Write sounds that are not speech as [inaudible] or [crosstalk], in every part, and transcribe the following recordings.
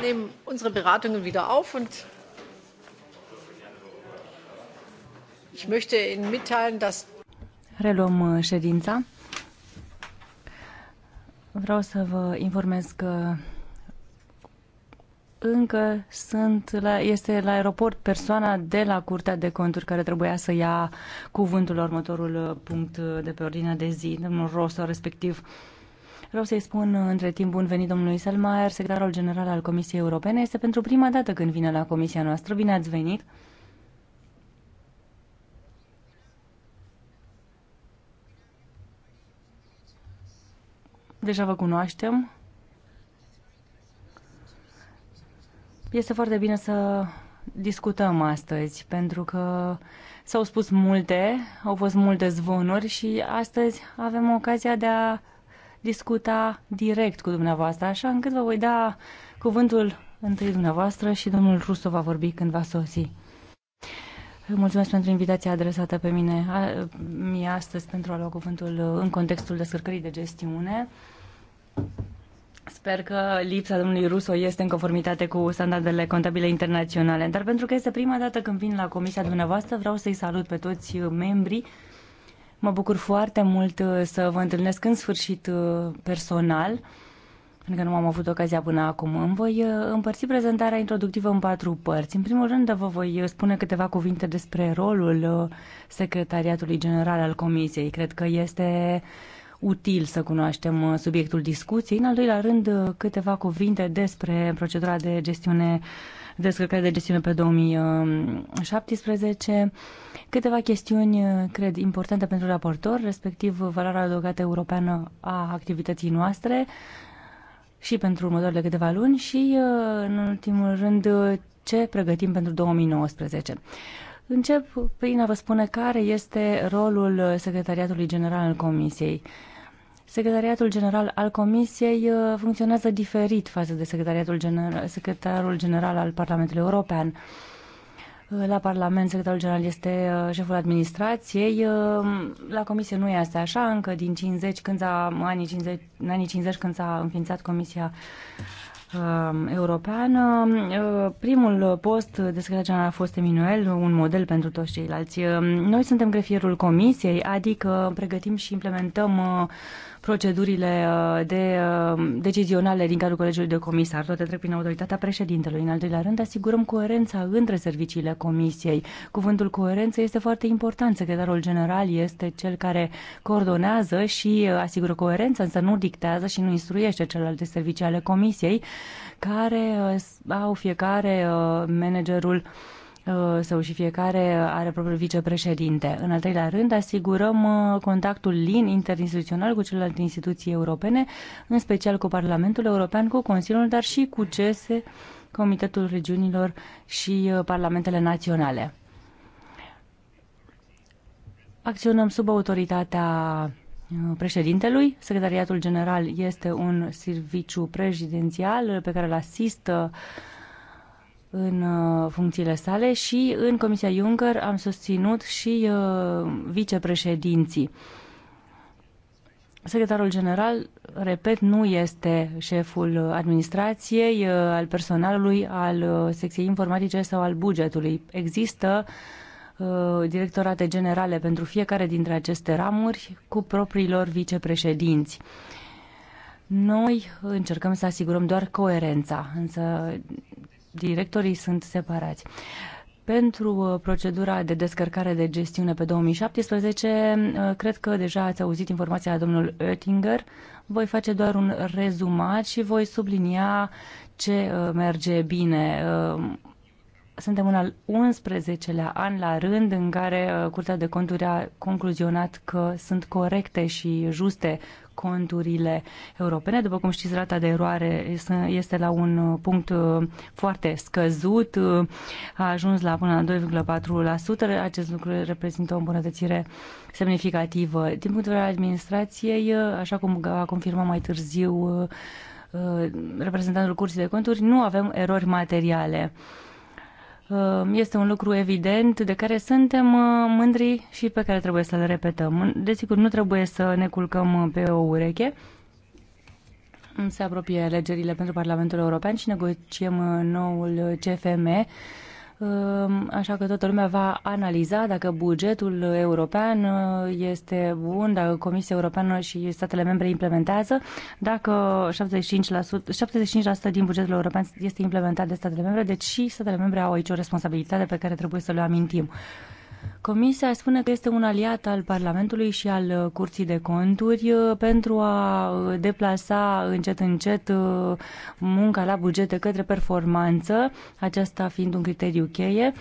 nehmen unsere Beratungen wieder auf und ich möchte Ihnen mitteilen, dass Reluăm uh, ședința. Vreau să vă informez că încă sunt la, este la aeroport persoana de la Curtea de Conturi care trebuia să ia cuvântul următorul uh, punct uh, de pe ordinea de zi, domnul Rosa, respectiv Vreau să-i spun uh, între timp bun venit domnului Selmaier, secretarul general al Comisiei Europene. Este pentru prima dată când vine la comisia noastră. Bine ați venit! Deja vă cunoaștem. Este foarte bine să discutăm astăzi, pentru că s-au spus multe, au fost multe zvonuri și astăzi avem ocazia de a discuta direct cu dumneavoastră, așa încât vă voi da cuvântul întâi dumneavoastră și domnul Rusu va vorbi când va sosi. Mulțumesc pentru invitația adresată pe mine a, mie astăzi pentru a lua cuvântul în contextul descărcării de gestiune. Sper că lipsa domnului Ruso este în conformitate cu standardele contabile internaționale, dar pentru că este prima dată când vin la comisia dumneavoastră, vreau să-i salut pe toți membrii Mă bucur foarte mult uh, să vă întâlnesc în sfârșit uh, personal, pentru că nu am avut ocazia până acum. Îmi voi uh, împărți prezentarea introductivă în patru părți. În primul rând, vă voi spune câteva cuvinte despre rolul Secretariatului General al Comisiei. Cred că este util să cunoaștem subiectul discuției. În al doilea rând, câteva cuvinte despre procedura de gestiune descărcare de gestiune pe 2017. Um, câteva chestiuni, uh, cred, importante pentru raportor, respectiv valoarea adăugată europeană a activității noastre și pentru următoarele câteva luni și, uh, în ultimul rând, ce pregătim pentru 2019. Încep prin a vă spune care este rolul Secretariatului General al Comisiei. Uh, Secretariatul General al Comisiei uh, funcționează diferit față de Secretariatul General, Secretarul General al Parlamentului European. Uh, la Parlament, secretarul general este uh, șeful administrației. La comisie nu e asta așa, încă din 50, când s-a, anii 50, în anii 50, când s-a înființat Comisia Europeană. Primul post de secretar general a fost Emanuel, un model pentru toți ceilalți. Noi suntem grefierul comisiei, adică pregătim și implementăm procedurile uh, de uh, decizionale din cadrul Colegiului de Comisar. Toate trec prin autoritatea președintelui. În al doilea rând, asigurăm coerența între serviciile Comisiei. Cuvântul coerență este foarte important. Secretarul general este cel care coordonează și uh, asigură coerența, însă nu dictează și nu instruiește celelalte servicii ale Comisiei, care au fiecare managerul Uh, său și fiecare are propriul vicepreședinte. În al treilea rând, asigurăm uh, contactul lin interinstituțional cu celelalte instituții europene, în special cu Parlamentul European, cu Consiliul, dar și cu CESE, Comitetul Regiunilor și uh, Parlamentele Naționale. Acționăm sub autoritatea președintelui. Secretariatul General este un serviciu prezidențial pe care îl asistă uh, în uh, funcțiile sale și în Comisia Juncker am susținut și uh, vicepreședinții. Secretarul general, repet, nu este șeful administrației, uh, al personalului, al secției informatice sau al bugetului. Există directorate generale pentru fiecare dintre aceste ramuri cu propriilor vicepreședinți. Noi încercăm să asigurăm doar coerența, însă directorii sunt separați. Pentru uh, procedura de descărcare de gestiune pe 2017, uh, cred că deja ați auzit informația la domnul Oettinger. Voi face doar un rezumat și voi sublinia ce uh, merge bine. Suntem în al 11-lea an la rând în care Curtea de Conturi a concluzionat că sunt corecte și juste conturile europene. După cum știți, rata de eroare este la un uh, punct uh, foarte scăzut, uh, a ajuns la până la 2,4%. Acest lucru reprezintă o îmbunătățire semnificativă. Din punct de vedere al administrației, așa cum a confirmat mai târziu reprezentantul Curții de Conturi, nu avem erori materiale. Ehm, este un lucru evident de care suntem uh, mândri și pe care trebuie să-l repetăm. Desigur, nu trebuie să ne culcăm uh, pe o ureche. Se apropie alegerile pentru Parlamentul European și negociem uh, noul CFM Ehm, așa că toată lumea va analiza dacă bugetul european uh, este bun, dacă Comisia Europeană și statele membre implementează, dacă 75%, 75% din bugetul european este implementat de statele membre, deci și statele membre au aici o responsabilitate pe care trebuie să le amintim. Comisia spune că este un aliat al Parlamentului și al uh, Curții de Conturi uh, pentru a uh, deplasa încet încet munca la bugete către performanță, aceasta fiind un criteriu cheie.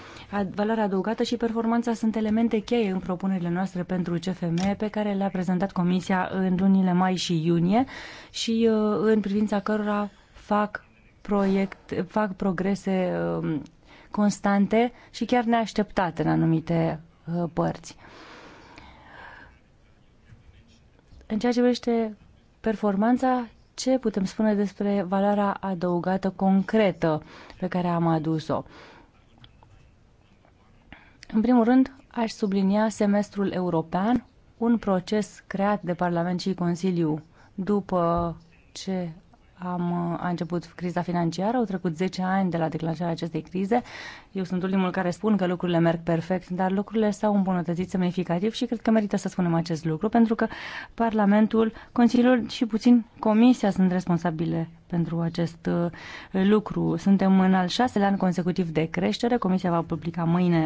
Valoarea adăugată și performanța sunt elemente cheie în propunerile noastre pentru CFM pe care le-a prezentat Comisia în lunile mai și iunie și în privința cărora fac proiect, fac progrese um, constante și chiar neașteptate în anumite uh, părți. În ceea ce privește performanța, ce putem spune despre valoarea adăugată concretă pe care am adus-o? În primul rând, aș sublinia semestrul european, un proces creat de Parlament și Consiliu după ce am, uh, a început criza financiară, au trecut 10 ani de la declanșarea acestei crize. Eu sunt ultimul care spun că lucrurile merg perfect, dar lucrurile s-au îmbunătățit semnificativ și cred că merită să spunem acest lucru, pentru că Parlamentul, Consiliul și puțin Comisia sunt responsabile pentru acest uh, lucru. Suntem în al șaselea an consecutiv de creștere. Comisia va publica mâine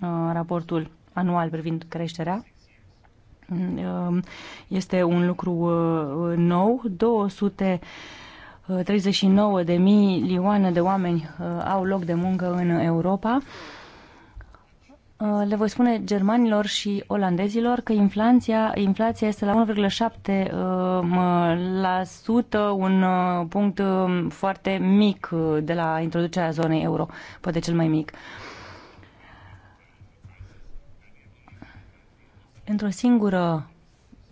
uh, raportul anual privind creșterea Ehm, este un lucru uh, nou. 200 39 de milioane de oameni uh, au loc de muncă în Europa. Uh, le voi spune germanilor și olandezilor că inflația, inflația este la 1,7%, un punct um, foarte mic de la introducerea zonei euro, poate cel mai mic. Uh, într-o singură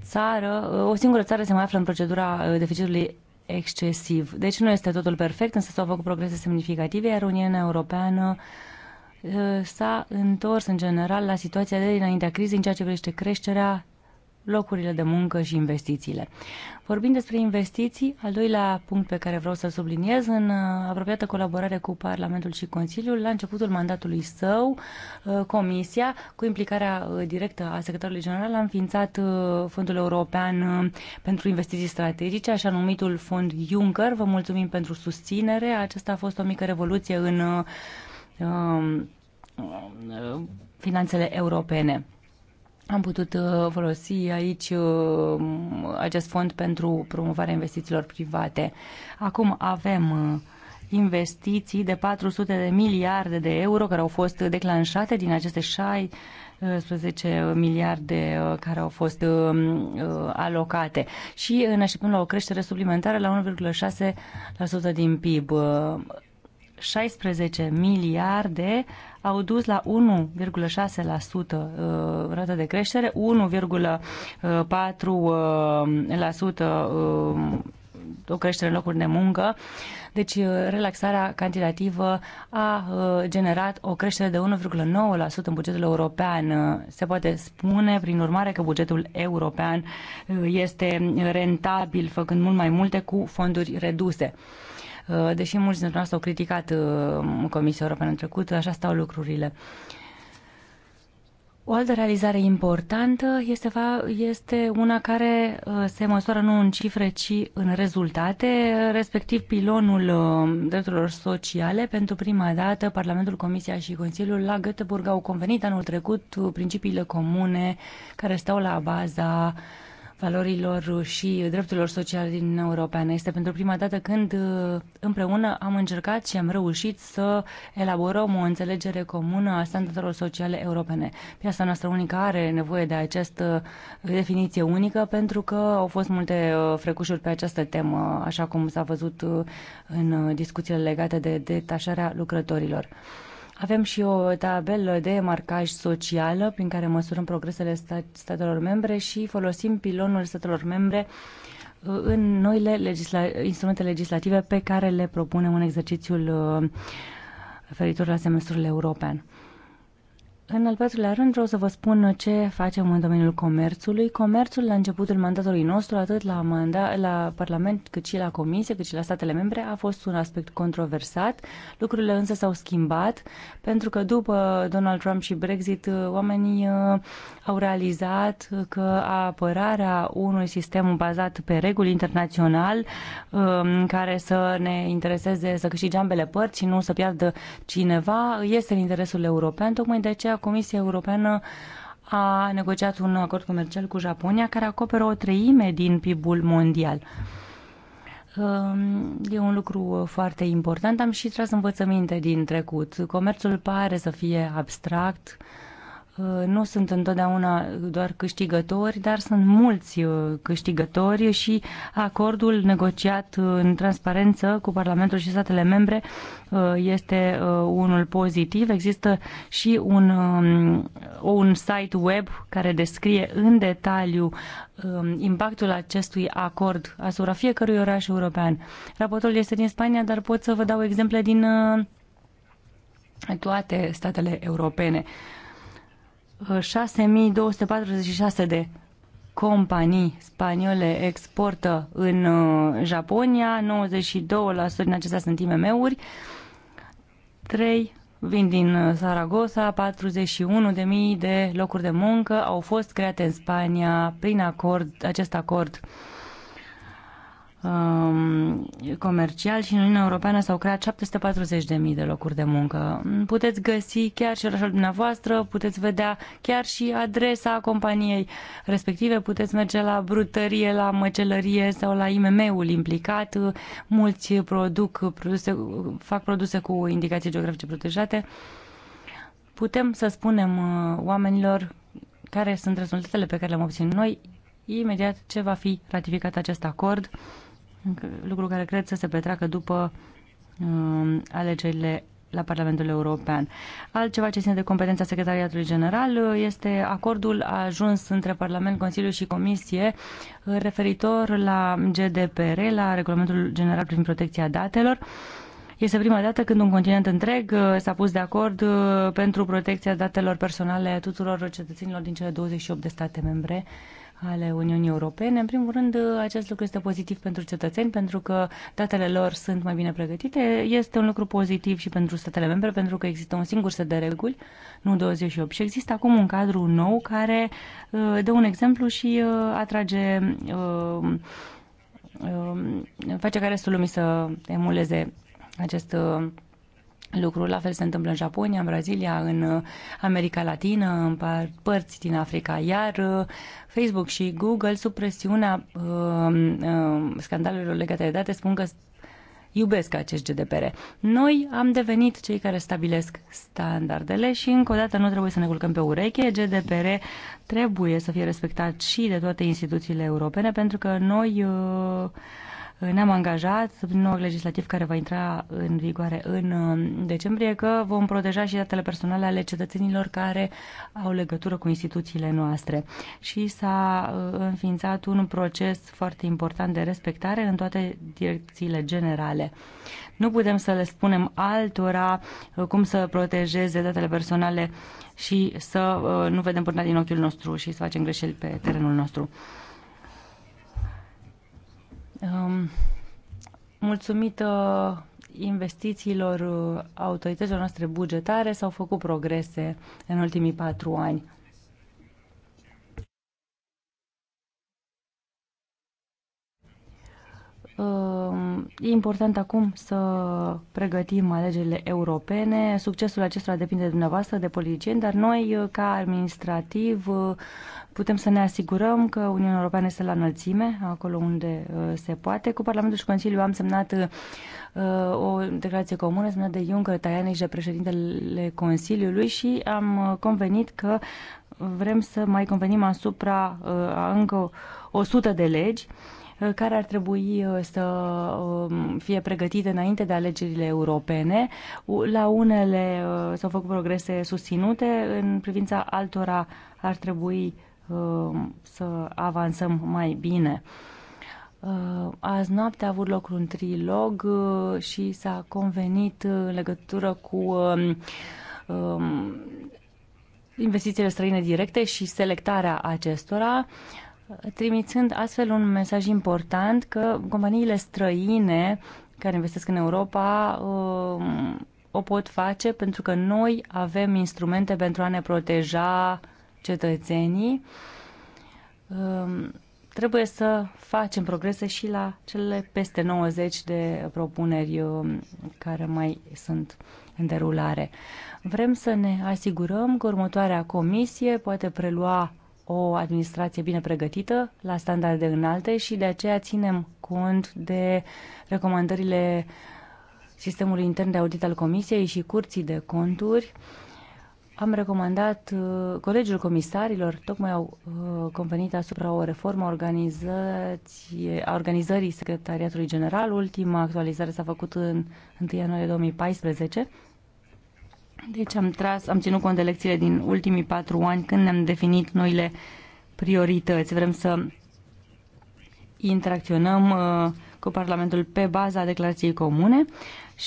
țară, uh, o singură țară se mai află în procedura uh, deficitului excesiv. Deci nu este totul perfect, însă s-au făcut progrese semnificative, iar Uniunea Europeană uh, s-a întors în general la situația de dinaintea crizei în ceea ce privește creșterea, locurile de muncă și investițiile. Vorbind despre investiții, al doilea punct pe care vreau să subliniez, în uh, apropiată colaborare cu Parlamentul și Consiliul, la începutul mandatului său, uh, Comisia, cu implicarea uh, directă a Secretarului General, a înființat Fondul European pentru Investiții Strategice, așa numitul Fond Juncker. Vă mulțumim pentru susținere. Acesta a fost o mică revoluție în um, finanțele europene. Am putut uh, folosi aici uh, acest fond pentru promovarea investițiilor private. Acum avem uh, investiții de 400 de miliarde de euro care au fost declanșate din aceste 16 miliarde care au fost alocate și ne așteptăm la o creștere suplimentară la 1,6% din PIB. 16 miliarde au dus la 1,6% uh, rată de creștere, 1,4% uh, um, o creștere în locuri de muncă. Deci uh, relaxarea cantitativă a generat o creștere de 1,9% în bugetul european. Se poate spune, prin urmare, că bugetul european este rentabil, făcând mult mai multe cu fonduri reduse. Uh, deși mulți dintre noi au criticat uh, Comisia Europeană în trecut, așa stau lucrurile. O altă realizare importantă este, este una care uh, se măsoară nu în cifre, ci în rezultate, respectiv pilonul drepturilor sociale. Pentru prima dată, Parlamentul, Comisia și Consiliul la Göteborg au convenit anul trecut principiile comune care stau la baza uh, valorilor și drepturilor sociale din Uniunea Europeană. Este pentru prima dată când uh, împreună am încercat și am reușit să elaborăm o înțelegere comună a standardelor sociale europene. Piața noastră unică are nevoie de această uh, definiție unică pentru că au fost multe uh, frecușuri pe această temă, așa cum s-a văzut în discuțiile legate de detașarea lucrătorilor. Avem și o tabelă de marcaj socială prin care măsurăm progresele statelor membre și folosim pilonul statelor membre uh, în noile legisla- instrumente legislative pe care le propunem în exercițiul uh, referitor la semestrul european. În al patrulea rând vreau să vă spun ce facem în domeniul comerțului. Comerțul la începutul mandatului nostru, atât la, manda- la Parlament cât și la Comisie, cât și la statele membre, a fost un aspect controversat. Lucrurile însă s-au schimbat pentru că după Donald Trump și Brexit oamenii uh, au realizat că apărarea unui sistem bazat pe reguli internațional um, care să ne intereseze să câștige ambele părți și nu să piardă cineva este în interesul european. Tocmai de aceea Comisia Europeană a negociat un acord comercial cu Japonia care acoperă o treime din PIB-ul mondial. Ehm, e un lucru foarte important. Am și tras învățăminte din trecut. Comerțul pare să fie abstract, Uh, nu sunt întotdeauna doar câștigători, dar sunt mulți uh, câștigători și acordul negociat uh, în transparență cu Parlamentul și statele membre este unul pozitiv. Există și un, um, un site web care descrie în detaliu um, impactul acestui acord asupra fiecărui oraș european. Raportul este din Spania, dar pot să vă dau exemple din toate statele europene. 6246 de companii spaniole exportă în uh, Japonia, 92% din acestea sunt IMM-uri, 3 vin din uh, Saragossa, 41.000 de locuri de muncă au fost create în Spania prin acord, acest acord Um, comercial și în Uniunea Europeană s-au creat 740.000 de locuri de muncă. Puteți găsi chiar și orașul dumneavoastră, puteți vedea chiar și adresa companiei respective, puteți merge la brutărie, la măcelărie sau la IMM-ul implicat. Mulți produc produse, fac produse cu indicații geografice protejate. Putem să spunem uh, oamenilor care sunt rezultatele pe care le-am obținut noi imediat ce va fi ratificat acest acord lucru care cred să se petreacă după um, alegerile la Parlamentul European. Altceva ce ține de competența Secretariatului General uh, este acordul ajuns între Parlament, Consiliu și Comisie uh, referitor la GDPR, la Regulamentul General privind protecția datelor. Este prima dată când un continent întreg uh, s-a pus de acord pentru protecția datelor personale tuturor cetățenilor din cele 28 de state membre ale Uniunii Europene. În primul rând, acest lucru este pozitiv pentru cetățeni, pentru că datele lor sunt mai bine pregătite. Este un lucru pozitiv și pentru statele membre, pentru că există un singur set de reguli, nu 28. Și există acum un cadru nou care uh, dă un exemplu și uh, atrage uh, face ca restul lumii să emuleze acest Lucrul la fel se întâmplă în Japonia, în Brazilia, în uh, America Latină, în părți din Africa, iar uh, Facebook și Google, sub presiunea uh, uh, scandalurilor legate de date, spun că iubesc acest GDPR. Noi am devenit cei care stabilesc standardele și încă o dată nu trebuie să ne culcăm pe ureche. GDPR trebuie să fie respectat și de toate instituțiile europene pentru că noi uh, ne-am angajat sub nou legislativ care va intra în vigoare în um, decembrie că vom proteja și datele personale ale cetățenilor care au legătură cu instituțiile noastre și s-a uh, înființat un proces foarte important de respectare în toate direcțiile generale. Nu putem să le spunem altora uh, cum să protejeze datele personale și să uh, nu vedem până din ochiul nostru și să facem greșeli pe terenul nostru. Um, mulțumită investițiilor uh, autorităților noastre bugetare s-au făcut progrese în ultimii patru ani. Um, e important acum să pregătim alegerile europene. Succesul acestora depinde de dumneavoastră, de politicieni, dar noi, uh, ca administrativ, uh, putem să ne asigurăm că Uniunea Europeană este la înălțime, acolo unde uh, se poate. Cu Parlamentul și Consiliul am semnat uh, o declarație comună semnată de Juncker, Tajani și de președintele Consiliului și am uh, convenit că vrem să mai convenim asupra încă 100 de legi care ar trebui să um, fie pregătite înainte de alegerile europene. La unele s-au făcut progrese susținute, în privința altora ar trebui Uh, să avansăm mai bine. Uh, azi noapte a avut loc un trilog uh, și s-a convenit în legătură cu um, um, investițiile străine directe și selectarea acestora, trimițând astfel un mesaj important că companiile străine care investesc în Europa um, o pot face pentru că noi avem instrumente pentru a ne proteja cetățenii, um, trebuie să facem progrese și la cele peste 90 de propuneri um, care mai sunt în derulare. Vrem să ne asigurăm că următoarea comisie poate prelua o administrație bine pregătită, la standarde înalte și de aceea ținem cont de recomandările sistemului intern de audit al Comisiei și curții de conturi am recomandat, uh, colegiul comisarilor tocmai au uh, convenit asupra o reformă a organizării Secretariatului General. Ultima actualizare s-a făcut în 1 ianuarie 2014. Deci am tras, am ținut cont de lecțiile din ultimii patru ani când ne-am definit noile priorități. Vrem să interacționăm uh, cu Parlamentul pe baza declarației comune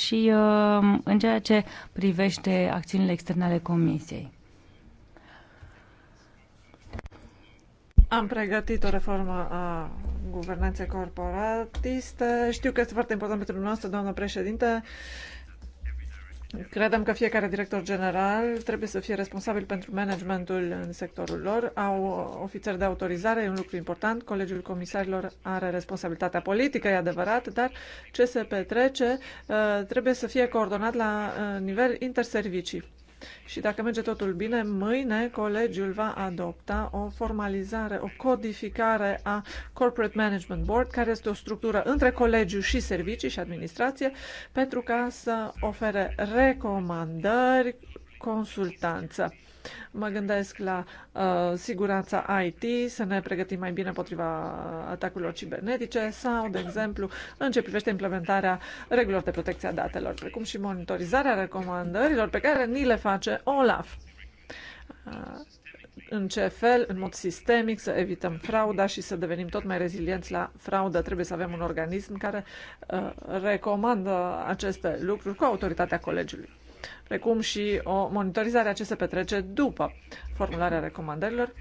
și uh, în ceea ce privește acțiunile externe ale Comisiei. Am pregătit o reformă a guvernanței corporatiste. Știu că este foarte important pentru noastră, doamnă președinte. Credem că fiecare director general trebuie să fie responsabil pentru managementul în sectorul lor. Au ofițeri de autorizare, e un lucru important. Colegiul comisarilor are responsabilitatea politică, e adevărat, dar ce se petrece uh, trebuie să fie coordonat la uh, nivel interservicii. Și dacă merge totul bine, mâine colegiul va adopta o formalizare, o codificare a Corporate Management Board, care este o structură între colegiu și servicii și administrație, pentru ca să ofere recomandări, consultanță. Mă gândesc la uh, siguranța IT, să ne pregătim mai bine potriva atacurilor cibernetice sau, de exemplu, în ce privește implementarea regulilor de protecție a datelor, precum și monitorizarea recomandărilor pe care ni le face OLAF. Uh, în ce fel, în mod sistemic, să evităm frauda și să devenim tot mai rezilienți la fraudă. Trebuie să avem un organism care uh, recomandă aceste lucruri cu autoritatea colegiului precum și o monitorizare a ce se petrece după formularea recomandărilor,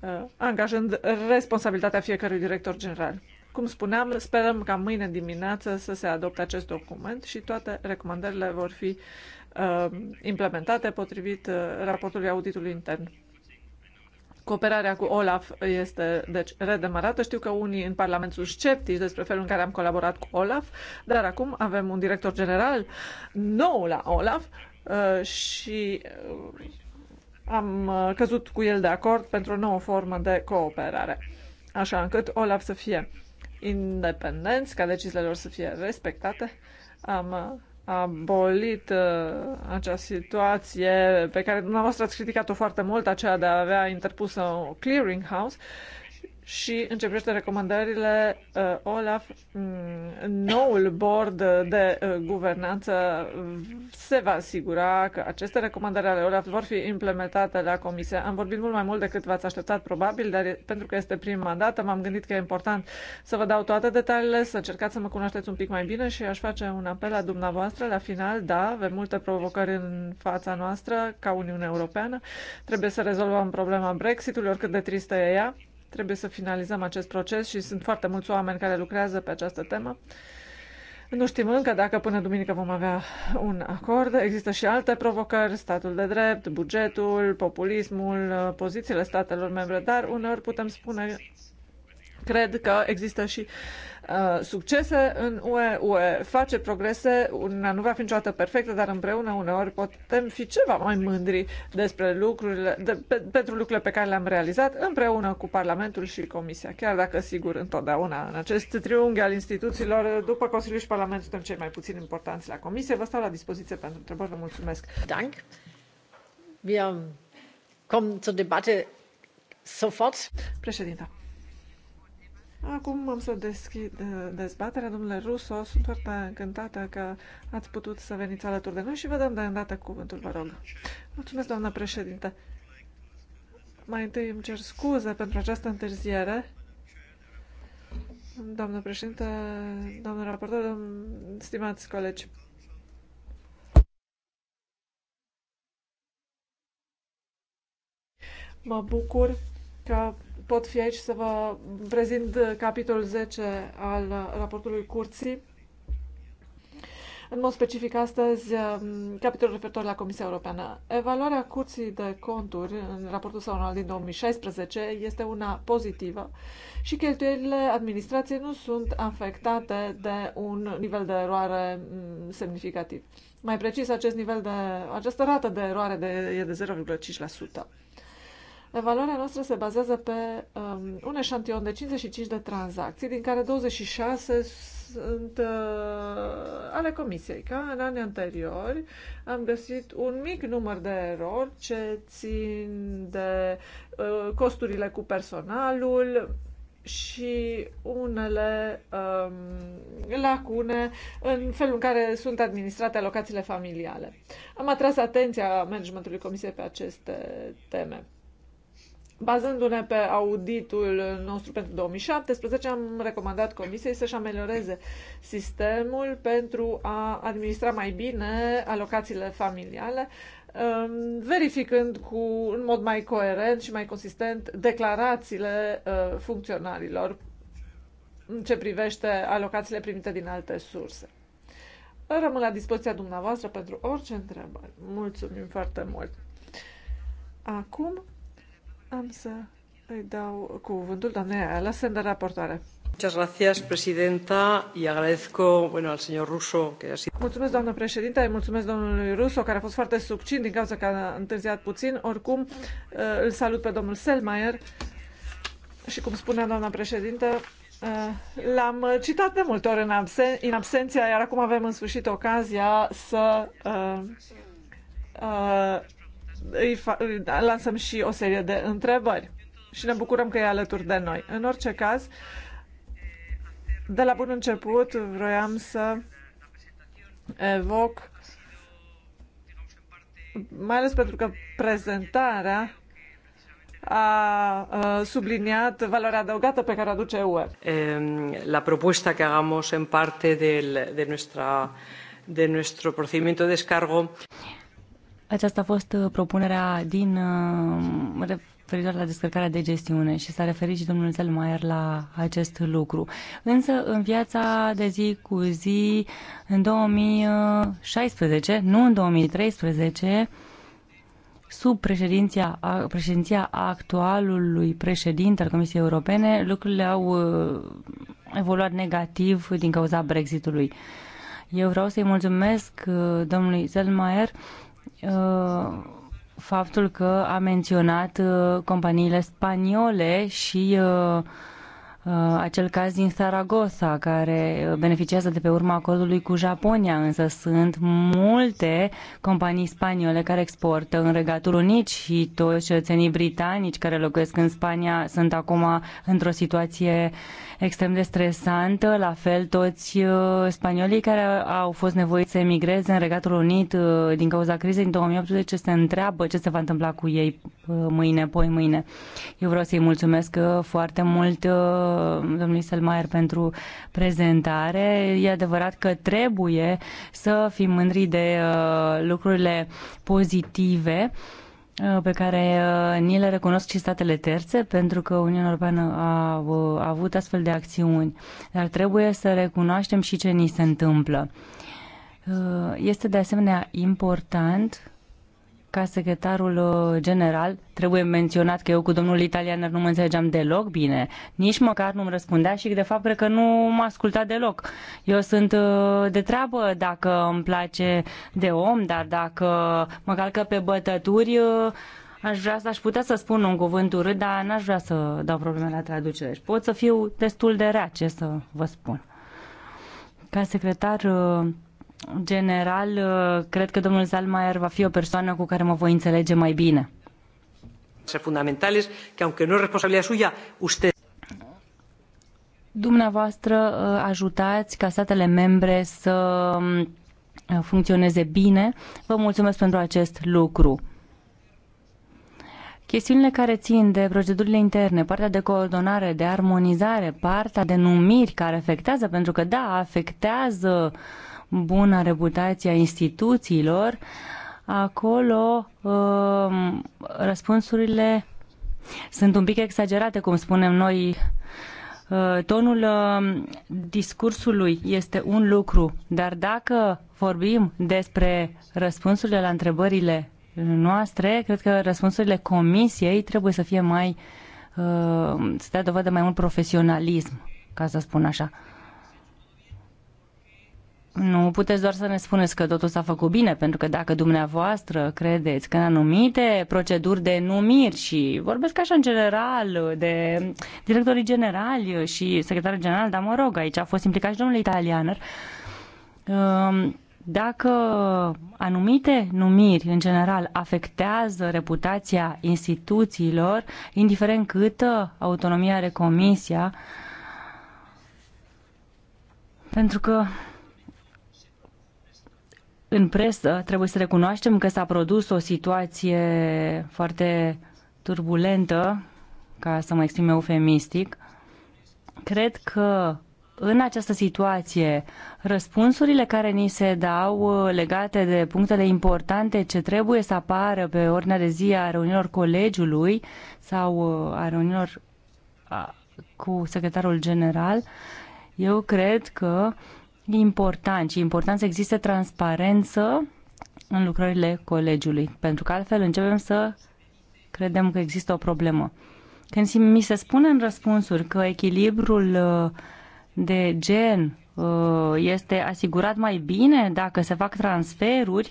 uh, angajând responsabilitatea fiecărui director general. Cum spuneam, sperăm ca mâine dimineață să se adopte acest document și toate recomandările vor fi uh, implementate potrivit uh, raportului auditului intern. Cooperarea cu Olaf este, deci, redemarată. Știu că unii în Parlament sunt sceptici despre felul în care am colaborat cu Olaf, dar acum avem un director general nou la Olaf uh, și uh, am uh, căzut cu el de acord pentru o nouă formă de cooperare, așa încât Olaf să fie independenți, ca deciziile lor să fie respectate. Am abolit uh, acea situație pe care dumneavoastră ați criticat-o foarte mult, aceea de a avea interpusă o clearing house și în ce privește recomandările uh, OLAF, mm, noul board de uh, guvernanță se va asigura că aceste recomandări ale OLAF vor fi implementate la comisie. Am vorbit mult mai mult decât v-ați așteptat probabil, dar pentru că este prima dată m-am gândit că e important să vă dau toate detaliile, să încercați să mă cunoașteți un pic mai bine și aș face un apel la dumneavoastră la final. Da, avem multe provocări în fața noastră ca Uniunea Europeană. Trebuie să rezolvăm problema Brexitului, oricât de tristă e ea Trebuie să finalizăm acest proces și sunt foarte mulți oameni care lucrează pe această temă. Nu știm încă dacă până duminică vom avea un acord. Există și alte provocări, statul de drept, bugetul, populismul, pozițiile statelor membre, dar uneori putem spune, cred că există și Uh, succese în UE, UE face progrese, una nu va fi niciodată perfectă, dar împreună uneori putem fi ceva mai mândri despre lucrurile, de, pe, pentru lucrurile pe care le-am realizat împreună cu Parlamentul și Comisia, chiar dacă sigur întotdeauna în acest triunghi al instituțiilor, după Consiliul și Parlamentul suntem cei mai puțin importanți la Comisie. Vă stau la dispoziție pentru întrebări, vă mulțumesc. Dank. Wir kommen zur Debatte sofort. Președinte. Acum am să deschid eh, dezbaterea. Domnule Ruso, sunt foarte încântată că ați putut să veniți alături de noi și vă dăm de îndată cuvântul, vă rog. Mulțumesc, doamna președinte. Mai întâi îmi cer scuze pentru această întârziere. Doamnă președinte, doamnă raportor, domn... stimați colegi. Mă bucur că pot fi aici să vă prezint uh, capitolul 10 al uh, raportului curții. În mod specific astăzi, uh, capitolul referitor la Comisia Europeană. Evaluarea Curții de Conturi în raportul său anual din 2016 este una pozitivă și cheltuielile administrației nu sunt afectate de un nivel de eroare mm, semnificativ. Mai precis, acest nivel de, această rată de eroare de, e de 0,5%. Evaluarea noastră se bazează pe um, un eșantion de 55 de tranzacții, din care 26 sunt uh, ale comisiei. Ca în anii anteriori, am găsit un mic număr de erori ce țin de uh, costurile cu personalul și unele um, lacune în felul în care sunt administrate alocațiile familiale. Am atras atenția managementului comisiei pe aceste teme. Bazându-ne pe auditul nostru pentru 2017, am recomandat Comisiei să-și amelioreze sistemul pentru a administra mai bine alocațiile familiale, um, verificând cu, în mod mai coerent și mai consistent declarațiile uh, funcționarilor în ce privește alocațiile primite din alte surse. Rămân la dispoziția dumneavoastră pentru orice întrebări. Mulțumim foarte mult! Acum am să îi dau cuvântul doamnei raportoare. Muchas gracias, presidenta, y agradezco bueno, al señor Russo que ha sido... Mulțumesc, doamnă președinte, mulțumesc domnului Russo, care a fost foarte succint din cauza că a întârziat puțin. Oricum, îl salut pe domnul Selmayr și, cum spunea doamna președinte, L-am citat de multe ori în, absen- în absenția, iar acum avem în sfârșit ocazia să uh, uh, îi lansăm și o serie de întrebări și ne bucurăm că e alături de noi. În orice caz, de la bun început vroiam să evoc, mai ales pentru că prezentarea a subliniat valoarea adăugată pe care aduce UE. La propuesta que hagamos en parte del, de, nuestra, de nuestro procedimiento de descargo. Aceasta a fost uh, propunerea din uh, referitor la descărcarea de gestiune și s-a referit și domnul Zelmaier la acest lucru. Însă, în viața de zi cu zi, în 2016, nu în 2013, sub președinția, președinția actualului președinte al Comisiei Europene, lucrurile au uh, evoluat negativ din cauza Brexitului. Eu vreau să-i mulțumesc domnului Zelmaier faptul că a menționat uh, companiile spaniole și uh, Uh, acel caz din Saragossa, care beneficiază de pe urma acordului cu Japonia, însă sunt multe companii spaniole care exportă în Regatul Unit și toți cetățenii britanici care locuiesc în Spania sunt acum într-o situație extrem de stresantă, la fel toți uh, spaniolii care au fost nevoiți să emigreze în Regatul Unit uh, din cauza crizei în 2018 se întreabă ce se va întâmpla cu ei mâine, poi mâine. Eu vreau să-i mulțumesc foarte mult Uh, domnului Selmaier pentru prezentare. E adevărat că trebuie să fim mândri de uh, lucrurile pozitive uh, pe care ni le recunosc și statele terțe, pentru că Uniunea Europeană a, a avut astfel de acțiuni. Dar trebuie să recunoaștem și ce ni se întâmplă. Este de asemenea important ca secretarul uh, general, trebuie menționat că eu cu domnul italianer nu mă înțelegeam deloc bine, nici măcar nu-mi răspundea și de fapt cred că nu m-a ascultat deloc. Eu sunt uh, de treabă dacă îmi place de om, dar dacă mă calcă pe bătături, uh, aș vrea să aș putea să spun un cuvânt urât, dar n-aș vrea să dau probleme la traducere. Și pot să fiu destul de rea, ce să vă spun. Ca secretar general, uh, cred că domnul Salmaier va fi o persoană cu care mă voi înțelege mai bine. Dumneavoastră uh, ajutați ca statele membre să um, funcționeze bine. Vă mulțumesc pentru acest lucru. Chestiunile care țin de procedurile interne, partea de coordonare, de armonizare, partea de numiri care afectează, pentru că da, afectează uh, bună reputație a instituțiilor, acolo uh, răspunsurile sunt un pic exagerate, cum spunem noi. Uh, tonul uh, discursului este un lucru, dar dacă vorbim despre răspunsurile la întrebările noastre, cred că răspunsurile comisiei trebuie să fie mai, uh, să dea dovadă mai mult profesionalism, ca să spun așa. Nu puteți doar să ne spuneți că totul s-a făcut bine, pentru că dacă dumneavoastră credeți că în anumite proceduri de numiri și vorbesc așa în general de directorii generali și secretarul general, dar mă rog, aici a fost implicat și domnul italianer, um, dacă anumite numiri în general afectează reputația instituțiilor, indiferent câtă autonomia are comisia, pentru că în presă trebuie să recunoaștem că s-a produs o situație foarte turbulentă, ca să mă exprim eufemistic. Cred că în această situație, răspunsurile care ni se dau uh, legate de punctele importante ce trebuie să apară pe ordinea de zi a reunilor colegiului sau uh, a reunilor cu secretarul general, eu cred că important și important să existe transparență în lucrările colegiului, pentru că altfel începem să credem că există o problemă. Când mi se spune în răspunsuri că echilibrul uh, de gen uh, este asigurat mai bine dacă se fac transferuri,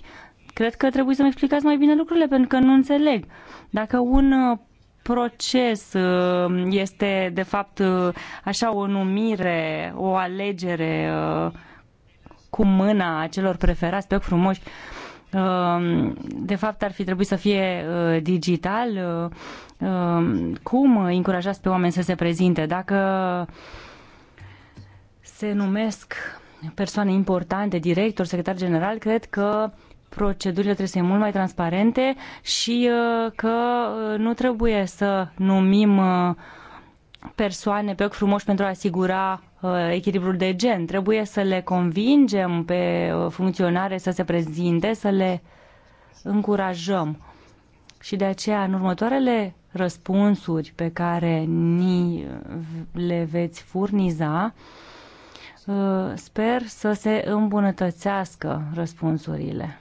cred că trebuie să-mi explicați mai bine lucrurile, pentru că nu înțeleg. Dacă un uh, proces uh, este, de fapt, uh, așa o numire, o alegere uh, cu mâna a celor preferați pe frumoși. De fapt, ar fi trebuit să fie digital. Cum încurajați pe oameni să se prezinte? Dacă se numesc persoane importante, director, secretar general, cred că procedurile trebuie să fie mult mai transparente și uh, că uh, nu trebuie să numim uh, persoane pe ochi frumoși pentru a asigura echilibrul de gen. Trebuie să le convingem pe funcționare să se prezinte, să le încurajăm. Și de aceea, în următoarele răspunsuri pe care ni le veți furniza, sper să se îmbunătățească răspunsurile.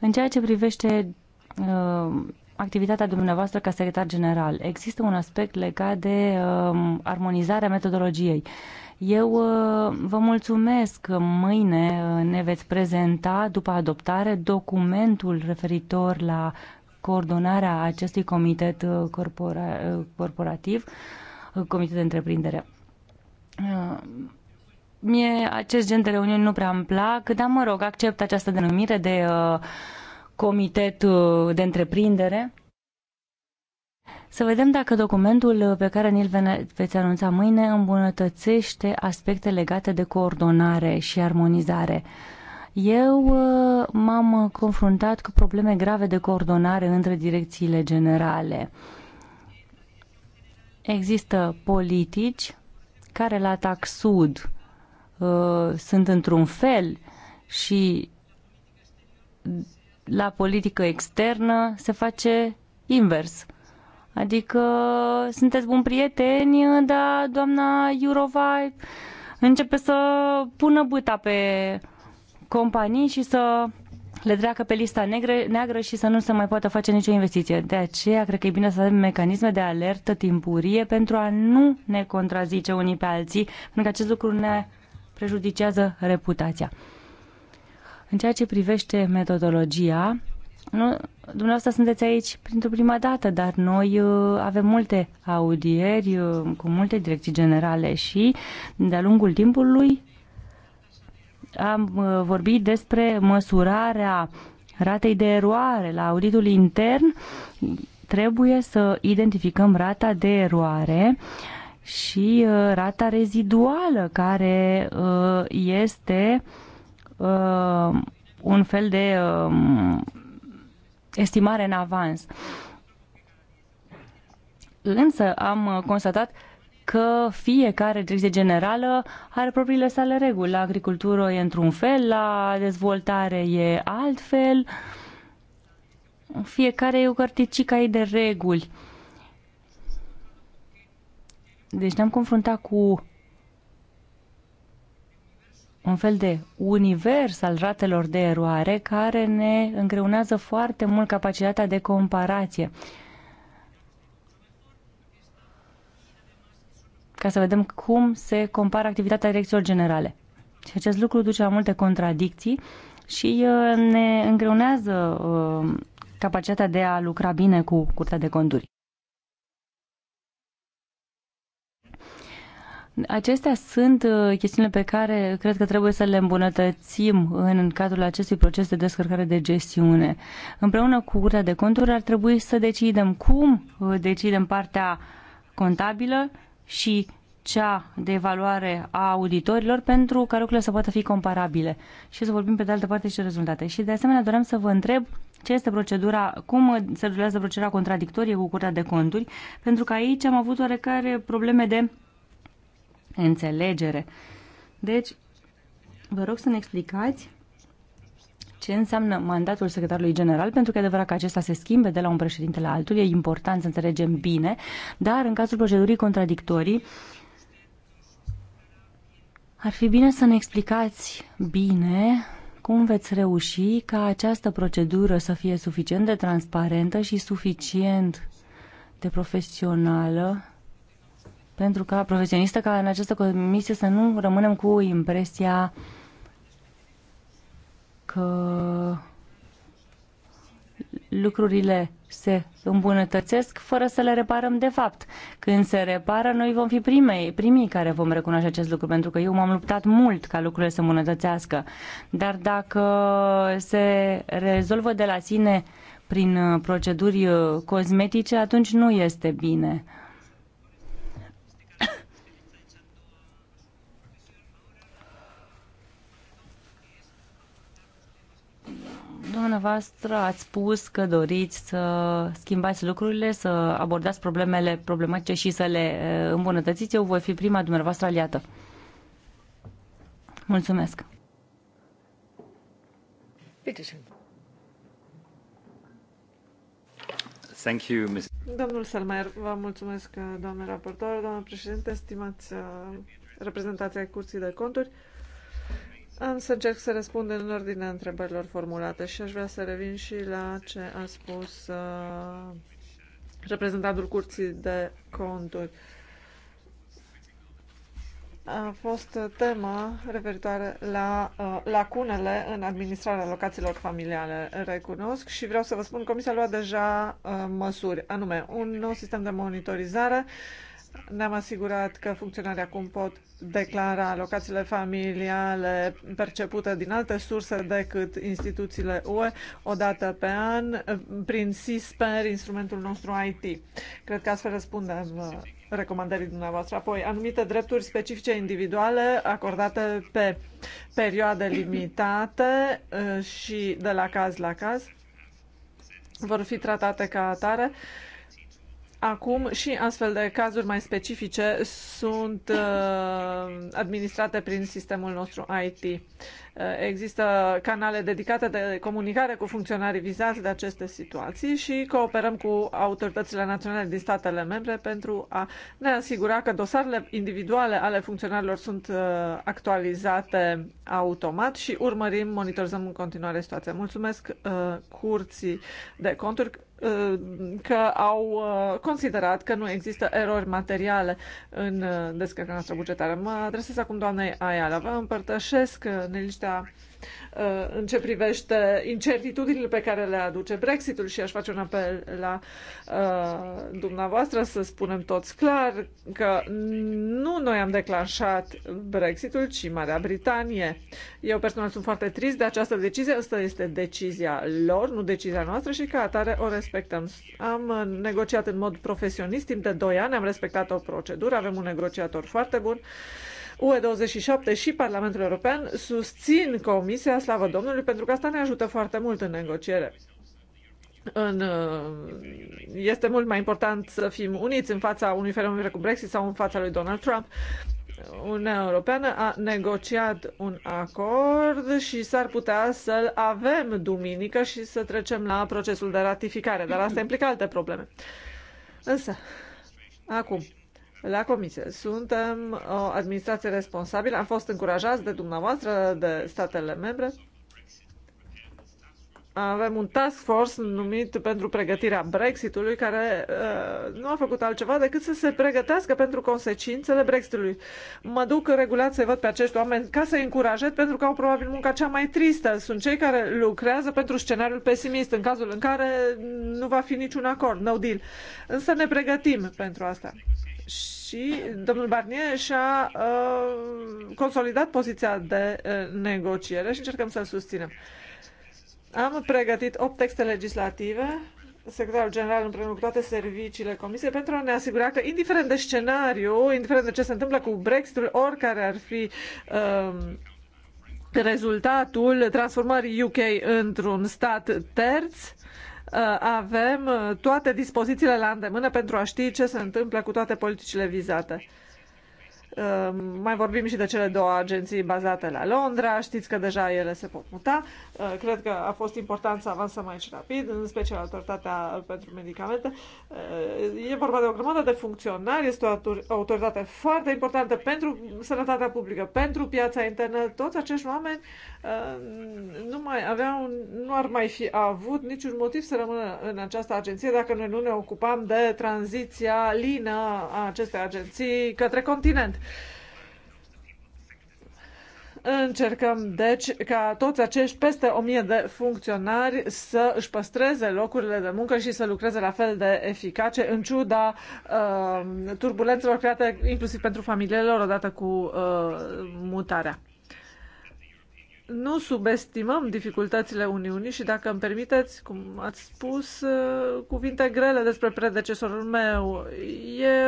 În ceea ce privește uh, activitatea dumneavoastră ca secretar general, există un aspect legat de uh, armonizarea metodologiei. Eu uh, vă mulțumesc că mâine uh, ne veți prezenta, după adoptare, documentul referitor la coordonarea acestui comitet uh, corpora, corporativ, comitet de întreprindere. Mie acest gen de reuniuni nu prea îmi plac, dar mă rog, accept această denumire de uh, comitet uh, de întreprindere. Să vedem dacă documentul uh, pe care ni-l veți anunța mâine îmbunătățește aspecte legate de coordonare și armonizare. Eu uh, m-am confruntat cu probleme grave de coordonare între direcțiile generale. Există politici care la TAC Sud Uh, sunt într-un fel și la politică externă se face invers. Adică sunteți buni prieteni, dar doamna Iurova începe să pună băta pe companii și să le treacă pe lista neagră, neagră și să nu se mai poată face nicio investiție. De aceea, cred că e bine să avem mecanisme de alertă timpurie pentru a nu ne contrazice unii pe alții, pentru că acest lucru ne prejudicează reputația. În ceea ce privește metodologia, nu, dumneavoastră sunteți aici pentru prima dată, dar noi uh, avem multe audieri uh, cu multe direcții generale și de-a lungul timpului am uh, vorbit despre măsurarea ratei de eroare la auditul intern. Trebuie să identificăm rata de eroare uh, și uh, rata reziduală care uh, este uh, un fel de um, estimare în avans. Însă am constatat că fiecare direcție generală are propriile sale reguli. La agricultură e într-un fel, la dezvoltare e altfel. Fiecare e o cărticică de reguli. Deci ne-am confruntat cu un fel de univers al ratelor de eroare care ne îngreunează foarte mult capacitatea de comparație. Ca să vedem cum se compară activitatea direcțiilor generale. Și acest lucru duce la multe contradicții și uh, ne îngreunează uh, capacitatea de a lucra bine cu curtea de conduri. Acestea sunt uh, chestiunile pe care cred că trebuie să le îmbunătățim în cadrul acestui proces de descărcare de gestiune. Împreună cu Curtea de Conturi ar trebui să decidem cum uh, decidem partea contabilă și cea de evaluare a auditorilor pentru ca lucrurile să poată fi comparabile și să vorbim pe de altă parte și de rezultate. Și de asemenea doream să vă întreb ce este procedura, cum se rulează procedura contradictorie cu Curtea de Conturi, pentru că aici am avut oarecare probleme de înțelegere. Deci, vă rog să ne explicați ce înseamnă mandatul secretarului general, pentru că e adevărat că acesta se schimbe de la un președinte la altul, e important să înțelegem bine, dar în cazul procedurii contradictorii, ar fi bine să ne explicați bine cum veți reuși ca această procedură să fie suficient de transparentă și suficient de profesională pentru ca profesionistă, ca în această comisie să nu rămânem cu impresia că lucrurile se îmbunătățesc fără să le reparăm de fapt. Când se repară, noi vom fi primei, primii care vom recunoaște acest lucru, pentru că eu m-am luptat mult ca lucrurile să îmbunătățească. Dar dacă se rezolvă de la sine prin uh, proceduri uh, cosmetice, atunci nu este bine. dumneavoastră ați spus că doriți să schimbați lucrurile, să abordați problemele problematice și să le îmbunătățiți. Eu voi fi prima dumneavoastră aliată. Mulțumesc. Thank you, Ms. Domnul Salmer, vă mulțumesc, doamne raportor, doamnă președinte, stimați uh, reprezentația Curții de Conturi. Am să încerc să răspund în ordinea întrebărilor formulate și aș vrea să revin și la ce a spus uh, reprezentantul Curții de Conturi. A fost tema referitoare la uh, lacunele în administrarea locațiilor familiale. Recunosc și vreau să vă spun că Comisia a luat deja uh, măsuri, anume un nou sistem de monitorizare uh, ne-am asigurat că funcționarii acum pot declara locațiile familiale percepute din alte surse decât instituțiile UE o dată pe an prin SISPER, instrumentul nostru IT. Cred că astfel răspundem uh, recomandării dumneavoastră. Apoi, anumite drepturi specifice individuale acordate pe perioade limitate uh, și de la caz la caz vor fi tratate ca atare. Uh, Acum și astfel de cazuri mai specifice sunt uh, administrate prin sistemul nostru IT. Uh, există canale dedicate de comunicare cu funcționarii vizați de aceste situații și cooperăm cu autoritățile naționale din statele membre pentru a ne asigura că dosarele individuale ale funcționarilor sunt uh, actualizate automat și urmărim, monitorizăm în continuare situația. Mulțumesc uh, curții de conturi Uh, că au uh, considerat că nu există erori materiale în uh, descărcarea noastră bugetară. Mă adresez acum doamnei Ayala. Vă împărtășesc neliștea Uh, în ce privește incertitudinile pe care le aduce Brexitul și aș face un apel la uh, dumneavoastră să spunem toți clar că nu noi am declanșat Brexitul, ci Marea Britanie. Eu personal sunt foarte trist de această decizie, asta este decizia lor, nu decizia noastră și ca atare o respectăm. Am negociat în mod profesionist timp de 2 ani, am respectat o procedură, avem un negociator foarte bun. Uh, UE27 și Parlamentul European susțin Comisia, slavă Domnului, pentru că asta ne ajută foarte mult în negociere. În, uh, este mult mai important să fim uniți în fața unui fenomen precum Brexit sau în fața lui Donald Trump. Uniunea Europeană a negociat un acord și s-ar putea să-l avem duminică și să trecem la procesul de ratificare, dar asta implică alte probleme. Însă, acum, la Comisie. Suntem o administrație responsabilă. Am fost încurajați de dumneavoastră, de statele membre. Avem un task force numit pentru pregătirea Brexitului, care uh, nu a făcut altceva decât să se pregătească pentru consecințele Brexitului. Mă duc regulat să văd pe acești oameni ca să-i încurajez, pentru că au probabil munca cea mai tristă. Sunt cei care lucrează pentru scenariul pesimist, în cazul în care nu va fi niciun acord, no deal. Însă ne pregătim pentru asta și domnul Barnier și-a uh, consolidat poziția de uh, negociere și încercăm să-l susținem. Am pregătit 8 texte legislative, secretarul general împreună cu toate serviciile comisiei, pentru a ne asigura că, indiferent de scenariu, indiferent de ce se întâmplă cu Brexitul, oricare ar fi uh, rezultatul transformării UK într-un stat terț, Uh, avem uh, toate dispozițiile la îndemână pentru a ști ce se întâmplă cu toate politicile vizate. Ehm, mai vorbim și de cele două agenții bazate la Londra, știți că deja ele se pot muta. Ehm, cred că a fost important să avansăm aici rapid, în special Autoritatea pentru Medicamente. Ehm, e vorba de o grămadă de funcționari, este o autoritate foarte importantă pentru sănătatea publică, pentru piața internă. Toți acești oameni nu, mai aveau, nu ar mai fi avut niciun motiv să rămână în această agenție dacă noi nu ne ocupam de tranziția lină a acestei agenții către continent. Încercăm, deci, ca toți acești peste 1000 de funcționari să își păstreze locurile de muncă și să lucreze la fel de eficace, în ciuda uh, turbulențelor create inclusiv pentru familiile lor odată cu uh, mutarea nu subestimăm dificultățile Uniunii și dacă îmi permiteți, cum ați spus, uh, cuvinte grele despre predecesorul meu.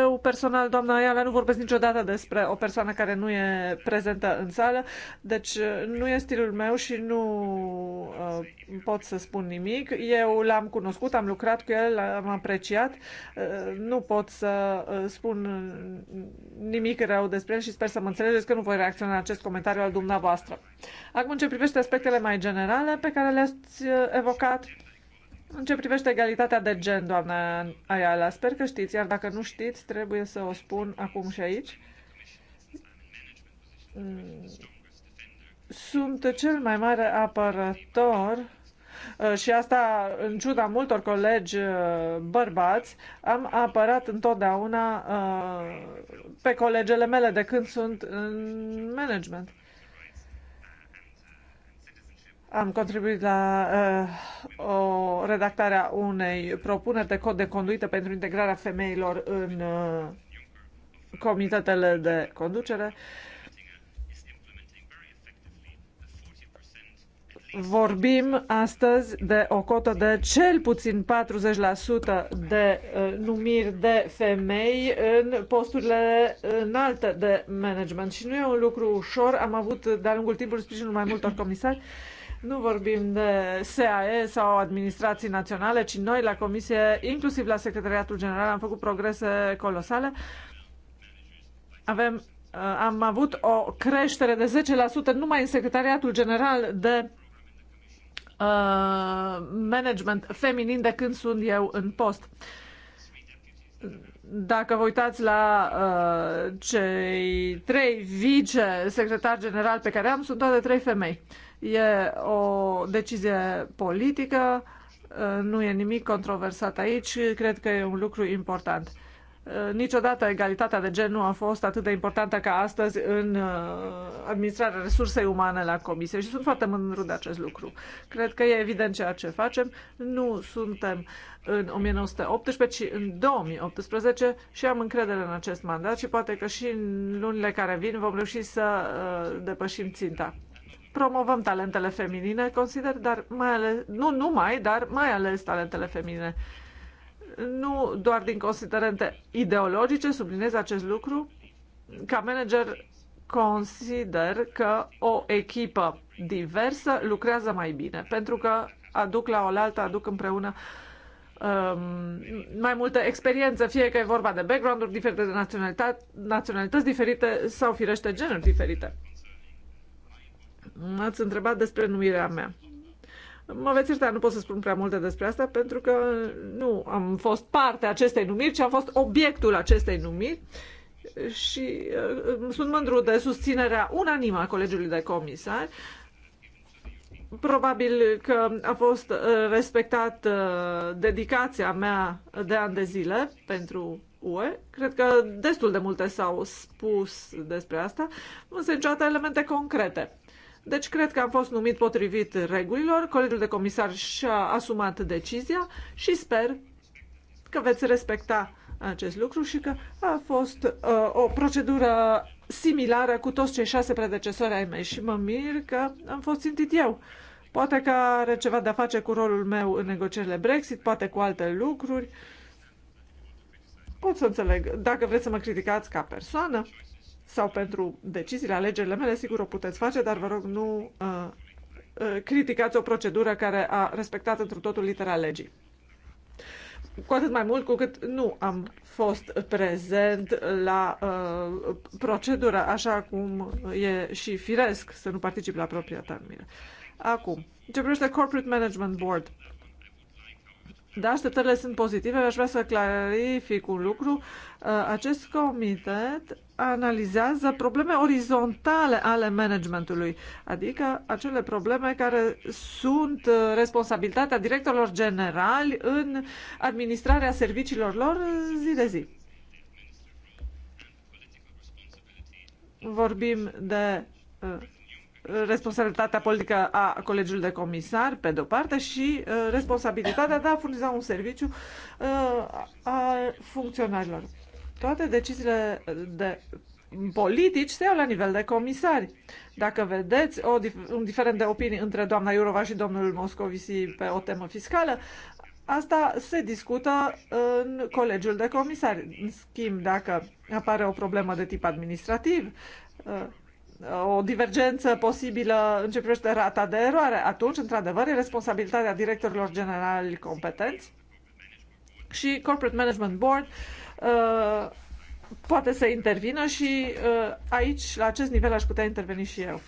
Eu personal, doamna Ayala, nu vorbesc niciodată despre o persoană care nu e prezentă în sală, deci uh, nu e stilul meu și nu uh, pot să spun nimic. Eu l-am cunoscut, am lucrat cu el, l-am apreciat, uh, nu pot să uh, spun nimic rău despre el și sper să mă înțelegeți că nu voi reacționa la acest comentariu al dumneavoastră. Acum în ce privește aspectele mai generale pe care le-ați uh, evocat, în ce privește egalitatea de gen, doamna Ayala, sper că știți, iar dacă nu știți, trebuie să o spun acum și aici. Mm, sunt cel mai mare apărător uh, și asta în ciuda multor colegi uh, bărbați, am apărat întotdeauna pe colegele mele de când sunt în management. Am contribuit la uh, o redactare a unei propuneri de cod de conduită pentru integrarea femeilor în uh, comitetele de conducere. Vorbim astăzi de o cotă de cel puțin 40% de uh, numiri de femei în posturile înalte de management. Și nu e un lucru ușor. Am avut de-a lungul timpului sprijinul mai multor comisari. Uh, nu vorbim de SAE sau administrații naționale, ci noi la Comisie, inclusiv la Secretariatul General, am făcut progrese colosale. Avem, uh, am avut o creștere de 10% numai în Secretariatul General de uh, management feminin de când sunt eu în post. Dacă vă uitați la uh, cei trei vice-secretari general pe care am, sunt toate trei femei. Uh, E o decizie politică, uh, nu e nimic controversat aici, cred că e un lucru important. Uh, niciodată egalitatea de gen nu a fost atât de importantă ca astăzi în uh, administrarea resursei umane la comisie și sunt foarte mândru de acest lucru. Cred că e evident ceea ce facem. Nu suntem în 1918, ci în 2018 și am încredere în acest mandat și poate că și în lunile care vin vom reuși să depășim ținta promovăm talentele feminine, consider, dar mai ales, nu numai, dar mai ales talentele feminine. Nu doar din considerente ideologice, sublinez acest lucru, ca manager consider că o echipă diversă lucrează mai bine, pentru că aduc la oaltă, aduc împreună um, mai multă experiență, fie că e vorba de background-uri diferite, de naționalități, naționalități diferite sau, firește, genuri diferite. M-ați întrebat despre numirea mea. Mă veți ierta, nu pot să spun prea multe despre asta, pentru că nu am fost parte acestei numiri, ci am fost obiectul acestei numiri și uh, sunt mândru de susținerea unanimă a colegiului de comisari. Probabil că a fost uh, respectat uh, dedicația mea de ani de zile pentru UE. Cred că destul de multe s-au spus despre asta, însă niciodată elemente concrete. Deci cred că a fost numit potrivit regulilor, colegiul de comisar și-a asumat decizia și sper că veți respecta acest lucru și că a fost uh, o procedură similară cu toți cei șase predecesori ai mei și mă mir că am fost țintit eu. Poate că are ceva de-a face cu rolul meu în negocierile Brexit, poate cu alte lucruri. Pot să înțeleg. Dacă vreți să mă criticați ca persoană, sau pentru deciziile, alegerile mele, sigur o puteți face, dar vă rog nu uh, uh, criticați o procedură care a respectat într totul litera legii. Cu atât mai mult cu cât nu am fost prezent la uh, procedură, așa cum e și firesc să nu particip la propria termină. Acum, ce privește Corporate Management Board, da, așteptările sunt pozitive. Aș vrea să clarific un lucru. Uh, acest comitet analizează probleme orizontale ale managementului, adică acele probleme care sunt uh, responsabilitatea directorilor generali în administrarea serviciilor lor uh, zi de zi. Vorbim de responsabilitatea politică a colegiului de comisar, pe de-o parte, și uh, responsabilitatea de a furniza un serviciu uh, a funcționarilor. Toate deciziile de politici se iau la nivel de comisari. Dacă vedeți o, un diferent de opinii între doamna Iurova și domnul Moscovici pe o temă fiscală, Asta se discută în colegiul de comisari. În schimb, dacă apare o problemă de tip administrativ, uh, o divergență posibilă în ce privește rata de eroare, atunci, într-adevăr, e responsabilitatea directorilor generali competenți și Corporate Management Board uh, poate să intervină și uh, aici, la acest nivel, aș putea interveni și eu.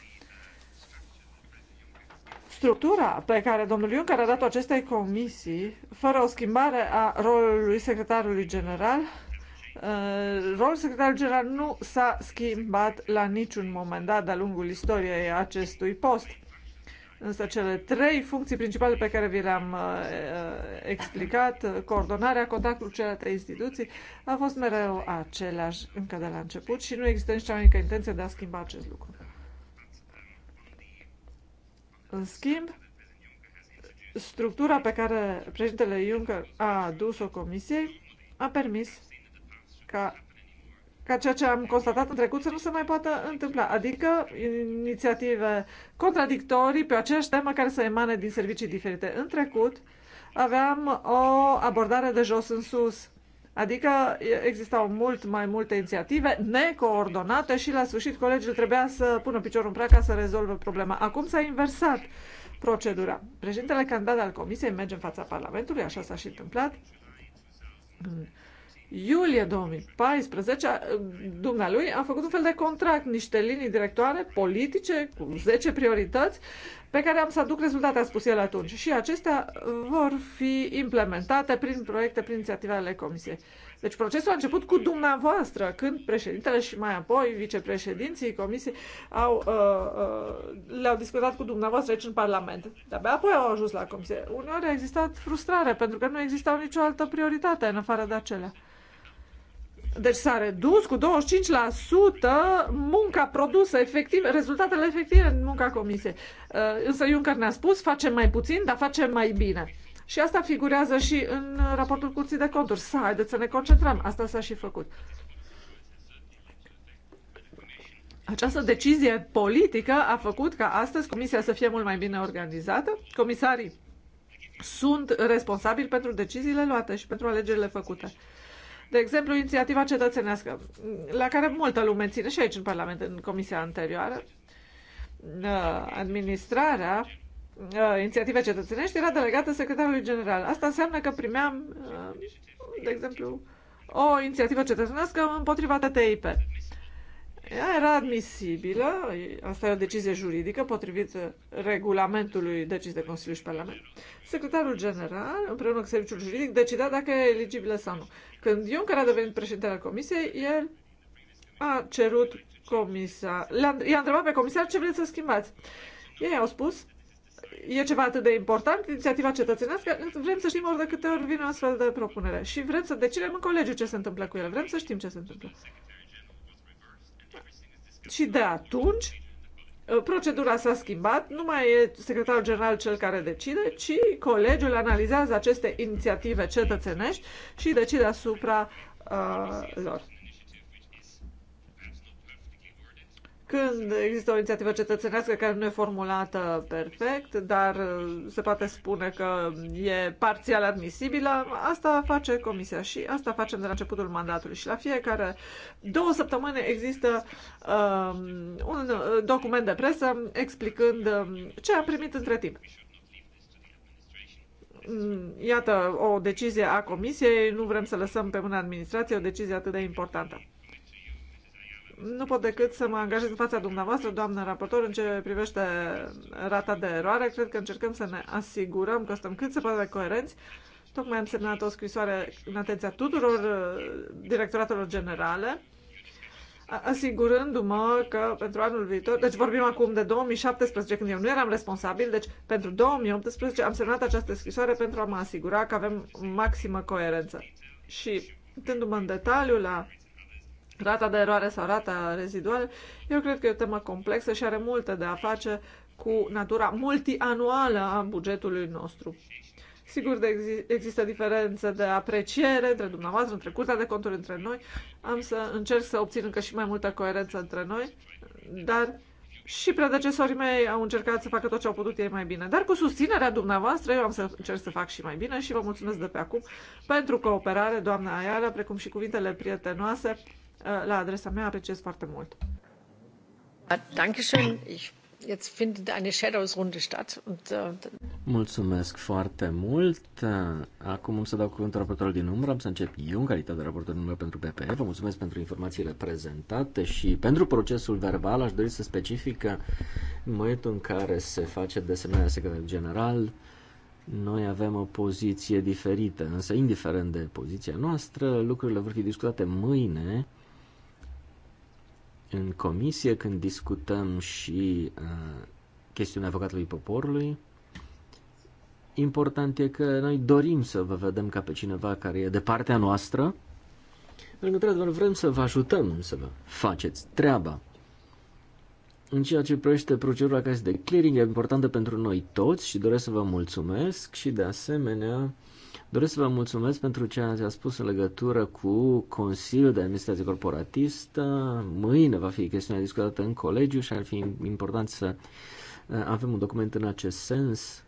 Structura pe care domnul Juncker a dat-o acestei comisii, fără o schimbare a rolului secretarului general, Uh, rolul secretarului general nu s-a schimbat la niciun moment dat de-a lungul istoriei acestui post. Însă cele trei funcții principale pe care vi le-am uh, uh explicat, uh, coordonarea, contactul cu cele trei instituții, a fost mereu același încă de la început și nu există nici cea mai mică intenție de a schimba acest lucru. În schimb, structura pe care președintele Juncker a adus-o comisiei a permis ca, ca ceea ce am constatat în trecut să nu se mai poată întâmpla, adică inițiative contradictorii pe aceeași temă care să emane din servicii diferite. În trecut aveam o abordare de jos în sus, Adică existau mult mai multe inițiative necoordonate și la sfârșit colegiul trebuia să pună piciorul în prea ca să rezolvă problema. Acum s-a inversat procedura. Președintele candidat al Comisiei merge în fața Parlamentului, așa s-a și întâmplat iulie 2014, dumnealui a făcut un fel de contract, niște linii directoare politice cu 10 priorități pe care am să aduc rezultate, a spus el atunci. Și acestea vor fi implementate prin proiecte, prin inițiative ale Comisiei. Deci procesul a început cu dumneavoastră, când președintele și mai apoi vicepreședinții Comisiei au, uh, uh, le-au discutat cu dumneavoastră aici în Parlament. De-abia apoi au ajuns la Comisie. Uneori a existat frustrare, pentru că nu existau nicio altă prioritate în afară de acelea. Deci s-a redus cu 25% munca produsă, efectiv, rezultatele efective în munca comisiei. Uh, însă Juncker ne-a spus, facem mai puțin, dar facem mai bine. Și asta figurează și în raportul Curții de Conturi. Să, haideți să ne concentrăm. Asta s-a și făcut. Această decizie politică a făcut ca astăzi Comisia să fie mult mai bine organizată. Comisarii sunt responsabili pentru deciziile luate și pentru alegerile făcute. De exemplu, inițiativa cetățenească, la care multă lume ține și aici în Parlament, în comisia anterioară, uh, administrarea uh, inițiative cetățenești era delegată secretarului general. Asta înseamnă că primeam, uh, de exemplu, o inițiativă cetățenească împotriva TTIP. Ea era admisibilă, asta e o decizie juridică potrivit regulamentului decis de Consiliu și Parlament. Secretarul general, împreună cu serviciul juridic, decidea dacă e eligibilă sau nu. Când Juncker a devenit președintele comisiei, el a cerut comisar, i-a întrebat pe comisar ce vreți să schimbați. Ei au spus, e ceva atât de important, inițiativa cetățenească, vrem să știm ori de câte ori vine o astfel de propunere și vrem să decidem în colegiu ce se întâmplă cu ele, vrem să știm ce se întâmplă. Și de atunci uh, procedura s-a schimbat, nu mai e secretarul general cel care decide, ci colegiul analizează aceste inițiative cetățenești și decide asupra uh, lor. când există o inițiativă cetățenească care nu e formulată perfect, dar uh, se poate spune că e parțial admisibilă, asta face Comisia și asta facem de la începutul mandatului. Și la fiecare două săptămâni există um, un uh, document de presă explicând um, ce am primit între timp mm, iată, o decizie a Comisiei, nu vrem să lăsăm pe mâna administrației o decizie atât de importantă nu pot decât să mă angajez în fața dumneavoastră, doamnă raportor, în ce privește rata de eroare. Cred că încercăm să ne asigurăm că suntem cât se poate coerenți. Tocmai am semnat o scrisoare în atenția tuturor uh, directoratelor generale, asigurându-mă că pentru anul viitor, deci vorbim acum de 2017, când eu nu eram responsabil, deci pentru 2018 am semnat această scrisoare pentru a mă asigura că avem maximă coerență. Și, uitându-mă în detaliu la rata de eroare sau rata reziduală, eu cred că e o temă complexă și are multe de a face cu natura multianuală a bugetului nostru. Sigur, de exi- există diferențe de apreciere între dumneavoastră, între curtea de conturi, între noi. Am să încerc să obțin încă și mai multă coerență între noi, dar și predecesorii mei au încercat să facă tot ce au putut ei mai bine. Dar cu susținerea dumneavoastră, eu am să încerc să fac și mai bine și vă mulțumesc de pe acum pentru cooperare, doamna Ayala, precum și cuvintele prietenoase Eh, la adresa mea, apreciez foarte mult. Ah, dankeschön. Ich Jetzt findet eine Shadows-Runde statt. Und, äh, Mulțumesc foarte mult. Eh, acum am să dau cuvântul raportorului din umbră. Am să încep eu în calitate de raportor din umbră pentru PPE. Vă mulțumesc pentru informațiile prezentate și pentru procesul verbal aș dori să specific că în momentul în care se face desemnarea secretarului general, noi avem o poziție diferită, însă indiferent de poziția noastră, lucrurile vor fi discutate mâine în comisie când discutăm și uh, chestiunea avocatului poporului. Important e că noi dorim să vă vedem ca pe cineva care e de partea noastră, pentru că, într-adevăr, vrem să vă ajutăm să vă faceți treaba. În ceea ce privește procedura casei de clearing, e importantă pentru noi toți și doresc să vă mulțumesc și, de asemenea, Doresc să vă mulțumesc pentru ce ați spus în legătură cu Consiliul de Administrație Corporatistă. Mâine va fi chestiunea discutată în colegiu și ar fi important să uh, avem un document în acest sens.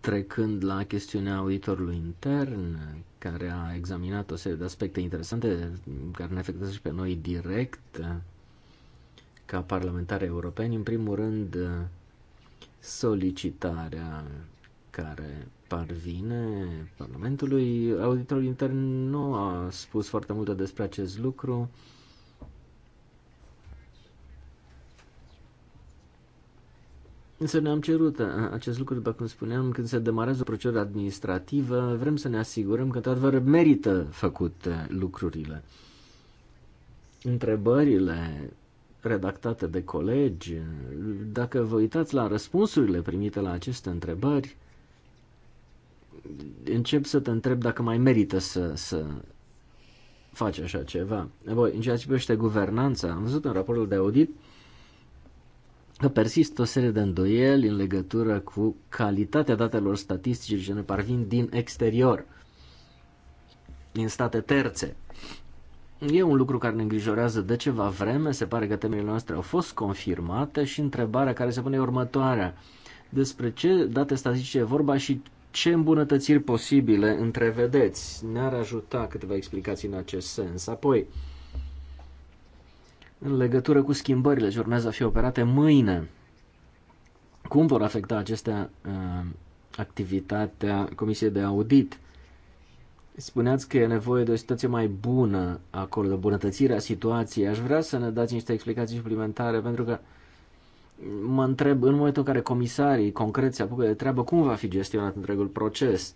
Trecând la chestiunea auditorului intern, care a examinat o serie de aspecte interesante care ne afectează și pe noi direct uh, ca parlamentari europeni, în primul rând uh, solicitarea care parvine Parlamentului. Auditorul intern nu a spus foarte multe despre acest lucru. Însă ne-am cerut acest lucru, după cum spuneam, când se demarează o procedură administrativă, vrem să ne asigurăm că, într-adevăr, merită făcute lucrurile. Întrebările redactate de colegi, dacă vă uitați la răspunsurile primite la aceste întrebări, încep să te întreb dacă mai merită să, să faci așa ceva. Voi, în ceea ce privește guvernanța, am văzut în raportul de audit că persistă o serie de îndoieli în legătură cu calitatea datelor statistice ce ne parvin din exterior, din state terțe. E un lucru care ne îngrijorează de ceva vreme, se pare că temele noastre au fost confirmate și întrebarea care se pune e următoarea. Despre ce date statistice e vorba și ce îmbunătățiri posibile întrevedeți? Ne-ar ajuta câteva explicații în acest sens. Apoi, în legătură cu schimbările ce urmează a fi operate mâine, cum vor afecta acestea uh, activitatea Comisiei de Audit? Spuneați că e nevoie de o situație mai bună acolo, de bunătățirea situației. Aș vrea să ne dați niște explicații suplimentare, pentru că mă întreb, în momentul în care comisarii concret se apucă de treabă, cum va fi gestionat întregul proces?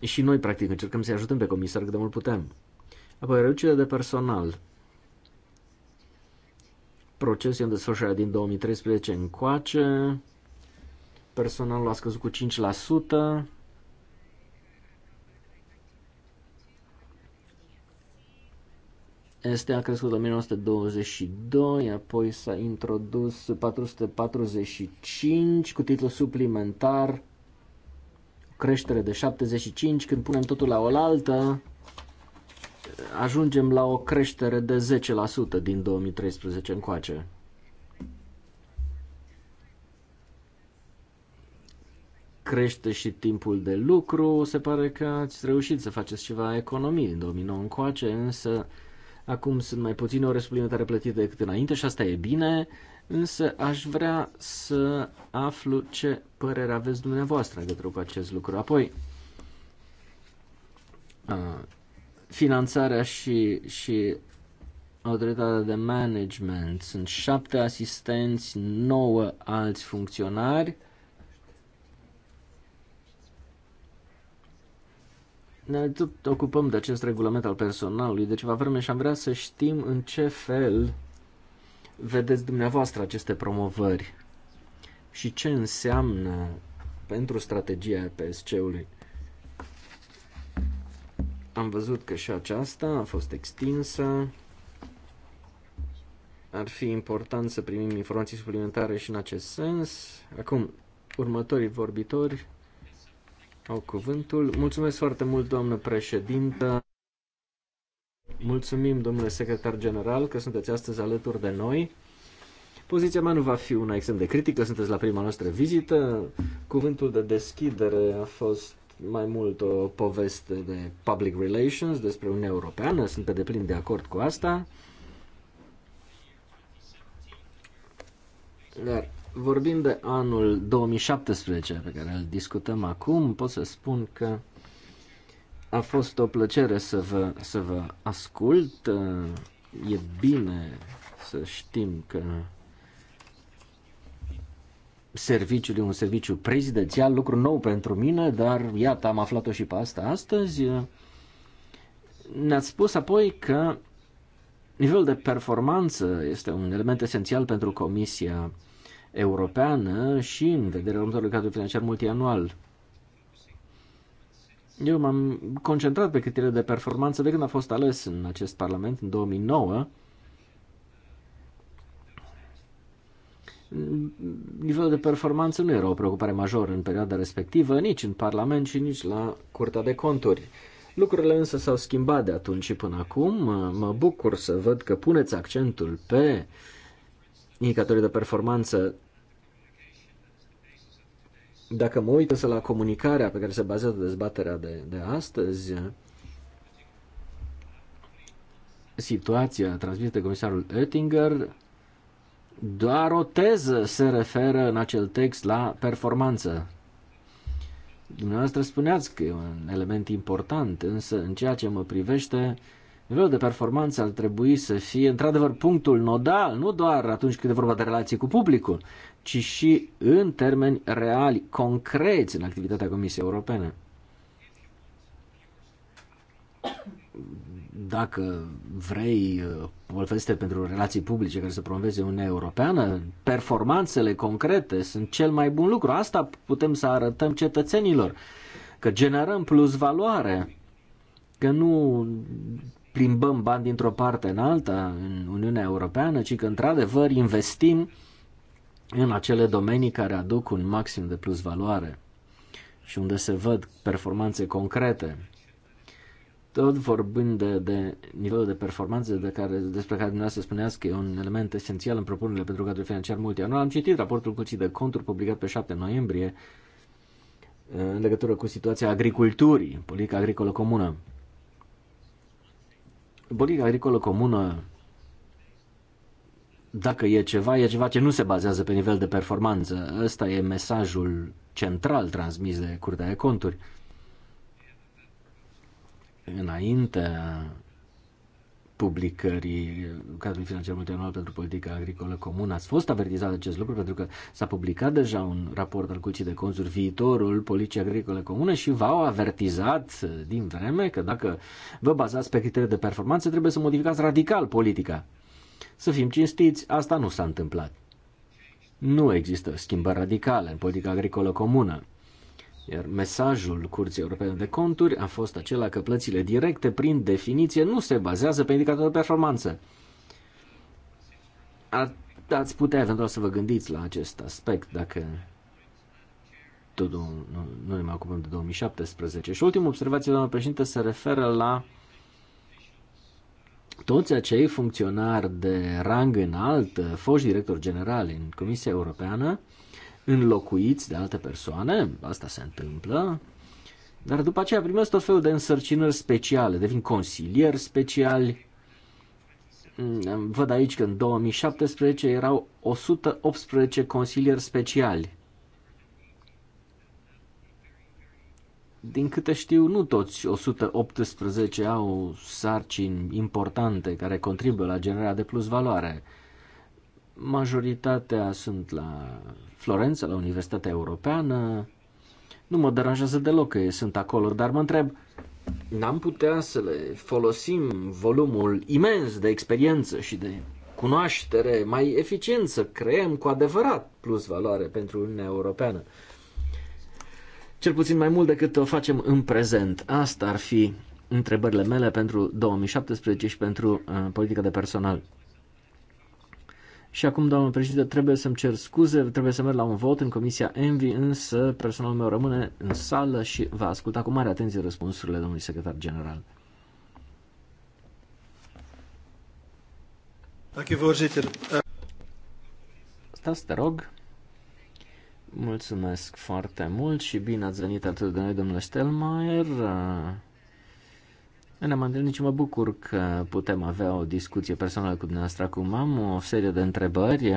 Și noi, practic, încercăm să-i ajutăm pe comisar cât de mult putem. Apoi, reducerea de personal. Procesul în desfășurare din 2013 încoace. Personalul a scăzut cu 5%. este a crescut la 1922, apoi s-a introdus 445 cu titlu suplimentar, creștere de 75, când punem totul la oaltă, ajungem la o creștere de 10% din 2013 încoace. Crește și timpul de lucru, se pare că ați reușit să faceți ceva economii din 2009 încoace, însă Acum sunt mai puține ore suplimentare plătite decât înainte și asta e bine, însă aș vrea să aflu ce părere aveți dumneavoastră legătură cu acest lucru. Apoi, finanțarea și, și autoritatea de management. Sunt șapte asistenți, nouă alți funcționari – ne tot ocupăm de acest regulament al personalului de ceva vreme și am vrea să știm în ce fel vedeți dumneavoastră aceste promovări și ce înseamnă pentru strategia PSC-ului. Am văzut că și aceasta a fost extinsă. Ar fi important să primim informații suplimentare și în acest sens. Acum, următorii vorbitori au cuvântul. Mulțumesc foarte mult, doamnă președintă. Mulțumim, domnule secretar general, că sunteți astăzi alături de noi. Poziția mea nu va fi una extrem de critică, sunteți la prima noastră vizită. Cuvântul de deschidere a fost mai mult o poveste de public relations despre Uniunea Europeană, sunt pe deplin de acord cu asta. Dar vorbim de anul 2017 pe care îl discutăm acum, pot să spun că a fost o plăcere să vă, să vă ascult. E bine să știm că serviciul e un serviciu prezidențial, lucru nou pentru mine, dar iată, am aflat-o și pe asta astăzi. Ne-ați spus apoi că nivelul de performanță este un element esențial pentru Comisia europeană și în vederea următorului cadru financiar multianual. Eu m-am concentrat pe criteriile de performanță de când a fost ales în acest parlament în 2009. Nivelul de performanță nu era o preocupare majoră în perioada respectivă, nici în Parlament și nici la Curtea de Conturi. Lucrurile însă s-au schimbat de atunci și până acum. Mă bucur să văd că puneți accentul pe indicatorii de performanță dacă mă uit însă la comunicarea pe care se bazează dezbaterea de, de astăzi, situația transmisă de comisarul Oettinger, doar o teză se referă în acel text la performanță. Dumneavoastră spuneați că e un element important, însă în ceea ce mă privește, nivelul de performanță ar trebui să fie într-adevăr punctul nodal, nu doar atunci când e vorba de relații cu publicul, ci și în termeni reali, concreți în activitatea Comisiei Europene. Dacă vrei uh, o veste pentru relații publice care să promoveze Uniunea Europeană, performanțele concrete sunt cel mai bun lucru. Asta putem să arătăm cetățenilor, că generăm plus valoare, că nu plimbăm bani dintr-o parte în alta în Uniunea Europeană, ci că într-adevăr investim uh, în acele domenii care aduc un maxim de plus valoare și unde se văd performanțe concrete. Tot vorbind de, de nivelul de performanțe de care, despre care dumneavoastră spuneați că e un element esențial în propunerile pentru cadrul financiar multianual, am citit raportul Curții de Conturi publicat pe 7 noiembrie uh, în legătură cu situația agriculturii, politica agricolă comună. Politica agricolă comună dacă e ceva, e ceva ce nu se bazează pe nivel de performanță. Ăsta e mesajul central transmis de Curtea de Conturi. Înainte publicării cadrului financiar multianual pentru politica agricolă comună. Ați fost avertizat de acest lucru pentru că s-a publicat deja un raport al Curții de Conturi viitorul politicii agricole comune și v-au avertizat din vreme că dacă vă bazați pe criterii de performanță trebuie să modificați radical politica. Să fim cinstiți, asta nu s-a întâmplat. Nu există schimbări radicale în politica agricolă comună. Iar mesajul Curții Europene de Conturi a fost acela că plățile directe, prin definiție, nu se bazează pe indicatorul de performanță. A, ați putea eventual să vă gândiți la acest aspect dacă tot nu, nu ne mai ocupăm de 2017. Și ultima observație, doamnă președinte, se referă la toți acei funcționari de rang înalt, uh, foști director general în Comisia Europeană, înlocuiți de alte persoane, asta se întâmplă, dar după aceea primesc tot felul de însărcinări speciale, devin consilieri speciali. Mm, văd aici că în 2017 erau 118 consilieri speciali. Din câte știu, nu toți 118 au sarcini importante care contribuie la generarea de plus valoare. Majoritatea sunt la Florența, la Universitatea Europeană. Nu mă deranjează deloc că sunt acolo, dar mă întreb, n-am putea să le folosim volumul imens de experiență și de cunoaștere mai eficient, să creăm cu adevărat plus valoare pentru Uniunea Europeană cel puțin mai mult decât o facem în prezent. Asta ar fi întrebările mele pentru 2017 și pentru uh, politica de personal. Și acum, doamnă președinte, trebuie să-mi cer scuze, trebuie să merg la un vot în Comisia Envi, însă personalul meu rămâne în sală și va asculta cu mare atenție răspunsurile domnului secretar general. Stați, te rog. Mulțumesc foarte mult și bine ați venit atât de noi, domnule Stelmaier. Uh, ne-am întâlnit și mă bucur că putem avea o discuție personală cu dumneavoastră acum. Am o serie de întrebări.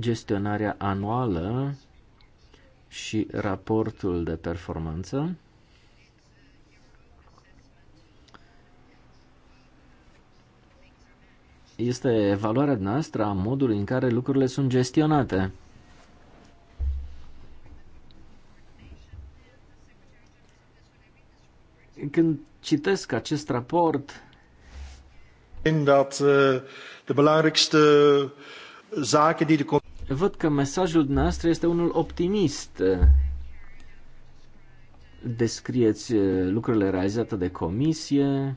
Gestionarea anuală și raportul de performanță. este evaluarea noastră a modului în care lucrurile sunt gestionate. Când citesc acest raport, eh, de Văd că mesajul dumneavoastră este unul optimist. Descrieți eh, lucrurile realizate de comisie,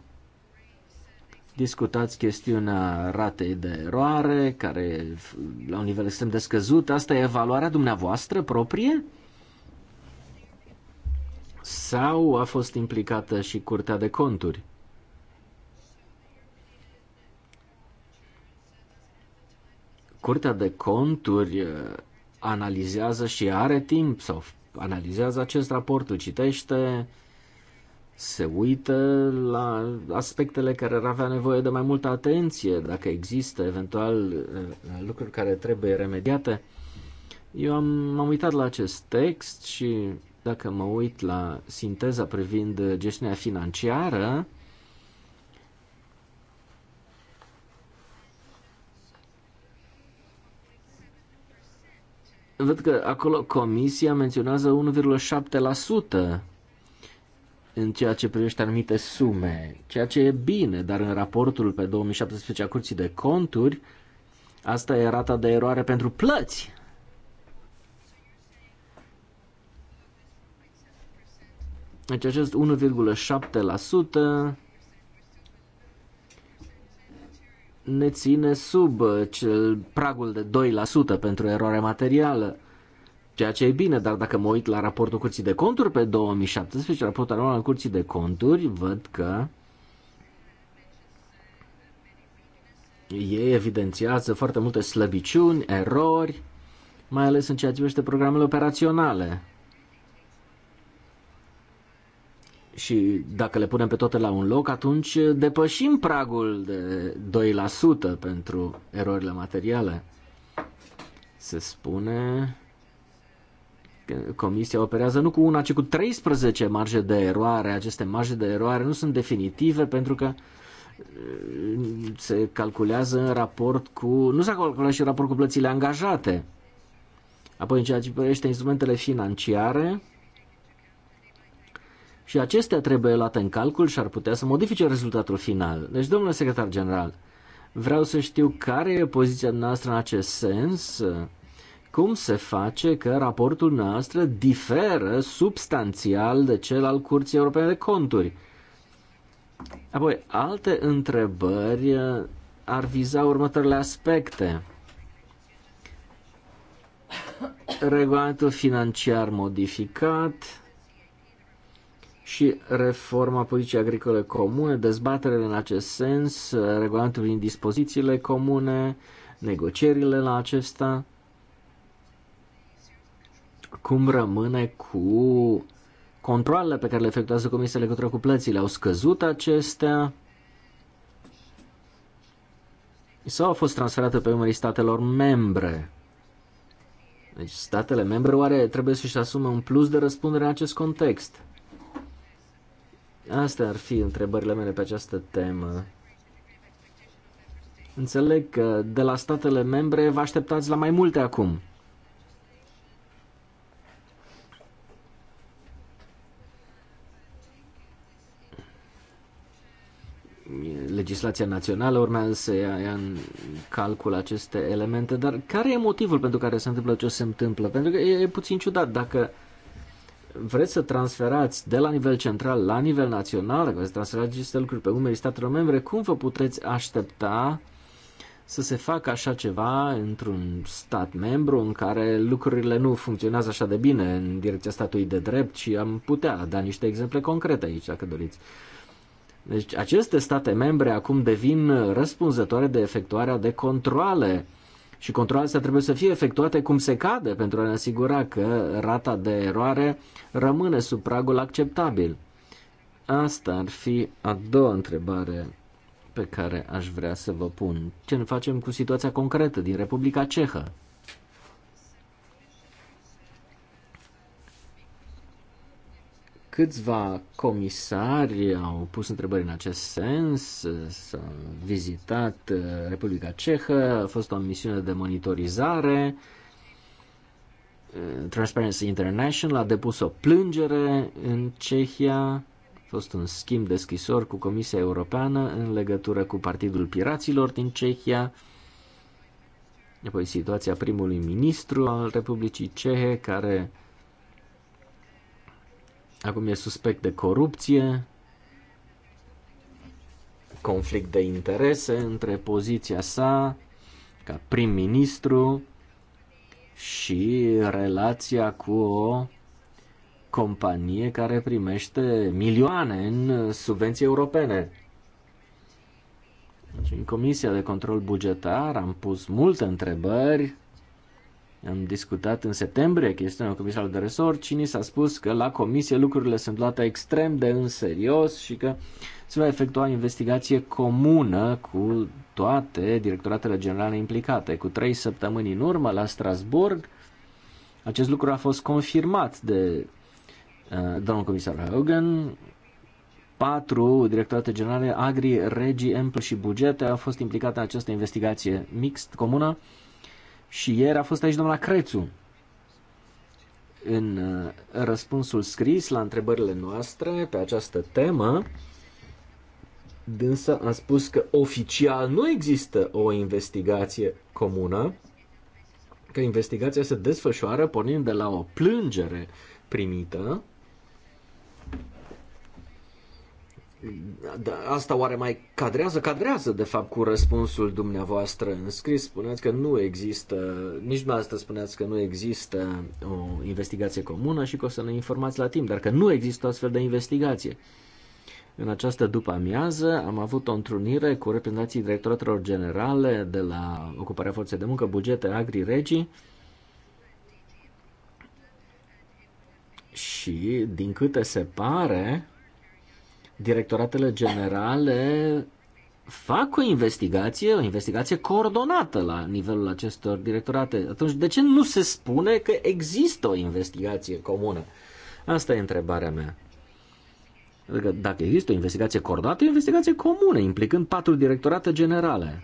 discutați chestiunea ratei de eroare, care la un nivel extrem de scăzut. Asta e evaluarea dumneavoastră proprie? Sau a fost implicată și Curtea de Conturi? Curtea de Conturi uh, analizează și are timp sau analizează acest raport, îl citește, se uită la aspectele care ar avea nevoie de mai multă atenție, dacă există eventual eh, lucruri care trebuie remediate. Eu am, m-am uitat la acest text și dacă mă uit la sinteza privind gestiunea financiară, văd că acolo comisia menționează 1,7% în ceea ce privește anumite sume, ceea ce e bine, dar în raportul pe 2017 a Curții de Conturi, asta e rata de eroare pentru plăți. Deci acest 1,7% ne ține sub cel pragul de 2% pentru eroare materială. Ceea ce e bine, dar dacă mă uit la raportul Curții de Conturi pe 2017, raportul anual al Curții de Conturi, văd că ei evidențiază foarte multe slăbiciuni, erori, mai ales în ceea ce privește programele operaționale. Și dacă le punem pe toate la un loc, atunci depășim pragul de 2% pentru erorile materiale. Se spune Comisia operează nu cu una, ci cu 13 marje de eroare. Aceste marje de eroare nu sunt definitive pentru că uh, se calculează în raport cu... Nu s-a calculat și în raport cu plățile angajate. Apoi, în ceea ce privește instrumentele financiare, și acestea trebuie luate în calcul și ar putea să modifice rezultatul final. Deci, domnule secretar general, vreau să știu care e poziția noastră în acest sens. Cum se face că raportul noastră diferă substanțial de cel al Curții Europene de Conturi? Apoi, alte întrebări uh, ar viza următoarele aspecte. Regulamentul financiar modificat și reforma politicii agricole comune, dezbaterele în acest sens, uh, regulamentul din dispozițiile comune, negocierile la acesta cum rămâne cu controlele pe care le efectuează Comisia legătură cu plățile? Au scăzut acestea? Sau au fost transferate pe umării statelor membre? Deci statele membre oare trebuie să-și asume un plus de răspundere în acest context? Astea ar fi întrebările mele pe această temă. Înțeleg că de la statele membre vă așteptați la mai multe acum. legislația națională urmează să ia, ia în calcul aceste elemente, dar care e motivul pentru care se întâmplă ce se întâmplă? Pentru că e, e puțin ciudat dacă vreți să transferați de la nivel central la nivel național, dacă vreți să transferați aceste lucruri pe umerii statelor membre, cum vă puteți aștepta să se facă așa ceva într-un stat membru în care lucrurile nu funcționează așa de bine în direcția statului de drept și am putea da niște exemple concrete aici, dacă doriți. Deci aceste state membre acum devin răspunzătoare de efectuarea de controle și controlele astea trebuie să fie efectuate cum se cade pentru a ne asigura că rata de eroare rămâne sub pragul acceptabil. Asta ar fi a doua întrebare pe care aș vrea să vă pun. Ce ne facem cu situația concretă din Republica Cehă? Câțiva comisari au pus întrebări în acest sens, s-a vizitat uh, Republica Cehă, a fost o misiune de monitorizare, uh, Transparency International a depus o plângere în Cehia, a fost un schimb de scrisori cu Comisia Europeană în legătură cu Partidul Piraților din Cehia, apoi situația primului ministru al Republicii Cehe, care Acum e suspect de corupție, conflict de interese între poziția sa ca prim-ministru și relația cu o companie care primește milioane în subvenții europene. Deci, în Comisia de Control Bugetar am pus multe întrebări am discutat în septembrie chestiunea comisarul de resort și ni s-a spus că la comisie lucrurile sunt luate extrem de în serios și că se va efectua o investigație comună cu toate directoratele generale implicate. Cu trei săptămâni în urmă, la Strasburg, acest lucru a fost confirmat de uh, domnul comisar Hogan. Patru directorate generale, Agri, Regi, Empl și Bugete, au fost implicate în această investigație mixt comună și ieri a fost aici doamna Crețu. În uh, răspunsul scris la întrebările noastre pe această temă, dânsa a spus că oficial nu există o investigație comună, că investigația se desfășoară pornind de la o plângere primită Da, asta oare mai cadrează? Cadrează, de fapt, cu răspunsul dumneavoastră în scris. Spuneați că nu există, nici dumneavoastră spuneați că nu există o investigație comună și că o să ne informați la timp, dar că nu există astfel de investigație. În această după-amiază am avut o întrunire cu reprezentanții directoratelor generale de la Ocuparea Forței de Muncă, Bugete, Agri, Regii, și din câte se pare, directoratele generale fac o investigație, o investigație coordonată la nivelul acestor directorate. Atunci, de ce nu se spune că există o investigație comună? Asta e întrebarea mea. Adică, dacă există o investigație coordonată, o investigație comună, implicând patru directorate generale.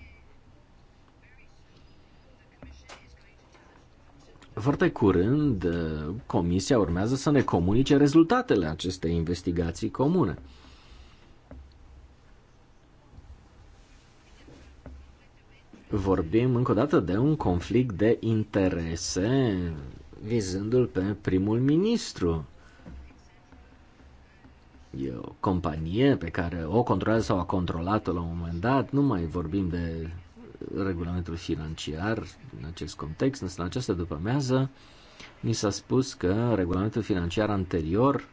Foarte curând, uh, Comisia urmează să ne comunice rezultatele acestei investigații comune. vorbim încă o dată de un conflict de interese vizându-l pe primul ministru. E o companie pe care o controlează sau a controlat-o la un moment dat, nu mai vorbim de regulamentul financiar în acest context, însă în această după-mează mi s-a spus că regulamentul financiar anterior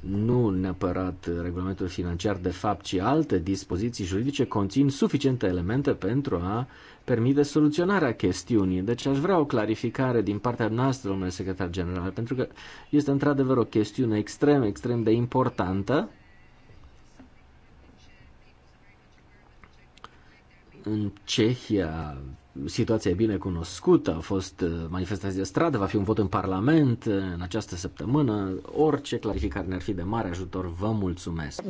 nu neapărat regulamentul financiar de fapt, ci alte dispoziții juridice conțin suficiente elemente pentru a permite soluționarea chestiunii. Deci aș vrea o clarificare din partea noastră, domnule secretar general, pentru că este într-adevăr o chestiune extrem, extrem de importantă. În Cehia situația e bine cunoscută, A fost uh, manifestație de stradă, va fi un vot în Parlament uh, în această săptămână. Orice clarificare ne-ar fi de mare ajutor, vă mulțumesc.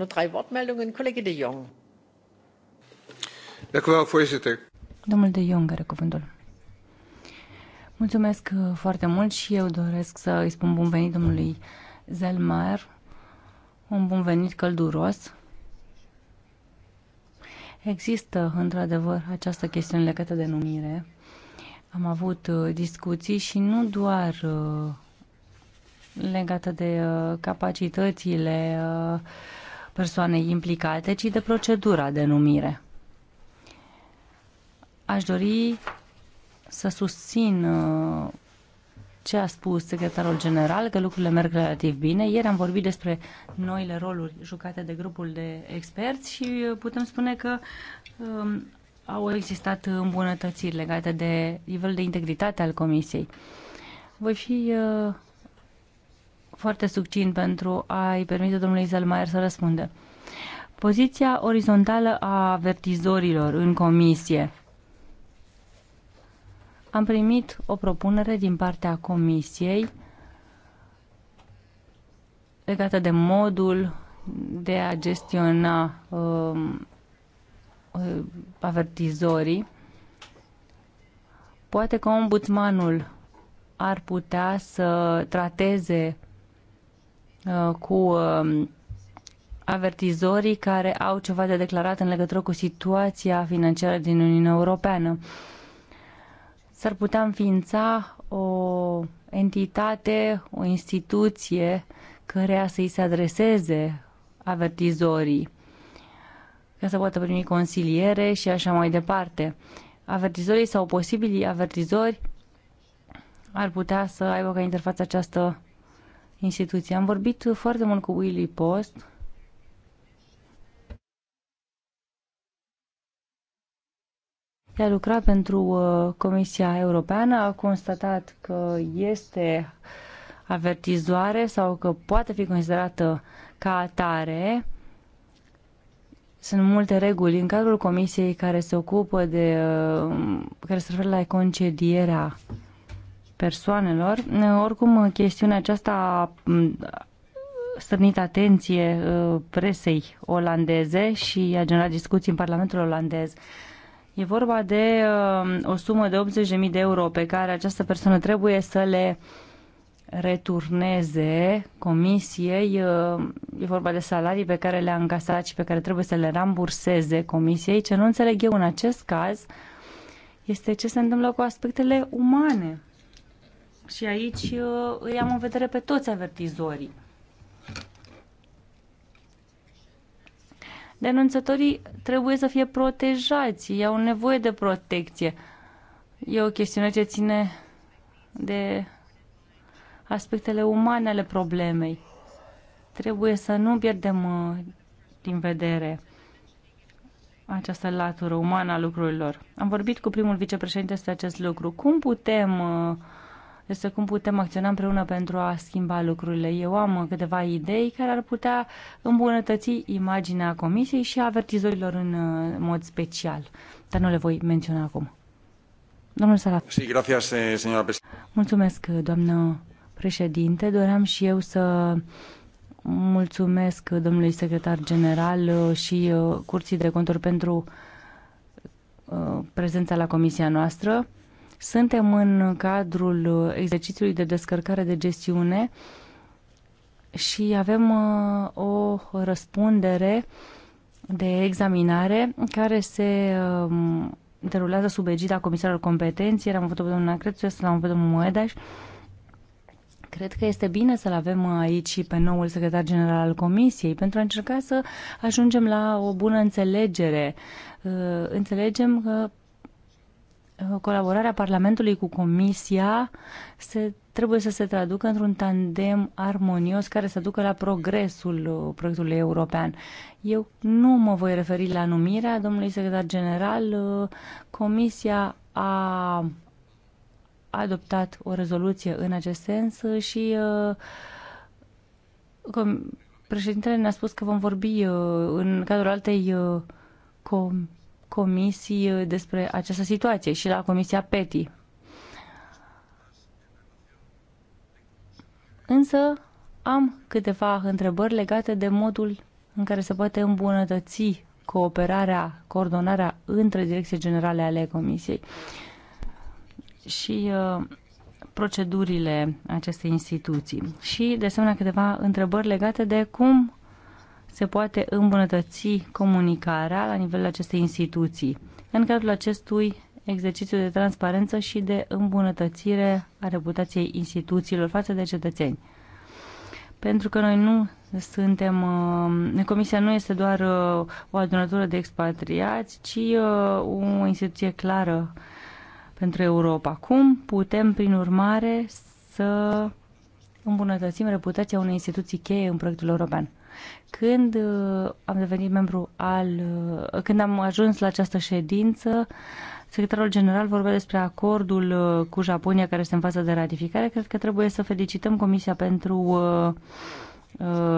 Domnul de Jong are cuvântul. Mulțumesc uh, foarte mult și eu doresc să îi spun bun venit domnului Zelmaier. Un bun venit călduros Există, într-adevăr, această chestiune legată de numire. Am avut uh, discuții și nu doar uh, legată de uh, capacitățile persoanei implicate, ci de procedura de numire. Aș dori să susțin ce a spus secretarul general, că lucrurile merg relativ bine. Ieri am vorbit despre noile roluri jucate de grupul de experți și putem spune că um, au existat îmbunătățiri legate de nivelul de integritate al comisiei. Voi fi uh, foarte succint pentru a-i permite domnului Zelmaier să răspundă. Poziția orizontală a avertizorilor în comisie am primit o propunere din partea Comisiei legată de modul de a gestiona um, uh, avertizorii. Poate că ombudsmanul ar putea să trateze uh, cu uh, avertizorii care au ceva de declarat în legătură cu situația financiară din Uniunea Europeană. Uh, s-ar putea înființa o entitate, o instituție cărea să-i se adreseze avertizorii ca să poată primi consiliere și așa mai departe. Avertizorii sau posibilii avertizori ar putea să aibă ca interfață această instituție. Am vorbit foarte mult cu Willy Post, Ea a lucra pentru uh, Comisia Europeană a constatat că este avertizoare sau că poate fi considerată ca atare. Sunt multe reguli în cadrul comisiei care se ocupă de, uh, care se referă la concedierea persoanelor. Oricum, chestiunea aceasta a strânit atenție uh, presei olandeze și a generat discuții în Parlamentul olandez. E vorba de uh, o sumă de 80.000 de euro pe care această persoană trebuie să le returneze comisiei. Uh, e vorba de salarii pe care le-a încasat și pe care trebuie să le ramburseze comisiei. Ce nu înțeleg eu în acest caz este ce se întâmplă cu aspectele umane. Și aici uh, îi am în vedere pe toți avertizorii. denunțătorii trebuie să fie protejați, ei au nevoie de protecție. E o chestiune ce ține de aspectele umane ale problemei. Trebuie să nu pierdem uh, din vedere această latură umană a lucrurilor. Am vorbit cu primul vicepreședinte despre acest lucru. Cum putem uh, despre cum putem acționa împreună pentru a schimba lucrurile. Eu am câteva idei care ar putea îmbunătăți imaginea comisiei și a avertizorilor în uh, mod special, dar nu le voi menționa acum. Domnul Salaf. Sí, gracias, eh, señora Mulțumesc, doamnă președinte. Doream și eu să mulțumesc domnului secretar general uh, și uh, Curții de Conturi pentru prezența la comisia noastră. Suntem în cadrul exercițiului de descărcare de gestiune și avem uh, o răspundere de examinare care se um, derulează sub egida Comisarului Competenții. am avut pe domnul să l-am avut pe domnul Moedaș. Cred că este bine să-l avem uh, aici și pe noul secretar general al Comisiei pentru a încerca să ajungem la o bună înțelegere. Uh, înțelegem că Uh, colaborarea Parlamentului cu Comisia se, trebuie să se traducă într-un tandem armonios care să ducă la progresul uh, proiectului european. Eu nu mă voi referi la numirea domnului secretar general. Uh, Comisia a adoptat o rezoluție în acest sens și președintele ne-a spus că vom vorbi în cadrul altei com comisii uh, despre această situație și la Comisia PETI. Însă am câteva întrebări legate de modul în care se poate îmbunătăți cooperarea, coordonarea între direcții generale ale Comisiei și uh, procedurile acestei instituții. Și, de asemenea, câteva întrebări legate de cum se poate îmbunătăți comunicarea la nivelul acestei instituții în cadrul acestui exercițiu de transparență și de îmbunătățire a reputației instituțiilor față de cetățeni. Pentru că noi nu suntem, uh, comisia nu este doar uh, o adunătură de expatriați, ci uh, o instituție clară pentru Europa. Cum putem, prin urmare, să îmbunătățim reputația unei instituții cheie în proiectul european? Când uh, am devenit membru al, uh, când am ajuns la această ședință, secretarul general vorbea despre acordul uh, cu Japonia care este în fază de ratificare. Cred că trebuie să felicităm Comisia pentru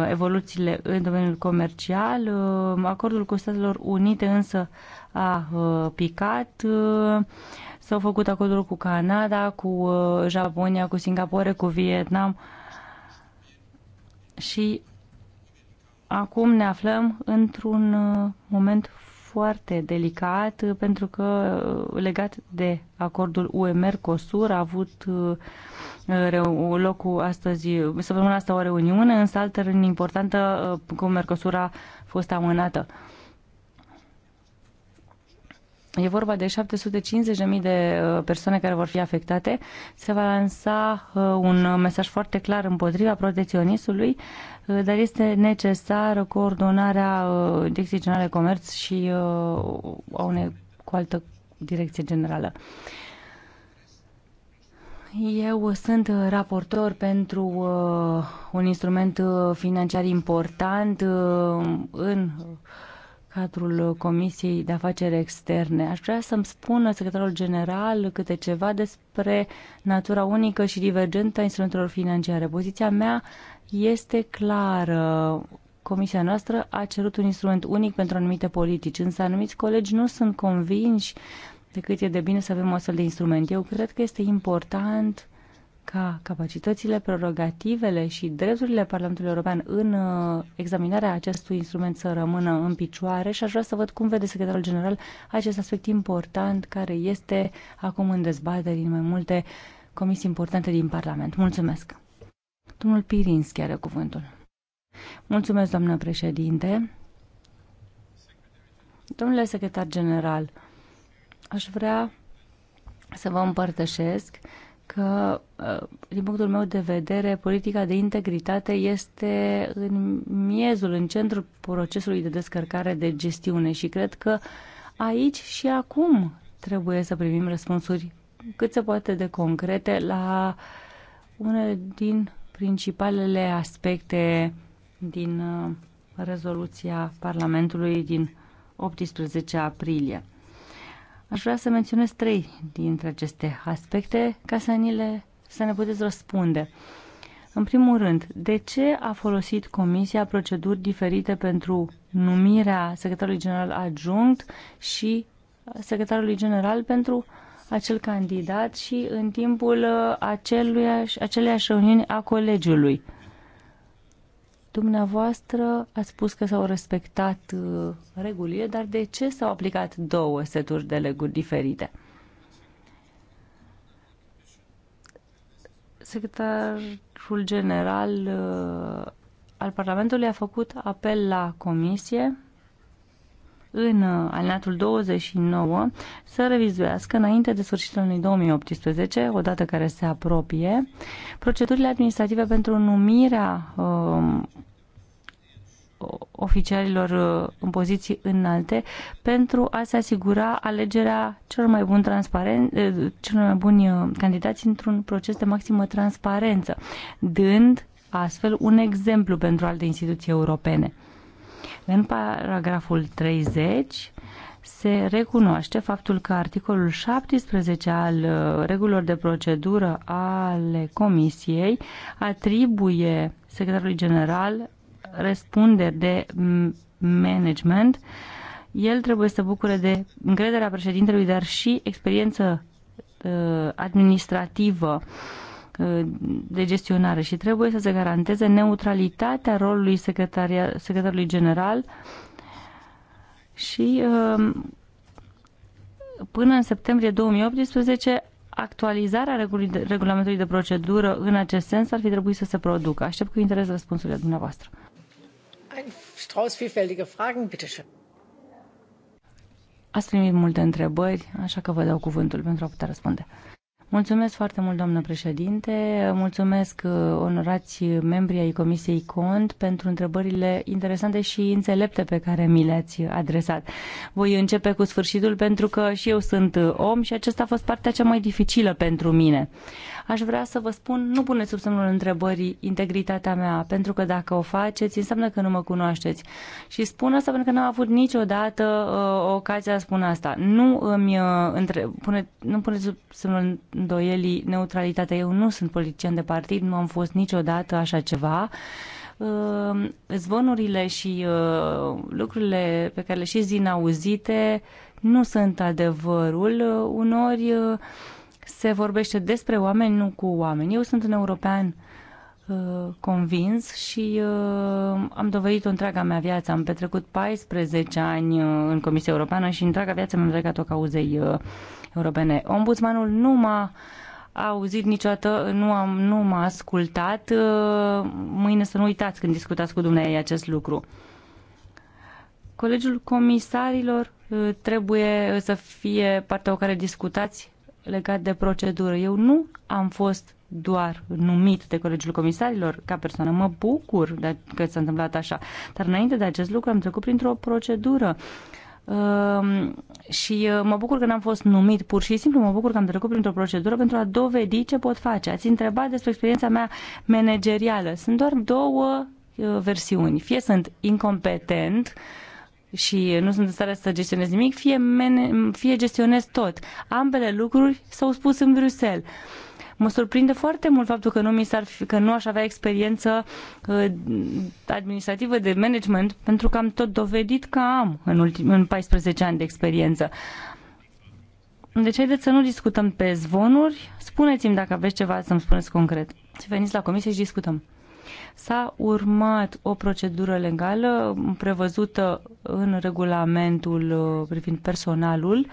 evoluțiile în domeniul comercial. Acordul cu Statelor Unite însă a picat. S-au făcut acorduri cu Canada, cu Japonia, cu Singapore, cu Vietnam și acum ne aflăm într-un uh, moment foarte delicat uh, pentru că uh, legat de acordul UE-Mercosur a avut locul astăzi, săptămâna asta o reuniune, însă altă reuniune importantă cu Mercosur a fost amânată. E vorba de 750.000 de persoane care vor fi afectate. Se va lansa un mesaj foarte clar împotriva protecționismului Eh, dar este necesară coordonarea eh, Direcției Generale Comerț și eh, a unei cu altă direcție generală. Eu sunt raportor pentru un instrument financiar important în cadrul Comisiei de Afaceri Externe. Aș vrea să-mi spună secretarul general câte ceva despre natura unică și divergentă a instrumentelor financiare. Poziția mea este clară. Uh, comisia noastră a cerut un instrument unic pentru anumite politici, însă anumiți colegi nu sunt convinși de cât e de bine să avem o astfel de instrument. Eu cred că este important ca capacitățile, prerogativele și drepturile Parlamentului European în uh, examinarea acestui instrument să rămână în picioare și aș vrea să văd cum vede secretarul general acest aspect important care este acum în dezbatere din mai multe comisii importante din Parlament. Mulțumesc! Domnul Pirinski are cuvântul. Mulțumesc, doamnă președinte. Domnule secretar general, aș vrea să vă împărtășesc că, uh, din punctul meu de vedere, politica de integritate este în miezul, în centrul procesului de descărcare de gestiune și cred că aici și acum trebuie să primim răspunsuri cât se poate de concrete la unele din principalele aspecte din uh, rezoluția Parlamentului din 18 aprilie. Aș vrea să menționez trei dintre aceste aspecte ca să, ni le, să ne puteți răspunde. În primul rând, de ce a folosit Comisia proceduri diferite pentru numirea secretarului general adjunct și uh, secretarului general pentru uh, acel candidat și în timpul uh, aceluiași, aceleași reuniuni a colegiului. Dumneavoastră ați spus că s-au respectat uh, regulile, dar de ce s-au aplicat două seturi de leguri diferite? Secretarul general uh, al Parlamentului a făcut apel la comisie în uh, alinatul 29 să revizuiască înainte de sfârșitul anului 2018, odată care se apropie, procedurile administrative pentru numirea um, oficialilor uh, în poziții înalte pentru a se asigura alegerea celor mai buni, transparent, uh, celor mai buni candidați într-un proces de maximă transparență, dând astfel un exemplu pentru alte instituții europene. În paragraful 30 se recunoaște faptul că articolul 17 al uh, regulilor de procedură ale Comisiei atribuie secretarului general răspunderi de mm, management. El trebuie să bucure de încrederea președintelui, dar și experiență uh, administrativă Uh, de gestionare și trebuie să se garanteze neutralitatea rolului secretarului general și uh, până în septembrie 2018 actualizarea regulamentului de procedură în acest sens ar fi trebuit să se producă. Aștept cu interes răspunsurile dumneavoastră. Ați primit multe întrebări, așa că vă dau cuvântul pentru a putea răspunde. Mulțumesc foarte mult, doamnă președinte. Mulțumesc, uh, onorați membri ai Comisiei CONT, pentru întrebările interesante și înțelepte pe care mi le-ați adresat. Voi începe cu sfârșitul pentru că și eu sunt om și acesta a fost partea cea mai dificilă pentru mine aș vrea să vă spun, nu puneți sub semnul întrebării integritatea mea, pentru că dacă o faceți, înseamnă că nu mă cunoașteți. Și spun asta pentru că n-am avut niciodată uh, ocazia să spun asta. Nu îmi uh, între... pune, nu puneți sub semnul îndoielii neutralitatea. Eu nu sunt politician de partid, nu am fost niciodată așa ceva uh, zvonurile și uh, lucrurile pe care le știți din auzite nu sunt adevărul. Uh, unori se vorbește despre oameni, nu cu oameni. Eu sunt un european uh, convins și uh, am dovedit-o întreaga mea viață. Am petrecut 14 ani uh, în Comisia Europeană și întreaga viață mi-am legat o cauzei uh, europene. Ombudsmanul nu m-a auzit niciodată, nu, am, nu m-a ascultat. Uh, mâine să nu uitați când discutați cu dumneavoastră acest lucru. Colegiul comisarilor uh, trebuie să fie partea o care discutați legat de procedură. Eu nu am fost doar numit de Colegiul Comisarilor ca persoană. Mă bucur de că s-a întâmplat așa. Dar înainte de acest lucru am trecut printr-o procedură. Uh, și uh, mă bucur că n-am fost numit pur și simplu, mă bucur că am trecut printr-o procedură pentru a dovedi ce pot face. Ați întrebat despre experiența mea managerială. Sunt doar două uh, versiuni. Fie sunt incompetent, uh, și nu sunt în stare să gestionez nimic, fie, mene, fie gestionez tot. Ambele lucruri s-au spus în Bruxelles. Mă surprinde foarte mult faptul că nu, mi s-ar fi, că nu aș avea experiență uh, administrativă de management, pentru că am tot dovedit că am în, ultim, în 14 ani de experiență. Deci haideți să nu discutăm pe zvonuri, spuneți-mi dacă aveți ceva să-mi spuneți concret. veniți la comisie și discutăm s-a urmat o procedură legală prevăzută în regulamentul uh, privind personalul.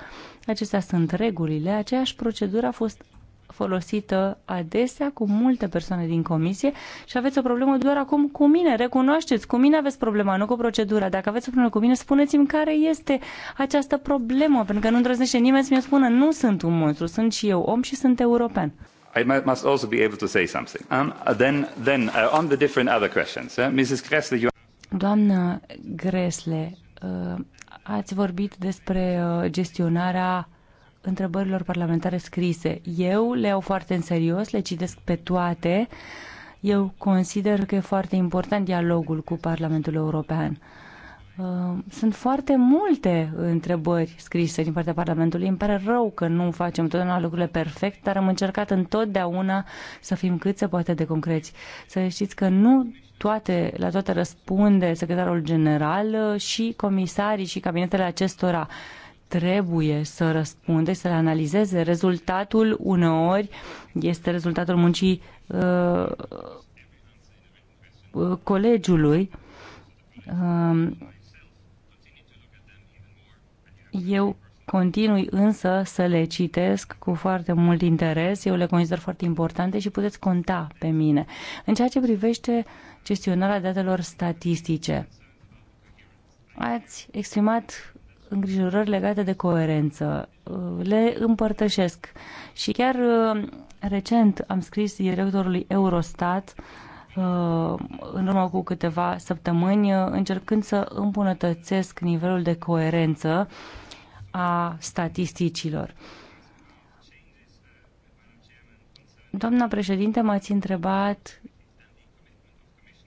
Acestea sunt regulile. Aceeași procedură a fost folosită adesea cu multe persoane din comisie și aveți o problemă doar acum cu mine. Recunoașteți, cu mine aveți problema, nu cu procedura. Dacă aveți o problemă cu mine, spuneți-mi care este această problemă, pentru că nu îndrăznește nimeni să mi-o spună. Nu sunt un monstru, sunt și eu om și sunt european. I must also be able to say something. Um, uh, then, then uh, on the different other questions, uh, Mrs. Gressle, you. Doamnă Gresle, uh, ați vorbit despre uh, gestionarea întrebărilor parlamentare scrise. Eu le iau foarte în serios, le citesc pe toate. Eu consider că e foarte important dialogul cu Parlamentul European. Ehm, sunt foarte multe întrebări scrise din partea Parlamentului. Îmi pare rău că nu facem totdeauna lucrurile perfect, dar am încercat întotdeauna să fim cât se poate de concreți. Să știți că nu toate, la toate răspunde secretarul general uh, și comisarii și cabinetele acestora trebuie să răspunde, să le analizeze. Rezultatul uneori este rezultatul muncii uh, uh colegiului. Uh, eu continui însă să le citesc cu foarte mult interes, eu le consider foarte importante și puteți conta pe mine. În ceea ce privește gestionarea datelor statistice, ați exprimat îngrijorări legate de coerență. Le împărtășesc. Și chiar uh, recent am scris directorului Eurostat în urmă cu câteva săptămâni, încercând să îmbunătățesc nivelul de coerență a statisticilor. Doamna președinte, m-ați întrebat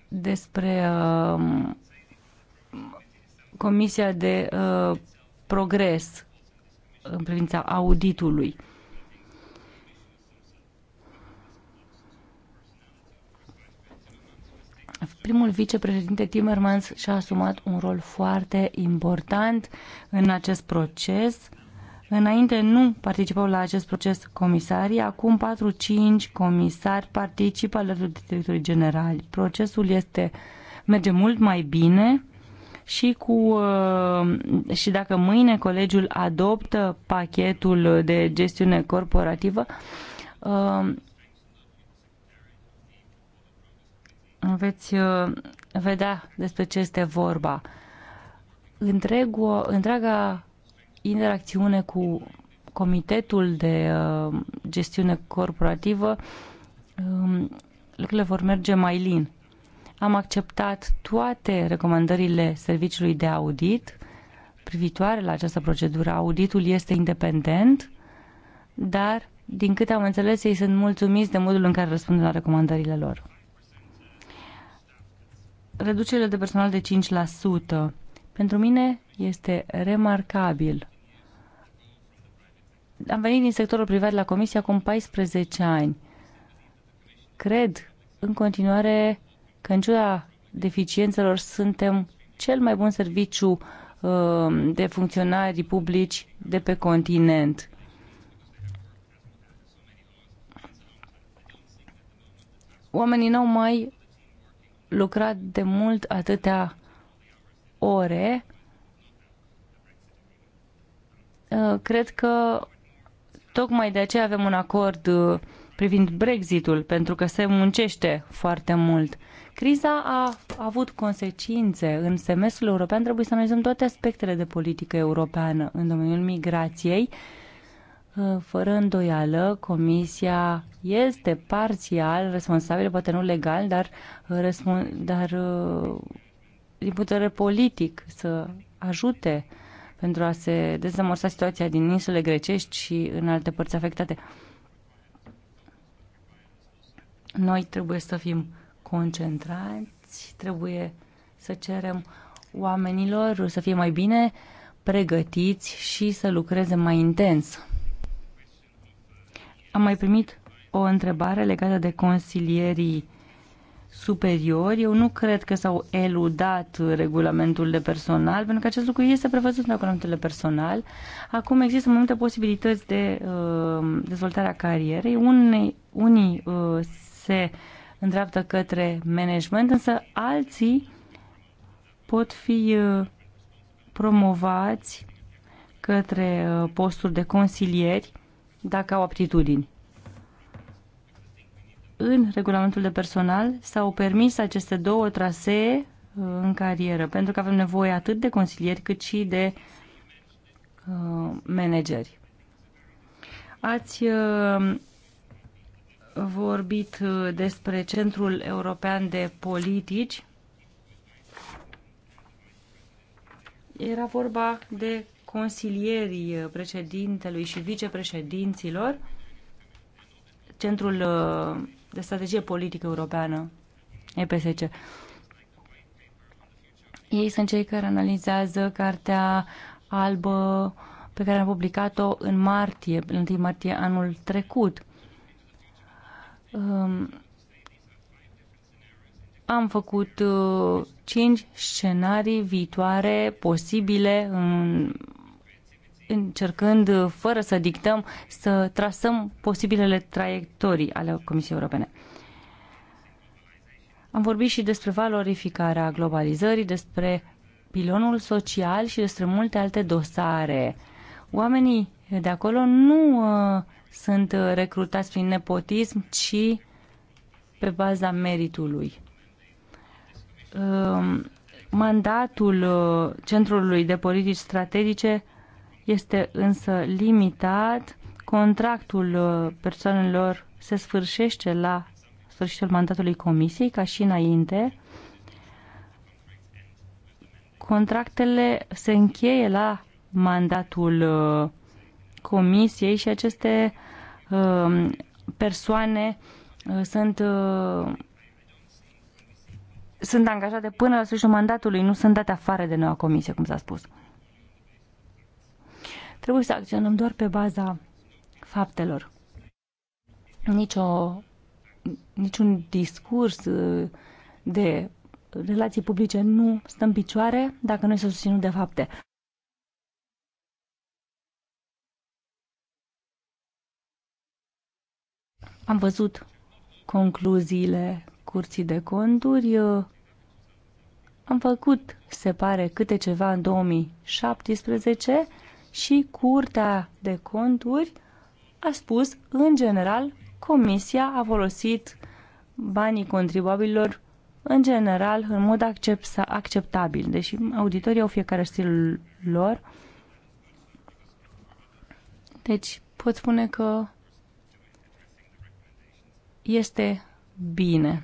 despre um, Comisia de uh, Progres în privința auditului. Primul vicepreședinte Timmermans și-a asumat un rol foarte important în acest proces. Înainte nu participau la acest proces comisarii, acum 4-5 comisari participă alături de directorii generali. Procesul este merge mult mai bine și cu uh, și dacă mâine colegiul adoptă pachetul de gestiune corporativă, uh, veți uh, vedea despre ce este vorba. Întregul, uh, întreaga interacțiune cu Comitetul de uh, Gestiune Corporativă, um, lucrurile vor merge mai lin. Am acceptat toate recomandările Serviciului de Audit privitoare la această procedură. Auditul este independent, dar, din câte am înțeles, ei sunt mulțumiți de modul în care răspund la recomandările lor reducerile de personal de 5%. Pentru mine este remarcabil. Am venit din sectorul privat la comisie acum 14 ani. Cred în continuare că în ciuda deficiențelor suntem cel mai bun serviciu uh, de funcționari publici de pe continent. Oamenii n-au mai lucrat de mult atâtea ore, uh, cred că tocmai de aceea avem un acord uh, privind Brexitul, pentru că se muncește foarte mult. Criza a avut consecințe în semestrul european, trebuie să analizăm toate aspectele de politică europeană în domeniul migrației. Uh, fără îndoială, Comisia este parțial responsabil, poate nu legal, dar, uh, dar uh, din putere politic să ajute pentru a se dezamorsa situația din insule grecești și în alte părți afectate. Noi trebuie să fim concentrați, trebuie să cerem oamenilor să fie mai bine pregătiți și să lucreze mai intens. Am mai primit o întrebare legată de consilierii superiori. Eu nu cred că s-au eludat regulamentul de personal, pentru că acest lucru este prevăzut în de personal. Acum există mai multe posibilități de uh, a carierei. Unii, unii uh, se îndreaptă către management, însă alții pot fi uh, promovați către uh, posturi de consilieri dacă au aptitudini în regulamentul de personal s-au permis aceste două trasee uh, în carieră, pentru că avem nevoie atât de consilieri cât și de uh, manageri. Ați uh, vorbit uh, despre Centrul European de Politici. Era vorba de consilierii uh, președintelui și vicepreședinților. Centrul uh, de strategie politică europeană, EPSC. Ei sunt cei care analizează cartea albă pe care am publicat-o în martie, în 1 martie anul trecut. Um, am făcut uh, cinci scenarii viitoare posibile în încercând, uh, fără să dictăm, să trasăm posibilele traiectorii ale Comisiei Europene. Am vorbit și despre valorificarea globalizării, despre pilonul social și despre multe alte dosare. Oamenii de acolo nu uh, sunt uh, recrutați prin nepotism, ci pe baza meritului. Uh, mandatul uh, Centrului de Politici Strategice este însă limitat, contractul uh, persoanelor se sfârșește la sfârșitul mandatului comisiei, ca și înainte. Contractele se încheie la mandatul uh, comisiei și aceste uh, persoane sunt sunt angajate până la sfârșitul mandatului, nu sunt date afară de noua comisie, cum s-a spus. Trebuie să acționăm doar pe baza faptelor. Nicio, niciun discurs uh, de relații publice nu stă în picioare dacă nu este susținut de fapte. Am văzut concluziile curții de conturi. Uh, am făcut, se pare, câte ceva în 2017 și Curtea de Conturi a spus, în general, Comisia a folosit banii contribuabililor în general, în mod accept, acceptabil, deși auditorii au fiecare stilul lor. Deci pot spune că este bine.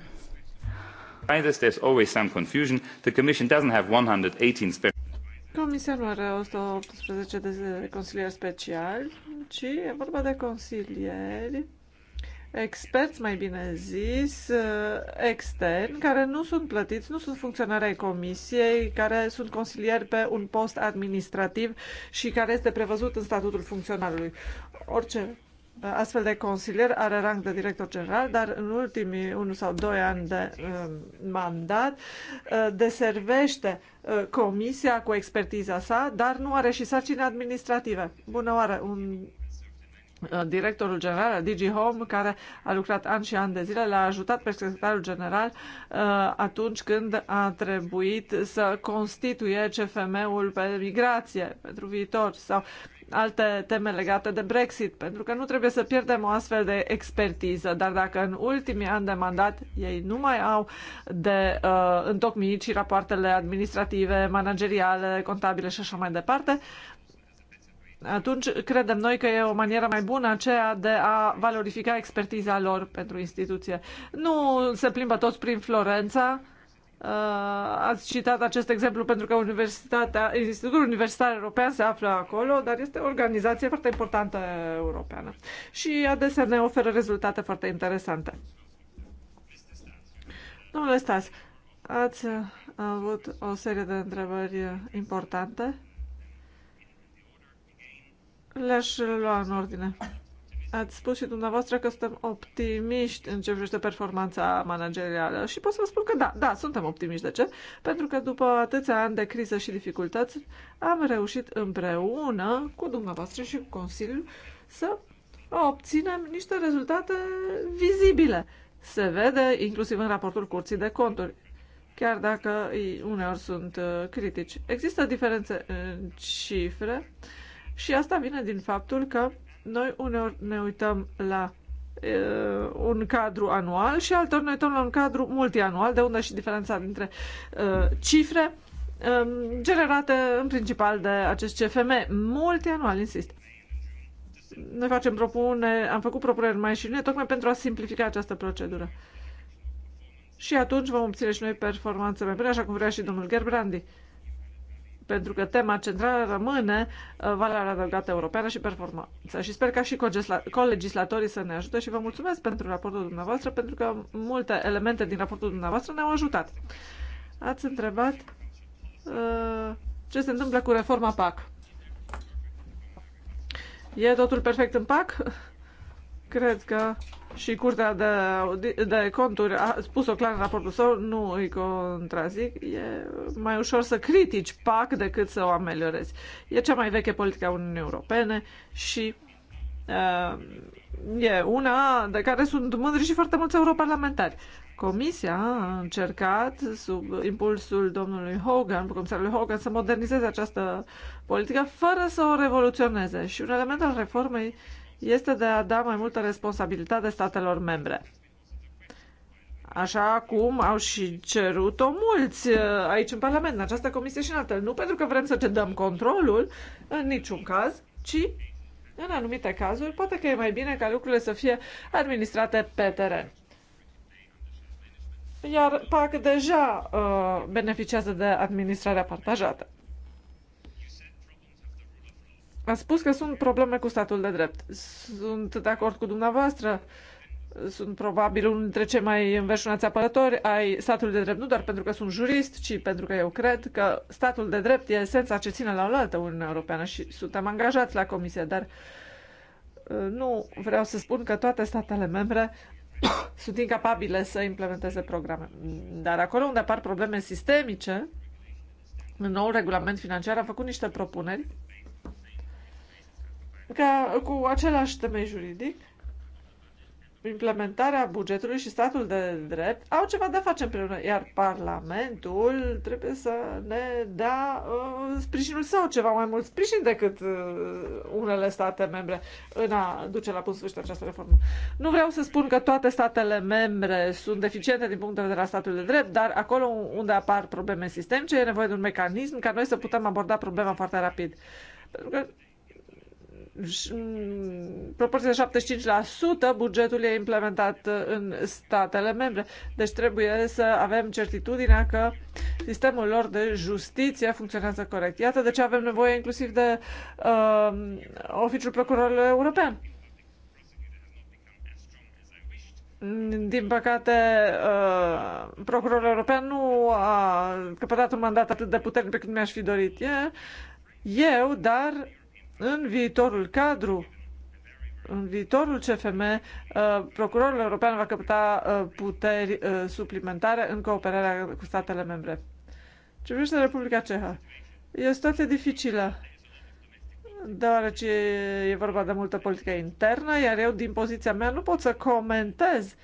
By this, there's always some confusion. The Commission doesn't have 118 Comisia nu are 118 de consilieri speciali, ci e vorba de consilieri experți, mai bine zis, externi, care nu sunt plătiți, nu sunt funcționari ai comisiei, care sunt consilieri pe un post administrativ și care este prevăzut în statutul funcționarului. Orice Astfel de consilier are rang de director general, dar în ultimii unu sau doi ani de um, mandat uh, deservește uh, comisia cu expertiza sa, dar nu are și sarcini administrative. Bună oară, un uh, directorul general al Digi Home, care a lucrat ani și ani de zile, l-a ajutat pe secretarul general atunci când a trebuit să constituie CFM-ul pe migrație pentru viitor sau alte teme legate de Brexit, pentru că nu trebuie să pierdem o astfel de expertiză. Dar dacă în ultimii ani de mandat ei nu mai au de uh, întocmit și rapoartele administrative, manageriale, contabile și așa mai departe, atunci credem noi că e o manieră mai bună aceea de a valorifica expertiza lor pentru instituție. Nu se plimbă toți prin Florența, uh, Uh, ați citat acest exemplu pentru că Universitatea, Institutul Universitar European se află acolo, dar este o organizație foarte importantă europeană și adesea ne oferă rezultate foarte interesante. Domnule Stas, ați avut o serie de întrebări importante. Le-aș lua în ordine. Ați spus și dumneavoastră că suntem optimiști în ce privește performanța managerială și pot să vă spun că da, da, suntem optimiști. De ce? Pentru că după atâția ani de criză și dificultăți am reușit împreună cu dumneavoastră și cu Consiliul să obținem niște rezultate vizibile. Se vede inclusiv în raportul Curții de Conturi chiar dacă uneori sunt uh, critici. Există diferențe în cifre și asta vine din faptul că noi uneori ne uităm la uh, un cadru anual și alteori ne uităm la un cadru multianual, de unde și diferența dintre uh, cifre uh, generate în principal de acest CFM multianual, insist. Noi facem propune, am făcut propuneri mai și noi tocmai pentru a simplifica această procedură. Și atunci vom obține și noi performanțe mai bune, așa cum vrea și domnul Gerbrandi. Uh, pentru că tema centrală rămâne uh, valoarea adăugată europeană și performanța. Și sper ca și colegislatorii să ne ajute și vă mulțumesc pentru raportul dumneavoastră, pentru că multe elemente din raportul dumneavoastră ne-au ajutat. Ați întrebat uh, ce se întâmplă cu reforma PAC. E totul perfect în PAC? [laughs] Cred că și Curtea de, de Conturi a spus-o clar în raportul său, nu îi contrazic, e mai ușor să critici PAC decât să o ameliorezi. E cea mai veche politică a Uniunii Europene și uh, e una de care sunt mândri și foarte mulți europarlamentari. Comisia a încercat, sub impulsul domnului Hogan, comisarului Hogan, să modernizeze această politică fără să o revoluționeze. Și un element al reformei uh, este de a da mai multă responsabilitate statelor membre. Așa cum au și cerut-o mulți uh, aici în Parlament, în această comisie și în altele. Nu pentru că vrem să cedăm controlul, în niciun caz, ci în anumite cazuri, poate că e mai bine ca lucrurile să fie administrate pe teren. Iar PAC deja uh, beneficiază de administrarea partajată. Ați spus că sunt probleme cu statul de drept. Sunt de acord cu dumneavoastră. Sunt probabil unul dintre cei mai înveșunați apărători ai statului de drept, nu doar pentru că sunt jurist, ci pentru că eu cred că statul de drept e esența ce ține la oaltă Uniunea Europeană și suntem angajați la Comisie, dar uh, nu vreau să spun că toate statele membre [coughs] sunt incapabile să implementeze programe. Dar acolo unde apar probleme sistemice, în nou regulament financiar a făcut niște propuneri ca, cu același temei juridic, implementarea bugetului și statul de drept au ceva de a face împreună, iar Parlamentul trebuie să ne dea uh, sprijinul sau ceva mai mult sprijin decât uh, unele state membre în a duce la bun sfârșit această reformă. Nu vreau să spun că toate statele membre sunt deficiente din punct de vedere al statului de drept, dar acolo unde apar probleme sistemice e nevoie de un mecanism ca noi să putem aborda problema foarte rapid. Pentru că Mm, proporție de 75% bugetul e implementat uh, în statele membre. Deci trebuie să avem certitudinea că sistemul lor de justiție funcționează corect. Iată de ce avem nevoie inclusiv de uh, Oficiul Procurorului European. Din păcate, uh, procurorul european nu a căpătat un mandat atât de puternic pe cât mi-aș fi dorit E? eu, dar în viitorul cadru, în viitorul CFM, uh, procurorul european va căpăta uh, puteri uh, suplimentare în cooperarea cu statele membre. Ce privește Republica Cehă, e o situație dificilă, deoarece e vorba de multă politică internă, iar eu, din poziția mea, nu pot să comentez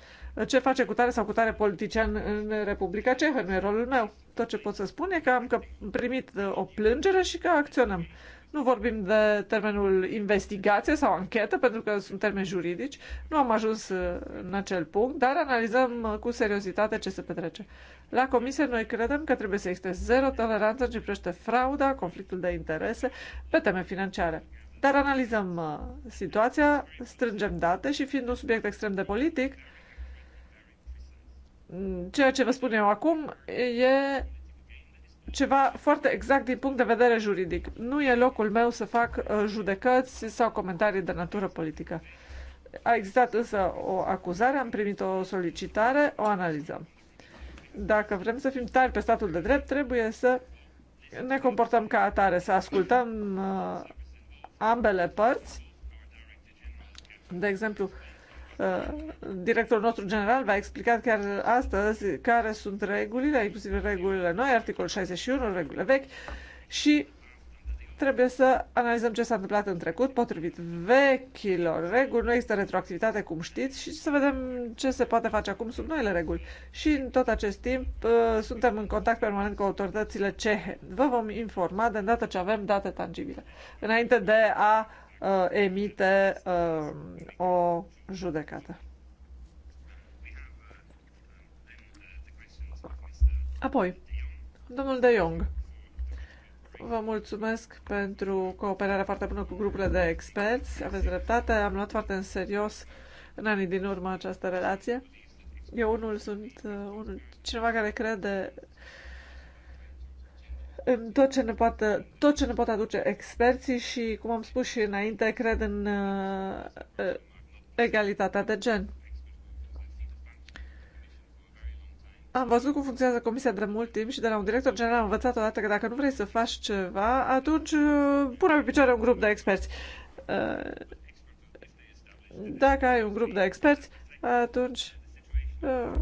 ce face cu tare sau cu tare politician în Republica Cehă, nu e rolul meu. Tot ce pot să spun e că am primit o plângere și că acționăm. Nu vorbim de termenul investigație sau anchetă, pentru că sunt termeni juridici. Nu am ajuns uh, în acel punct, dar analizăm uh, cu seriozitate ce se petrece. La comisie noi credem că trebuie să existe zero toleranță ce privește frauda, conflictul de interese pe teme financiare. Dar analizăm uh, situația, strângem date și fiind un subiect extrem de politic, mm, ceea ce vă spun eu acum e ceva foarte exact din punct de vedere juridic. Nu e locul meu să fac uh, judecăți sau comentarii de natură politică. A existat însă o acuzare, am primit o solicitare, o analizăm. Dacă vrem să fim tari pe statul de drept, trebuie să ne comportăm ca atare, să ascultăm uh, ambele părți. De exemplu, Uh, directorul nostru general v-a explicat chiar astăzi care sunt regulile, inclusiv regulile noi, articol 61, regulile vechi și trebuie să analizăm ce s-a întâmplat în trecut, potrivit vechilor reguli, nu există retroactivitate, cum știți, și să vedem ce se poate face acum sub noile reguli. Și în tot acest timp uh, suntem în contact permanent cu autoritățile cehe. Vă vom informa de îndată ce avem date tangibile, înainte de a uh, emite uh, o judecată. Apoi, domnul De Jong, vă mulțumesc pentru cooperarea foarte bună cu grupurile de experți. Aveți dreptate, am luat foarte în serios în anii din urmă această relație. Eu unul sunt uh, unul, cineva care crede uh, în tot ce ne, poate, tot ce ne pot aduce experții și, cum am spus și înainte, cred în uh, uh, egalitatea de gen. Am văzut cum funcționează comisia de mult timp și de la un director general am învățat odată că dacă nu vrei să faci ceva, atunci uh, pune pe picioare un grup de experți. Uh, dacă ai un grup de experți, atunci uh,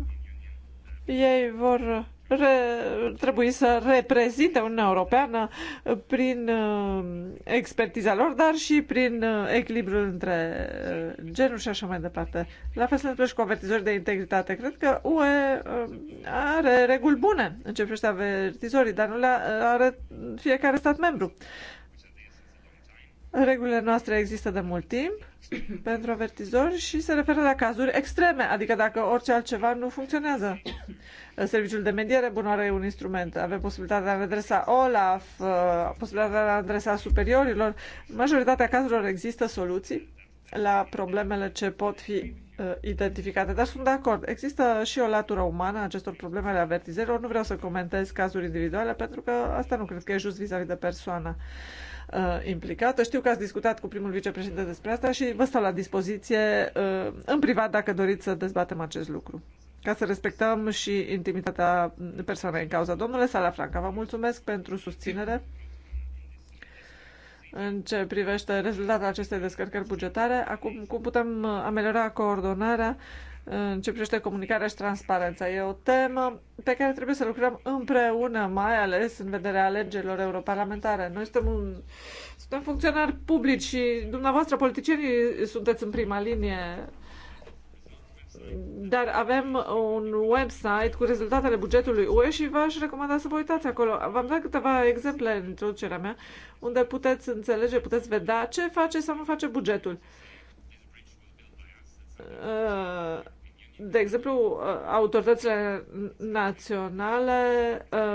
ei vor uh, re, trebui să reprezinte Uniunea Europeană prin uh, expertiza lor, dar și prin uh, echilibrul între uh, genuri și așa mai departe. La fel se întâmplă și cu de integritate. Cred că UE are reguli bune în ce privește avertizorii, dar nu le are fiecare stat membru. Regulile noastre există de mult timp [clears throat] pentru avertizori și se referă la cazuri extreme, adică dacă orice altceva nu funcționează. [clears throat] Serviciul de mediere, bunoare, e un instrument. Avem posibilitatea de a adresa OLAF, uh, posibilitatea de a adresa superiorilor. În majoritatea cazurilor există soluții la problemele ce pot fi uh, identificate. Dar sunt de acord. Există și o latură umană a acestor probleme ale avertizărilor. Nu vreau să comentez cazuri individuale pentru că asta nu cred că e just vis-a-vis -vis de persoană uh, implicată. Știu că ați discutat cu primul vicepreședinte despre asta și vă stau la dispoziție uh, în privat dacă doriți să dezbatem acest lucru. Ca să respectăm și intimitatea persoanei în cauza. Domnule Sala Franca, vă mulțumesc pentru susținere. În ce privește rezultatul acestei descărcări bugetare, acum cum putem ameliora coordonarea uh, în ce privește comunicarea și transparența. E o temă pe care trebuie să lucrăm împreună, mai ales în vederea alegerilor europarlamentare. Noi suntem, un, suntem funcționari publici și dumneavoastră, politicienii, sunteți în prima linie. Dar avem un website cu rezultatele bugetului UE și v-aș recomanda să vă uitați acolo. V-am dat câteva exemple în introducerea mea, unde puteți înțelege, puteți vedea ce face sau nu face bugetul. Uh, Uh, de exemplu, uh, autoritățile naționale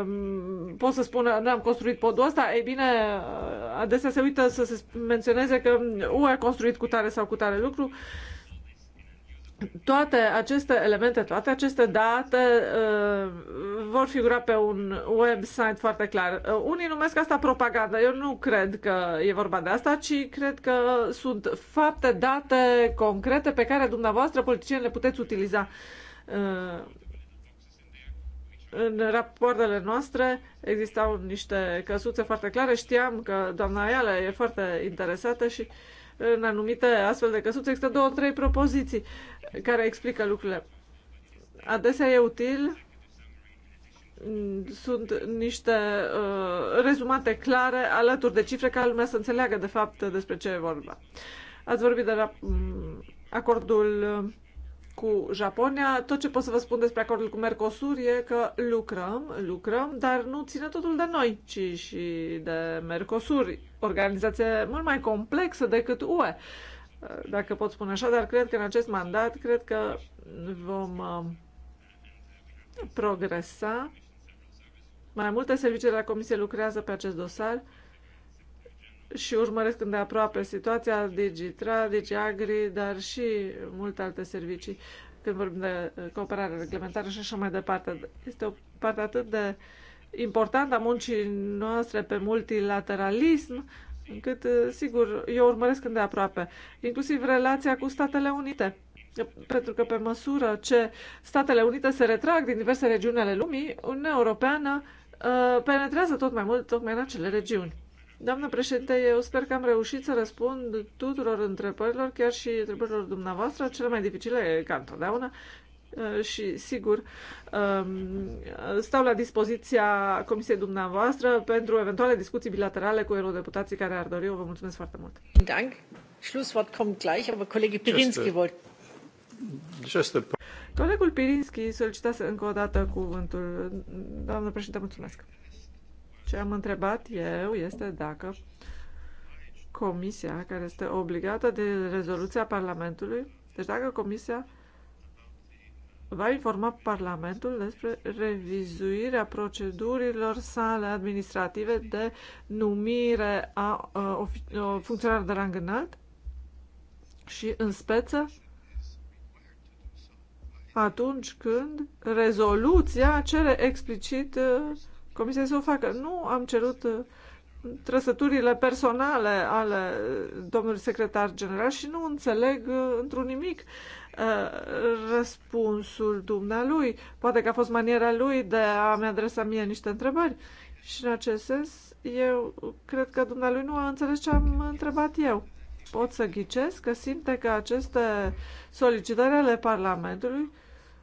um, pot să spună, noi am construit podul ăsta, ei bine, uh, adesea se uită să se menționeze că UE um, a construit cu tare sau cu tare lucru toate aceste elemente, toate aceste date uh, vor figura pe un website foarte clar. Uh, unii numesc asta propagandă. Eu nu cred că e vorba de asta, ci cred că sunt fapte, date concrete pe care dumneavoastră, politicieni, le puteți utiliza. Uh, în rapoartele noastre existau niște căsuțe foarte clare. Știam că doamna iale e foarte interesată și uh, în anumite astfel de căsuțe există două, trei propoziții care explică lucrurile. Adesea e util sunt niște uh, rezumate clare alături de cifre ca lumea să înțeleagă de fapt despre ce e vorba. Ați vorbit de la mm, acordul cu Japonia. Tot ce pot să vă spun despre acordul cu Mercosur e că lucrăm, lucrăm, dar nu ține totul de noi, ci și de Mercosur, organizație mult mai complexă decât UE, dacă pot spune așa, dar cred că în acest mandat, cred că vom uh, progresa. Mai multe servicii de la Comisie lucrează pe acest dosar și urmăresc îndeaproape situația Digitra, DigiAgri, dar și multe alte servicii când vorbim de uh, cooperare reglementară și așa mai departe. Este o parte atât de importantă a muncii noastre pe multilateralism, încât, uh, sigur, eu urmăresc îndeaproape, inclusiv relația cu Statele Unite. Pentru că pe măsură ce Statele Unite se retrag din diverse regiuni ale lumii, Uniunea Europeană uh, penetrează tot mai mult tocmai în acele regiuni. Doamnă președinte, eu sper că am reușit să răspund tuturor întrebărilor, chiar și întrebărilor dumneavoastră, cele mai dificile, ca întotdeauna, uh, și sigur um, stau la dispoziția comisiei dumneavoastră pentru eventuale discuții bilaterale cu eurodeputații care ar dori. Eu vă mulțumesc foarte mult. Dank. Schlusswort kommt gleich, aber Kollege Pirinski wollte. Colegul Pirinski solicitase încă o dată cuvântul. Doamnă președinte, mulțumesc. Ce am întrebat eu este dacă comisia, care este obligată de rezoluția Parlamentului, deci dacă comisia va informa Parlamentul despre revizuirea procedurilor sale administrative de numire a, a, a funcționar de rang înalt și în speță atunci când rezoluția cere explicit uh, Comisia să o facă. Nu am cerut uh, trăsăturile personale ale uh, domnului secretar general și nu înțeleg uh, într-un nimic răspunsul dumnealui. Poate că a fost maniera lui de a-mi adresa mie niște întrebări. Și în acest sens, eu cred că dumnealui nu a înțeles ce am întrebat eu. Pot să ghicesc că simte că aceste solicitări ale Parlamentului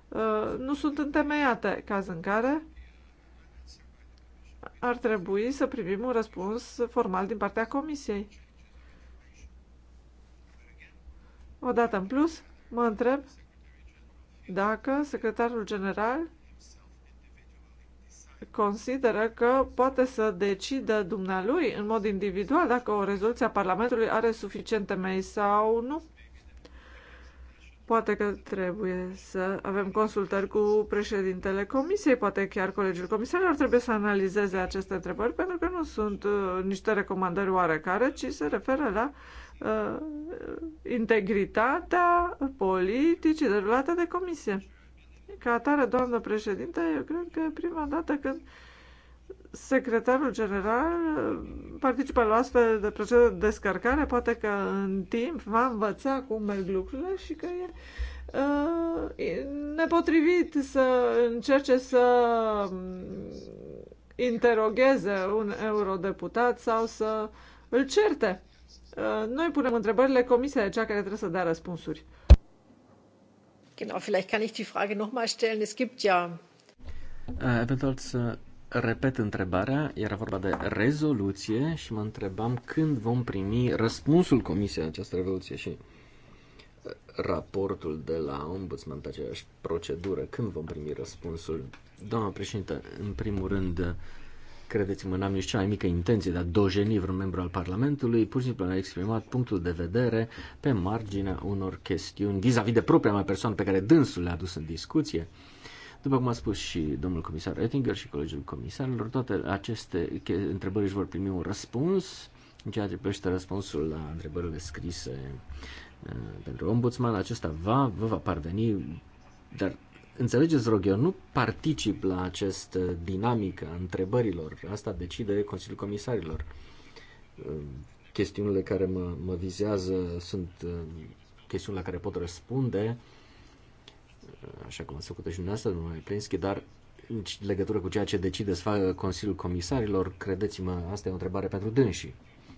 uh, nu sunt întemeiate, caz în care ar trebui să primim un răspuns formal din partea Comisiei. Odată în plus, mă întreb dacă secretarul general consideră că poate să decidă dumnealui în mod individual dacă o rezoluție a Parlamentului are suficiente mei sau nu. Poate că trebuie să avem consultări cu președintele comisiei, poate chiar colegiul comisarilor trebuie să analizeze aceste întrebări, pentru că nu sunt uh, niște recomandări oarecare, ci se referă la uh, integritatea politicii derulate de comisie. Ca atare, doamnă președinte, eu cred că prima dată când uh, secretarul general participă la astfel de procedură de descărcare, poate că în timp va învăța cum merg lucrurile și că e uh, nepotrivit să încerce să mm, interogheze un eurodeputat sau să îl certe. Uh, noi punem întrebările, comisia e cea care trebuie să dea răspunsuri. Genau, vielleicht kann ich die Frage nochmal stellen. Es gibt ja. Uh, äh, eventual să äh, repet întrebarea, era vorba de rezoluție și mă întrebam când vom primi răspunsul Comisiei această rezoluție și uh, raportul de la ombudsman pe aceeași procedură, când vom primi răspunsul? Doamna președinte, în primul rând, credeți-mă, n-am nici cea mai mică intenție de a dojeni vreun membru al Parlamentului, pur și simplu am exprimat punctul de vedere pe marginea unor chestiuni vis-a-vis -vis de propria mea persoană pe care dânsul le-a dus în discuție. Uh, după cum a spus și domnul comisar Ettinger și colegiul comisarilor, toate aceste întrebări își vor primi un răspuns în ceea ce privește răspunsul la întrebările scrise uh, pentru ombudsman. Acesta va, vă va parveni, dar înțelegeți, rog, eu nu particip la această dinamică a întrebărilor. Asta decide Consiliul Comisarilor. Uh, chestiunile care mă, mă vizează sunt uh, chestiuni la care pot răspunde așa cum ați făcut și dumneavoastră, domnule Plinski, dar în legătură cu ceea ce decide să facă Consiliul Comisarilor, credeți-mă, asta e o întrebare pentru dânsii,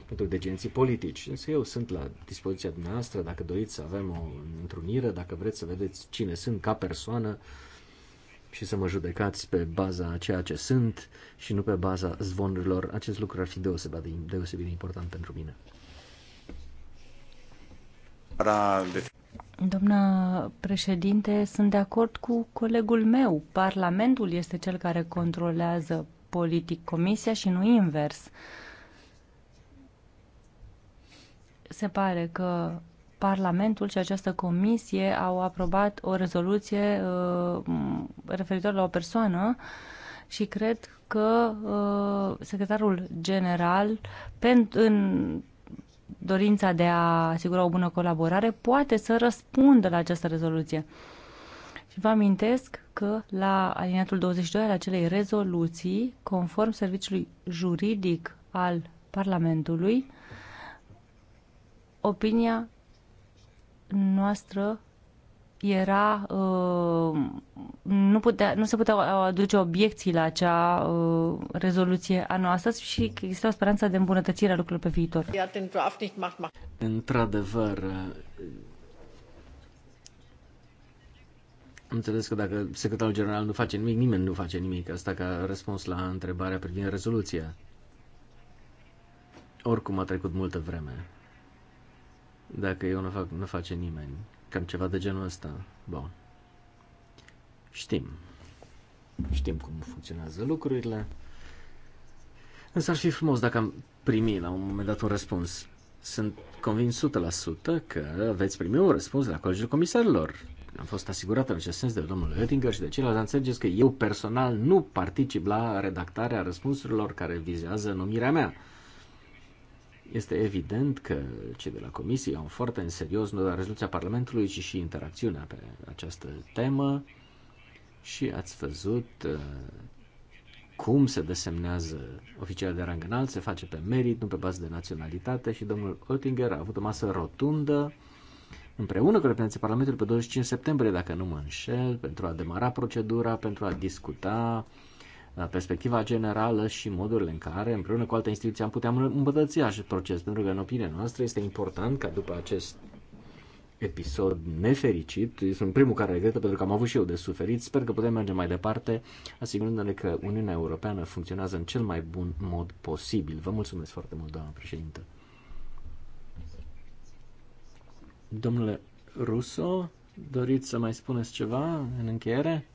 pentru degenții politici. Însă eu sunt la dispoziția dumneavoastră, dacă doriți să avem o întrunire, dacă vreți să vedeți cine sunt ca persoană și să mă judecați pe baza a ceea ce sunt și nu pe baza zvonurilor, acest lucru ar fi deosebit de, deosebit de important pentru mine. Domnă președinte, sunt de acord cu colegul meu. Parlamentul este cel care controlează politic comisia și nu invers. Se pare că Parlamentul și această comisie au aprobat o rezoluție uh, referitor la o persoană și cred că uh, secretarul general pentru, în, dorința de a asigura o bună colaborare, poate să răspundă la această rezoluție. Și vă amintesc că la alineatul 22 al acelei rezoluții, conform serviciului juridic al Parlamentului, opinia noastră era, uh, nu, putea, nu se puteau aduce obiecții la acea uh, rezoluție a noastră și există o speranță de îmbunătățire a lucrurilor pe viitor. Într-adevăr, Înțeles că dacă secretarul general nu face nimic, nimeni nu face nimic. Asta ca răspuns la întrebarea privind rezoluția. Oricum a trecut multă vreme. Dacă eu nu fac, nu face nimeni. Cam ceva de genul ăsta. Bun. Știm. Știm cum funcționează lucrurile. Însă ar fi frumos dacă am primi la un moment dat un răspuns. Sunt convins 100% că veți primi un răspuns de la Colegiul Comisarilor. Am fost asigurat în acest sens de domnul Oettinger și de ceilalți. Înțelegeți că eu personal nu particip la redactarea răspunsurilor care vizează numirea mea. Este evident că cei de la comisie au foarte în serios nu doar rezoluția Parlamentului, ci și interacțiunea pe această temă și ați văzut uh, cum se desemnează oficial de rang înalt, se face pe merit, nu pe bază de naționalitate și domnul Oettinger a avut o masă rotundă împreună cu reprezentanții Parlamentului pe 25 septembrie, dacă nu mă înșel, pentru a demara procedura, pentru a discuta perspectiva generală și modurile în care, împreună cu alte instituții, am putea îmbătăți acest proces, pentru că, în opinia noastră, este important ca după acest episod nefericit, sunt primul care regretă pentru că am avut și eu de suferit, sper că putem merge mai departe, asigurându-ne că Uniunea Europeană funcționează în cel mai bun mod posibil. Vă mulțumesc foarte mult, doamnă președintă. Domnule Russo, doriți să mai spuneți ceva în încheiere?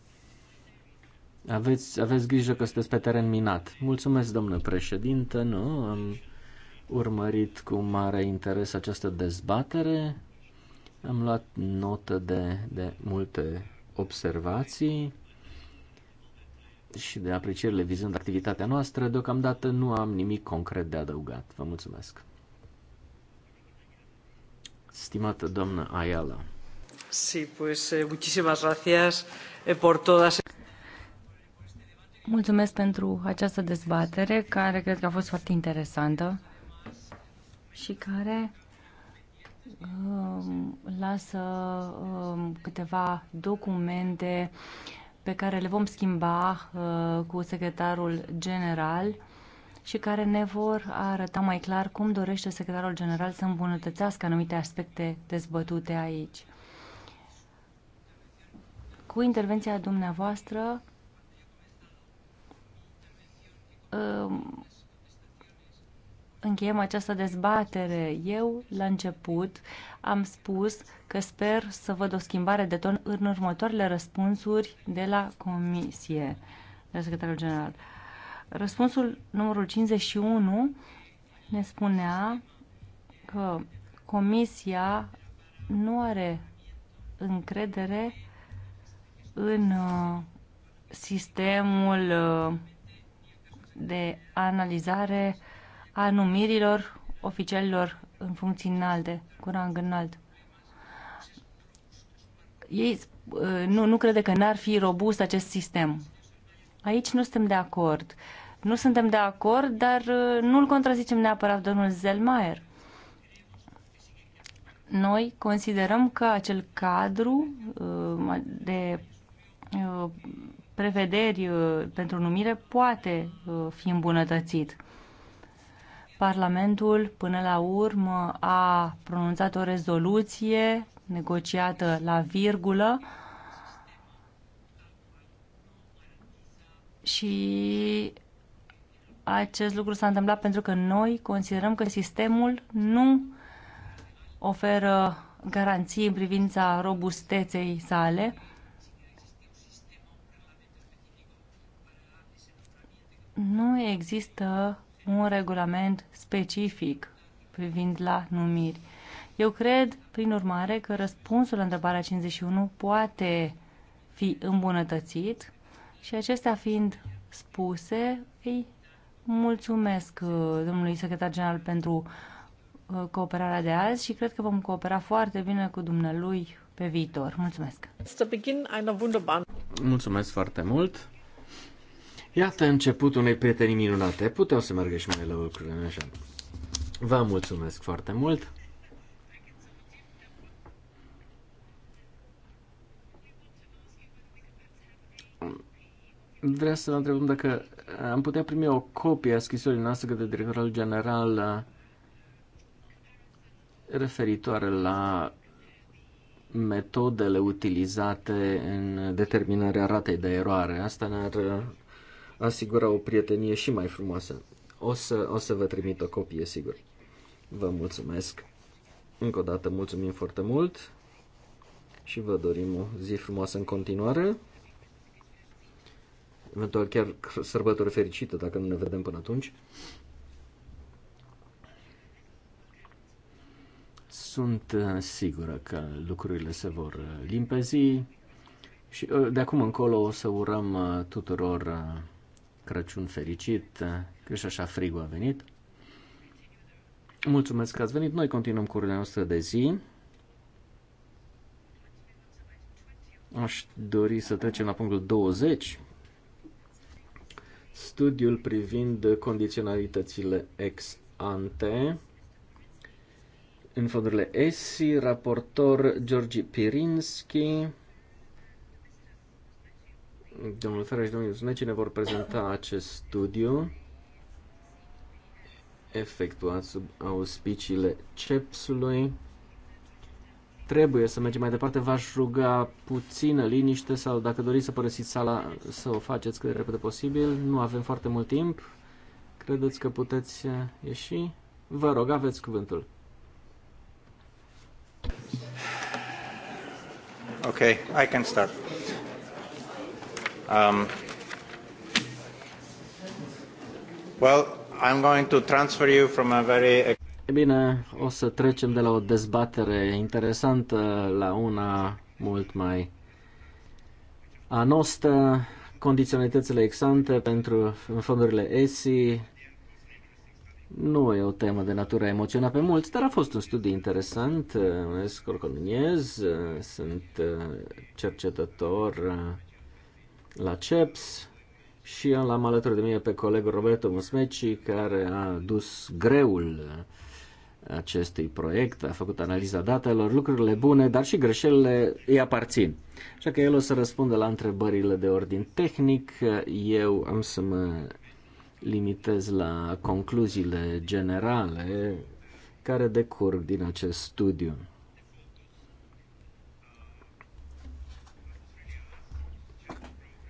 Aveți, aveți grijă că sunteți pe teren minat. Mulțumesc, domnule președinte, nu? Am urmărit cu mare interes această dezbatere. Am luat notă de, de multe observații și de aprecierile vizând activitatea noastră. Deocamdată nu am nimic concret de adăugat. Vă mulțumesc. Stimată doamnă Ayala. Sí, pues eh, muchísimas gracias eh, por todas. Mulțumesc pentru această dezbatere, care cred că a fost foarte interesantă și care um, lasă um, câteva documente pe care le vom schimba uh, cu secretarul general și care ne vor arăta mai clar cum dorește secretarul general să îmbunătățească anumite aspecte dezbătute aici. Cu intervenția dumneavoastră încheiem această dezbatere. Eu, la început, am spus că sper să văd o schimbare de ton în următoarele răspunsuri de la Comisie, de la Secretarul General. Răspunsul numărul 51 ne spunea că Comisia nu are încredere în uh, sistemul uh, de analizare a numirilor oficialilor în funcții înalte, cu rang înalt. Ei uh, nu, nu crede că n-ar fi robust acest sistem. Aici nu suntem de acord. Nu suntem de acord, dar uh, nu-l contrazicem neapărat domnul Zelmaier. Noi considerăm că acel cadru uh, de prevederi uh, pentru numire poate uh, fi îmbunătățit. Parlamentul, până la urmă, a pronunțat o rezoluție negociată la virgulă și acest lucru s-a întâmplat pentru că noi considerăm că sistemul nu oferă garanții în privința robusteței sale nu există un regulament specific privind la numiri. Eu cred, prin urmare, că răspunsul la întrebarea 51 poate fi îmbunătățit și acestea fiind spuse, îi mulțumesc uh, domnului secretar general pentru uh, cooperarea de azi și cred că vom coopera foarte bine cu dumnealui pe viitor. Mulțumesc! Mulțumesc foarte mult! Iată începutul unei prietenii minunate. Puteau să meargă și mai la lucrurile așa. Vă mulțumesc foarte mult. Vreau să vă întrebăm dacă am putea primi o copie a scrisorii noastre către directorul general referitoare la metodele utilizate în determinarea ratei de eroare. Asta ne-ar Asigură o prietenie și mai frumoasă. O să, o să vă trimit o copie, sigur. Vă mulțumesc. Încă o dată mulțumim foarte mult și vă dorim o zi frumoasă în continuare. Eventual chiar sărbători fericită dacă nu ne vedem până atunci. Sunt uh, sigură că lucrurile se vor uh, limpezi și uh, de acum încolo o să urăm tuturor Crăciun fericit, că și așa frigul a venit. Mulțumesc că ați venit. Noi continuăm cu urmele noastre de zi. Aș dori să trecem la punctul 20. Studiul privind condiționalitățile ex ante în fondurile ESI, raportor Georgi Pirinski. Domnul Ferra și domnul Zuneci ne vor prezenta acest studiu efectuat sub auspiciile cepsului. Trebuie să mergem mai departe. V-aș ruga puțină liniște sau dacă doriți să părăsiți sala, să o faceți cât de repede posibil. Nu avem foarte mult timp. Credeți că puteți uh, ieși? Vă rog, aveți cuvântul. Ok, I can start. Um, well, I'm going to transfer you from a very... E bine, o să trecem de la o dezbatere interesantă la una mult mai a condiționalitățile exante pentru fondurile ESI, nu e o temă de natură emoțională pe mulți, dar a fost un studiu interesant. Mă numesc sunt uh, cercetător uh, la CEPS și l-am alături de mine pe colegul Roberto Musmeci, care a dus greul acestui proiect, a făcut analiza datelor, lucrurile bune, dar și greșelile îi aparțin. Așa că el o să răspundă la întrebările de ordin tehnic, eu am să mă limitez la concluziile generale care decurg din acest studiu.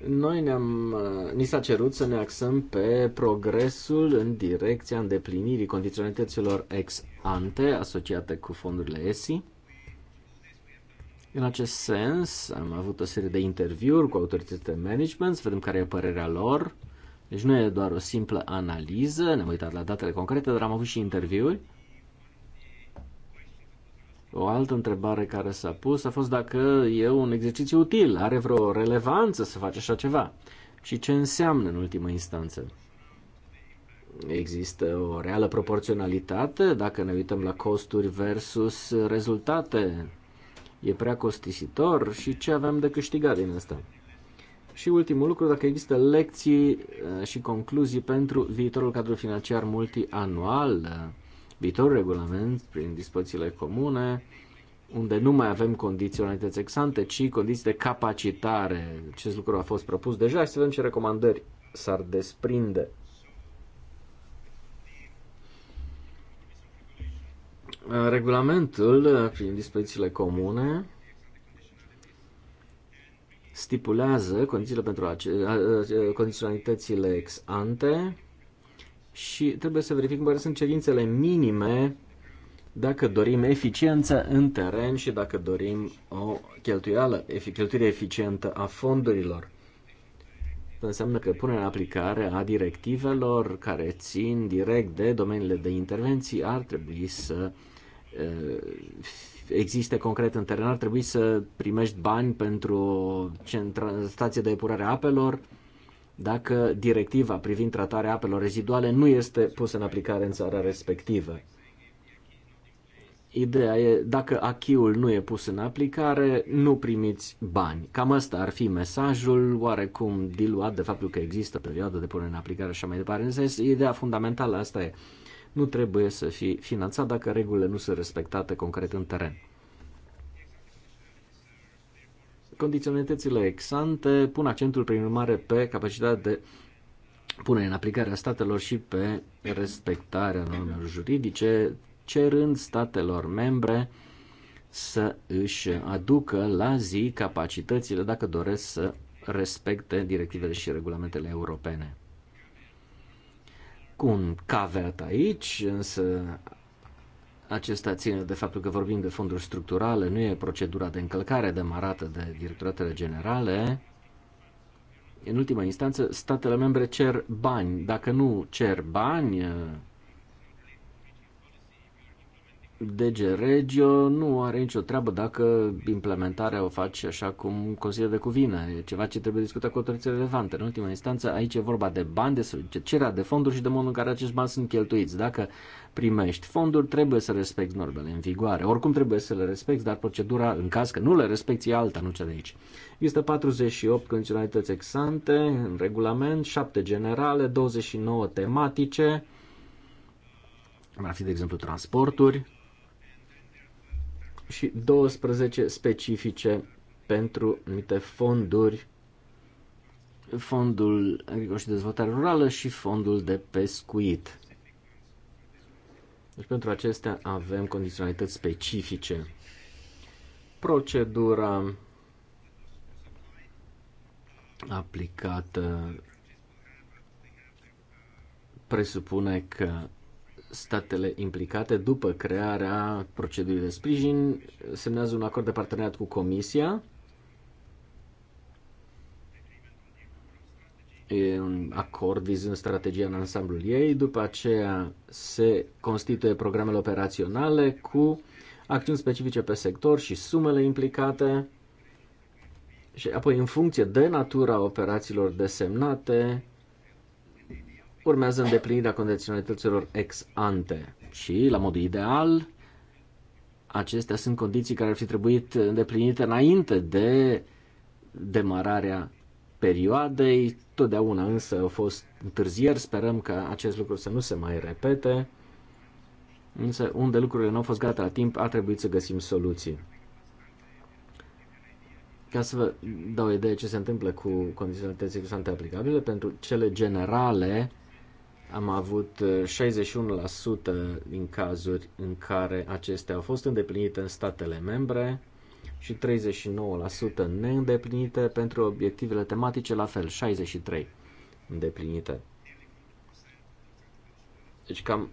Noi ne-am, uh, ni s-a cerut să ne axăm pe progresul în direcția îndeplinirii condiționalităților ex ante asociate cu fondurile ESI. În acest sens, am avut o serie de interviuri cu autoritățile de management, să vedem care e părerea lor. Deci nu e doar o simplă analiză, ne-am uitat la datele concrete, dar am avut și interviuri. O altă întrebare care s-a pus a fost dacă e un exercițiu util, are vreo relevanță să faci așa ceva și ce înseamnă în ultimă instanță. Există o reală proporționalitate dacă ne uităm la costuri versus rezultate. E prea costisitor și ce avem de câștigat din asta? Și ultimul lucru, dacă există lecții uh, și concluzii pentru viitorul cadru financiar multianual, uh, viitorul regulament, prin dispozițiile comune, unde nu mai avem condiționalități exante, ci condiții de capacitare. Acest lucru a fost propus deja și să vedem ce recomandări s-ar desprinde. Regulamentul, prin dispozițiile comune, stipulează condițiile pentru condiționalitățile ex ante, și trebuie să verificăm care sunt cerințele minime dacă dorim eficiență în teren și dacă dorim o cheltuială, cheltuire eficientă a fondurilor. Înseamnă că punerea în aplicare a directivelor care țin direct de domeniile de intervenții ar trebui să existe concret în teren, ar trebui să primești bani pentru centra, stație de epurare a apelor, dacă directiva privind tratarea apelor reziduale nu este pusă în aplicare în țara respectivă. Ideea e, dacă achiul nu e pus în aplicare, nu primiți bani. Cam asta ar fi mesajul, oarecum diluat de faptul că există perioadă de punere în aplicare și așa mai departe. În sens, ideea fundamentală asta e, nu trebuie să fie finanțat dacă regulile nu sunt respectate concret în teren. Condiționalitățile exante pun accentul, prin urmare, pe capacitatea de pune în aplicare a statelor și pe respectarea normelor juridice, cerând statelor membre să își aducă la zi capacitățile dacă doresc să respecte directivele și regulamentele europene. Cu un caveat aici, însă acesta ține de faptul că vorbim de fonduri structurale, nu e procedura de încălcare demarată de directoratele generale. În ultima instanță, statele membre cer bani. Dacă nu cer bani, DG Regio nu are nicio treabă dacă implementarea o faci așa cum consideră de cuvine. E ceva ce trebuie discutat cu autoritățile relevante. În ultima instanță, aici e vorba de bani, de cererea de fonduri și de modul în care acești bani sunt cheltuiți. Dacă primești fonduri, trebuie să respecti normele în vigoare. Oricum trebuie să le respecti, dar procedura, în caz că nu le respecti, e alta, nu cea de aici. Există 48 condiționalități exante în regulament, 7 generale, 29 tematice, ar fi, de exemplu, transporturi, și 12 specifice pentru anumite fonduri, Fondul Agricol și Dezvoltare Rurală și Fondul de Pescuit. Deci pentru acestea avem condiționalități specifice. Procedura aplicată presupune că statele implicate, după crearea procedurii de sprijin, semnează un acord de parteneriat cu Comisia. E un acord vizând strategia în ansamblul ei, după aceea se constituie programele operaționale cu acțiuni specifice pe sector și sumele implicate și apoi în funcție de natura operațiilor desemnate urmează îndeplinirea condiționalităților ex ante și, la modul ideal, acestea sunt condiții care ar fi trebuit îndeplinite înainte de demararea perioadei. Totdeauna însă au fost întârzieri, sperăm că acest lucru să nu se mai repete. Însă unde lucrurile nu au fost gata la timp, a trebuit să găsim soluții. Ca să vă dau o idee ce se întâmplă cu condiționalitățile sunt aplicabile, pentru cele generale am avut 61% uh, din cazuri în care acestea au fost îndeplinite în statele membre și 39% neîndeplinite pentru obiectivele tematice, la fel, 63% îndeplinite. Deci cam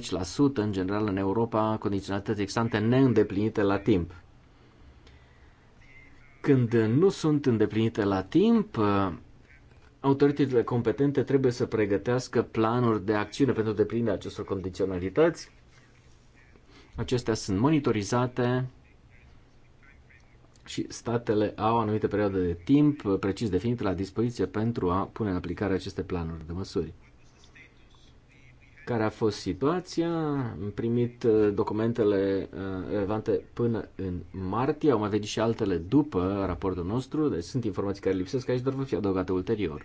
40% în general în Europa condiționalități exante neîndeplinite la timp. Când nu sunt îndeplinite la timp, uh, autoritățile competente trebuie să pregătească planuri de acțiune pentru deplinirea acestor condiționalități. Acestea sunt monitorizate și statele au anumite perioade de timp precis definite la dispoziție pentru a pune în aplicare aceste planuri de măsuri care a fost situația. Am primit uh, documentele uh, relevante până în martie, au mai venit și altele după raportul nostru, deci sunt informații care lipsesc aici, dar vor fi adăugate ulterior.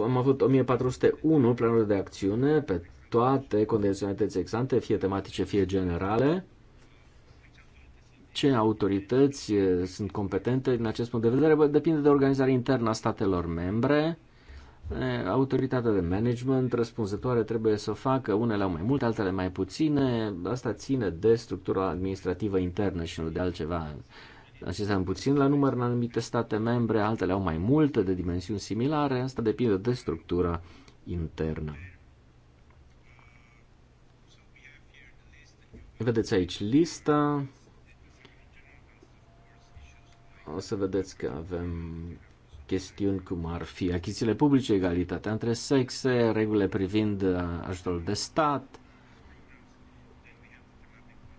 Am avut 1401 planuri de acțiune pe toate condiționalități exante, fie tematice, fie generale. Ce autorități uh, sunt competente din acest punct de vedere? Bă, depinde de organizarea internă a statelor membre Autoritatea de management răspunzătoare trebuie să o facă, unele au mai mult, altele mai puține. Asta ține de structura administrativă internă și nu de altceva. Acestea sunt puțin la număr în anumite state membre, altele au mai multe de dimensiuni similare. Asta depinde de structura internă. Vedeți aici lista. O să vedeți că avem chestiuni cum ar fi achizițiile publice, egalitatea între sexe, regulile privind uh, ajutorul de stat,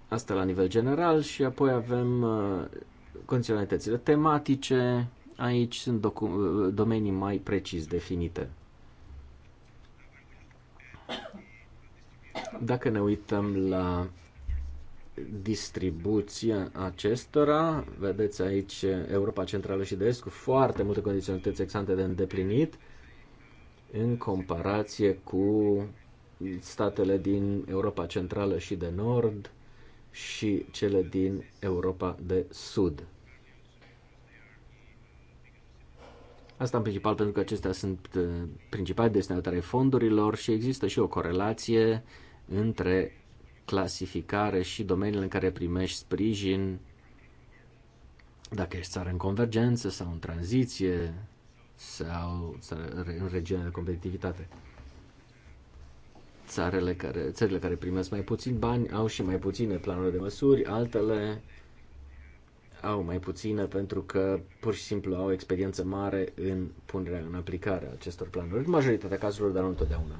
asta la nivel general și apoi avem uh, condiționalitățile tematice, aici sunt uh, domenii mai precis definite. Dacă ne uităm la distribuția acestora. Vedeți aici Europa Centrală și de Est cu foarte multe condiționalități exante de îndeplinit în comparație cu statele din Europa Centrală și de Nord și cele din Europa de Sud. Asta în principal pentru că acestea sunt eh, principale destinatare fondurilor și există și o corelație între clasificare și domeniile în care primești sprijin, dacă ești țară în convergență sau în tranziție sau în regiune de competitivitate. Țarele care, țările care primesc mai puțin bani au și mai puține planuri de măsuri, altele au mai puține pentru că pur și simplu au experiență mare în punerea în aplicare a acestor planuri. În majoritatea cazurilor, dar nu întotdeauna.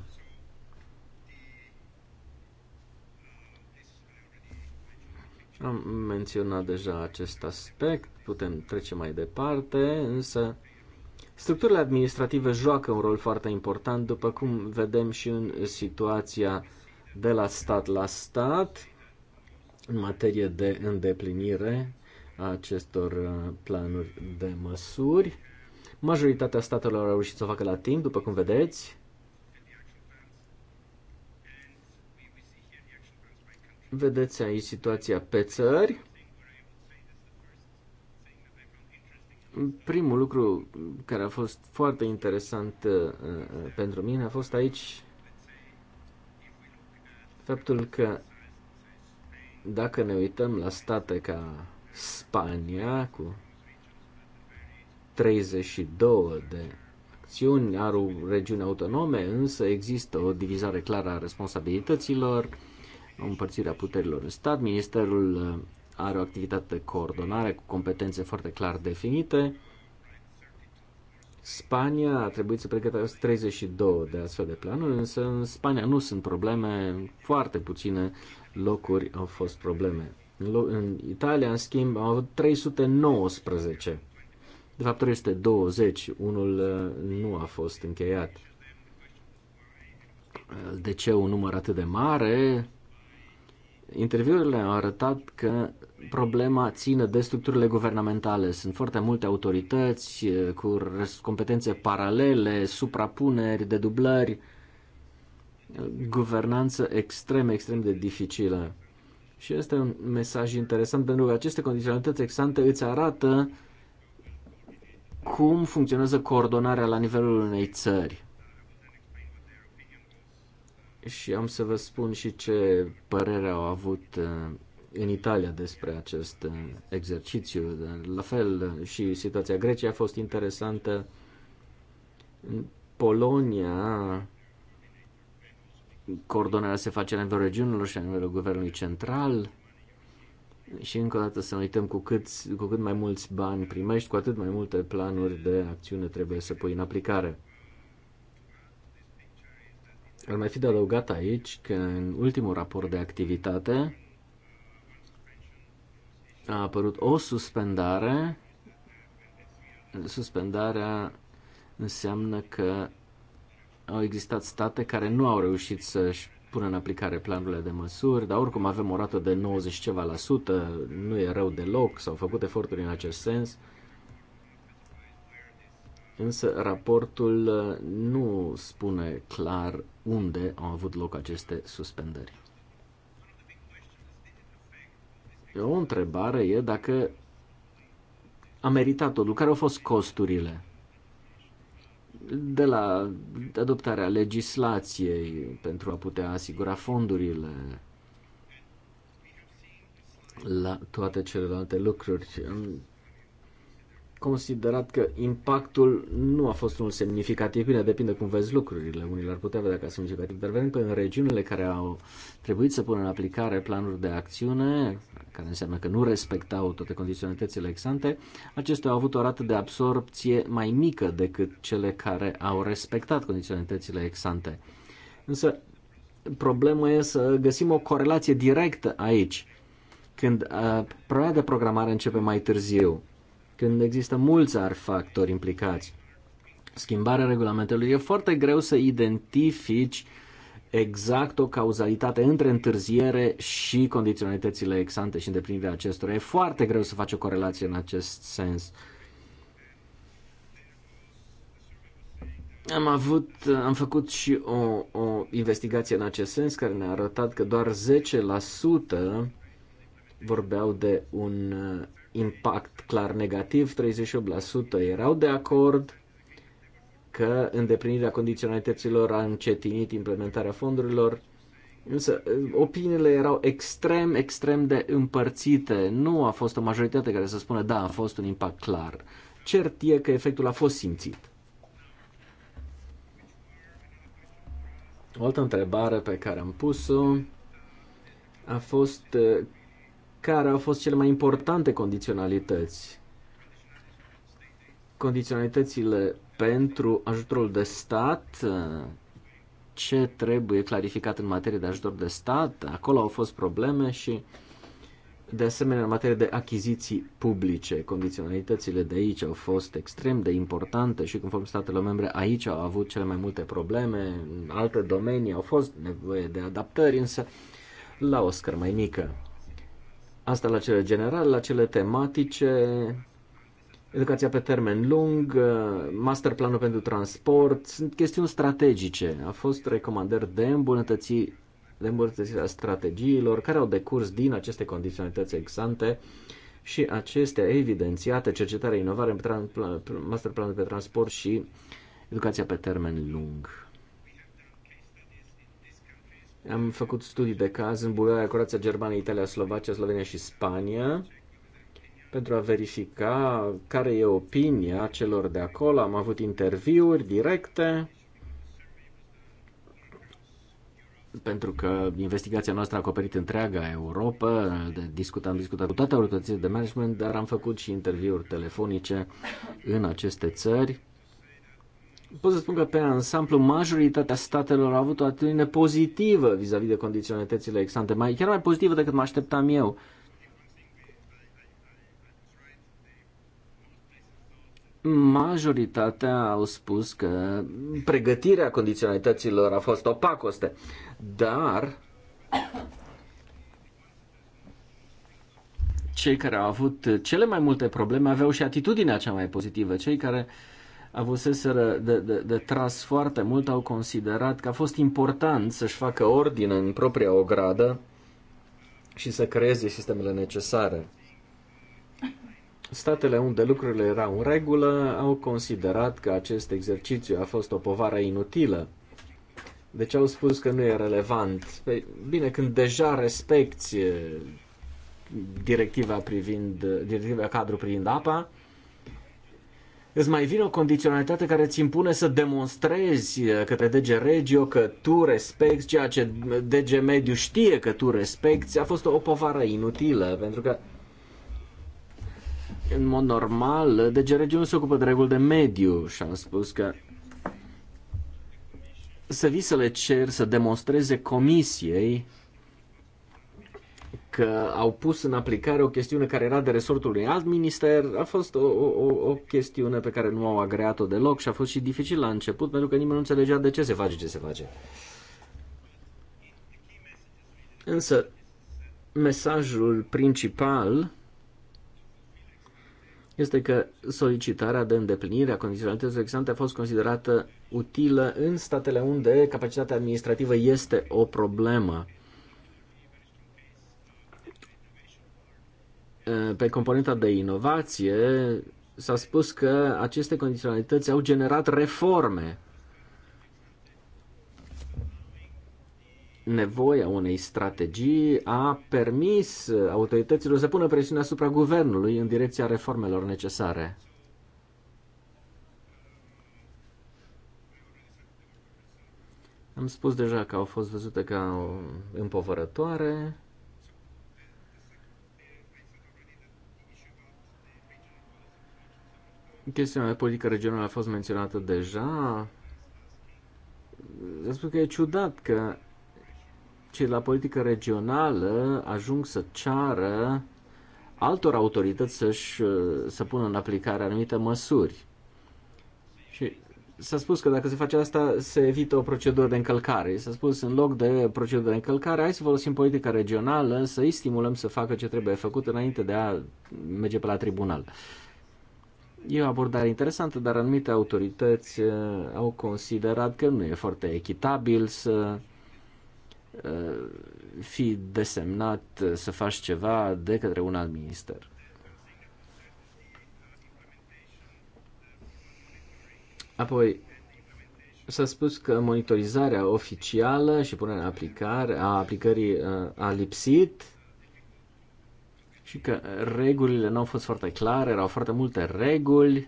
Am menționat deja acest aspect, putem trece mai departe, însă structurile administrative joacă un rol foarte important, după cum vedem și în situația de la stat la stat, în materie de îndeplinire a acestor uh, planuri de măsuri. Majoritatea statelor au reușit să o facă la timp, după cum vedeți, Vedeți aici situația pe țări. Primul lucru care a fost foarte interesant uh, uh, pentru mine a fost aici faptul că dacă ne uităm la state ca Spania cu 32 de acțiuni, are o regiune autonome, însă există o divizare clară a responsabilităților, împărțirea puterilor în stat. Ministerul uh, are o activitate de coordonare cu competențe foarte clar definite. Spania a trebuit să pregătească 32 de astfel de planuri, însă în Spania nu sunt probleme, foarte puține locuri au fost probleme. În Italia, în schimb, au avut 319. De fapt, 320, unul uh, nu a fost încheiat. Uh, de ce un număr atât de mare? Interviurile au arătat că problema ține de structurile guvernamentale. Sunt foarte multe autorități eh, cu competențe paralele, suprapuneri, dedublări, guvernanță extrem, extrem de dificilă. Și este un mesaj interesant pentru că aceste condiționalități exante îți arată cum funcționează coordonarea la nivelul unei țări și am să vă spun și ce părere au avut uh, în Italia despre acest uh, exercițiu. La fel uh, și situația Greciei a fost interesantă. În Polonia coordonarea se face la nivelul regiunilor și la nivelul guvernului central. Și încă o dată să ne uităm cu cât, cu cât mai mulți bani primești, cu atât mai multe planuri de acțiune trebuie să pui în aplicare. Ar mai fi de adăugat aici că în ultimul raport de activitate a apărut o suspendare. Suspendarea înseamnă că au existat state care nu au reușit să-și pună în aplicare planurile de măsuri, dar oricum avem o rată de 90 ceva la sută, nu e rău deloc, s-au făcut eforturi în acest sens însă raportul uh, nu spune clar unde au avut loc aceste suspendări. O întrebare e dacă a meritat totul, care au fost costurile de la adoptarea legislației pentru a putea asigura fondurile la toate celelalte lucruri considerat că impactul nu a fost unul semnificativ. Bine, depinde cum vezi lucrurile. Unii l-ar putea vedea ca semnificativ, dar vedem că în regiunile care au trebuit să pună în aplicare planuri de acțiune, care înseamnă că nu respectau toate condiționalitățile exante, acestea au avut o rată de absorpție mai mică decât cele care au respectat condiționalitățile exante. Însă, problema e să găsim o corelație directă aici, când uh, perioada de programare începe mai târziu când există mulți ar factori implicați. Schimbarea regulamentelor e foarte greu să identifici exact o cauzalitate între întârziere și condiționalitățile exante și îndeplinirea acestora. E foarte greu să faci o corelație în acest sens. Am avut, am făcut și o, o investigație în acest sens care ne-a arătat că doar vorbeau de un uh, impact clar negativ, 38% erau de acord că îndeplinirea condiționalităților a încetinit implementarea fondurilor, însă uh, opiniile erau extrem, extrem de împărțite. Nu a fost o majoritate care să spună da, a fost un impact clar. Cert e că efectul a fost simțit. O altă întrebare pe care am pus-o a fost uh, care au fost cele mai importante condiționalități. Condiționalitățile pentru ajutorul de stat, ce trebuie clarificat în materie de ajutor de stat, acolo au fost probleme și de asemenea în materie de achiziții publice. Condiționalitățile de aici au fost extrem de importante și conform statelor membre aici au avut cele mai multe probleme, în alte domenii au fost nevoie de adaptări, însă la o scară mai mică. Asta la cele generale, la cele tematice, educația pe termen lung, planul pentru transport, sunt chestiuni strategice. A fost recomandări de îmbunătăți de îmbunătățirea strategiilor care au decurs din aceste condiționalități exante și acestea evidențiate, cercetarea, inovare, masterplanul pe transport și educația pe termen lung. Am făcut studii de caz în Bulgaria, Croația, Germania, Italia, Slovacia, Slovenia și Spania pentru a verifica care e opinia celor de acolo. Am avut interviuri directe pentru că investigația noastră a acoperit întreaga Europa, discut, am discutat cu toate autoritățile de management, dar am făcut și interviuri telefonice în aceste țări pot să spun că pe ansamblu majoritatea statelor a avut o atitudine pozitivă vis-a-vis -vis de condiționalitățile exante, mai, chiar mai pozitivă decât mă așteptam eu. Majoritatea au spus că pregătirea condiționalităților a fost opacoste, dar cei care au avut cele mai multe probleme aveau și atitudinea cea mai pozitivă. Cei care uh, avuseseră de, de, de tras foarte mult, au considerat că a fost important să-și facă ordine în propria ogradă și să creeze sistemele necesare. Statele unde lucrurile erau în regulă au considerat că acest exercițiu a fost o povară inutilă. Deci au spus că nu e relevant. Păi, bine, când deja respecti directiva privind, directiva cadru privind apa, îți mai vine o condiționalitate care ți impune să demonstrezi către DG Regio că tu respecti ceea ce DG Mediu știe că tu respecti, a fost o povară inutilă, pentru că în mod normal, DG Regio nu se ocupă de reguli de mediu și am spus că să vii să le cer să demonstreze comisiei că au pus în aplicare o chestiune care era de resortul unui alt minister, a fost o, o, o chestiune pe care nu au agreat-o deloc și a fost și dificil la început pentru că nimeni nu înțelegea de ce se face ce se face. Însă, mesajul principal este că solicitarea de îndeplinire a condiționalităților exante a fost considerată utilă în statele unde capacitatea administrativă este o problemă. Eh, pe componenta de inovație, s-a spus că aceste condiționalități au generat reforme. Nevoia unei strategii a permis autorităților să pună presiune asupra guvernului în direcția reformelor necesare. Am spus deja că au fost văzute ca împovărătoare. Chestiunea de politică regională a fost menționată deja. Spun că e ciudat că cei la politică regională ajung să ceară altor autorități să-și, uh, să pună în aplicare anumite măsuri. Și s-a spus că dacă se face asta, se evită o procedură de încălcare. S-a spus, în loc de procedură de încălcare, hai să folosim politica regională, să îi stimulăm să facă ce trebuie făcut înainte de a merge pe la tribunal. Uh, E o abordare interesantă, dar anumite autorități eh, au considerat că nu e foarte echitabil să eh, fi desemnat eh, să faci ceva de către un alt minister. Apoi, s-a spus că monitorizarea oficială și punerea în aplicare a aplicării a lipsit și că regulile nu au fost foarte clare, erau foarte multe reguli,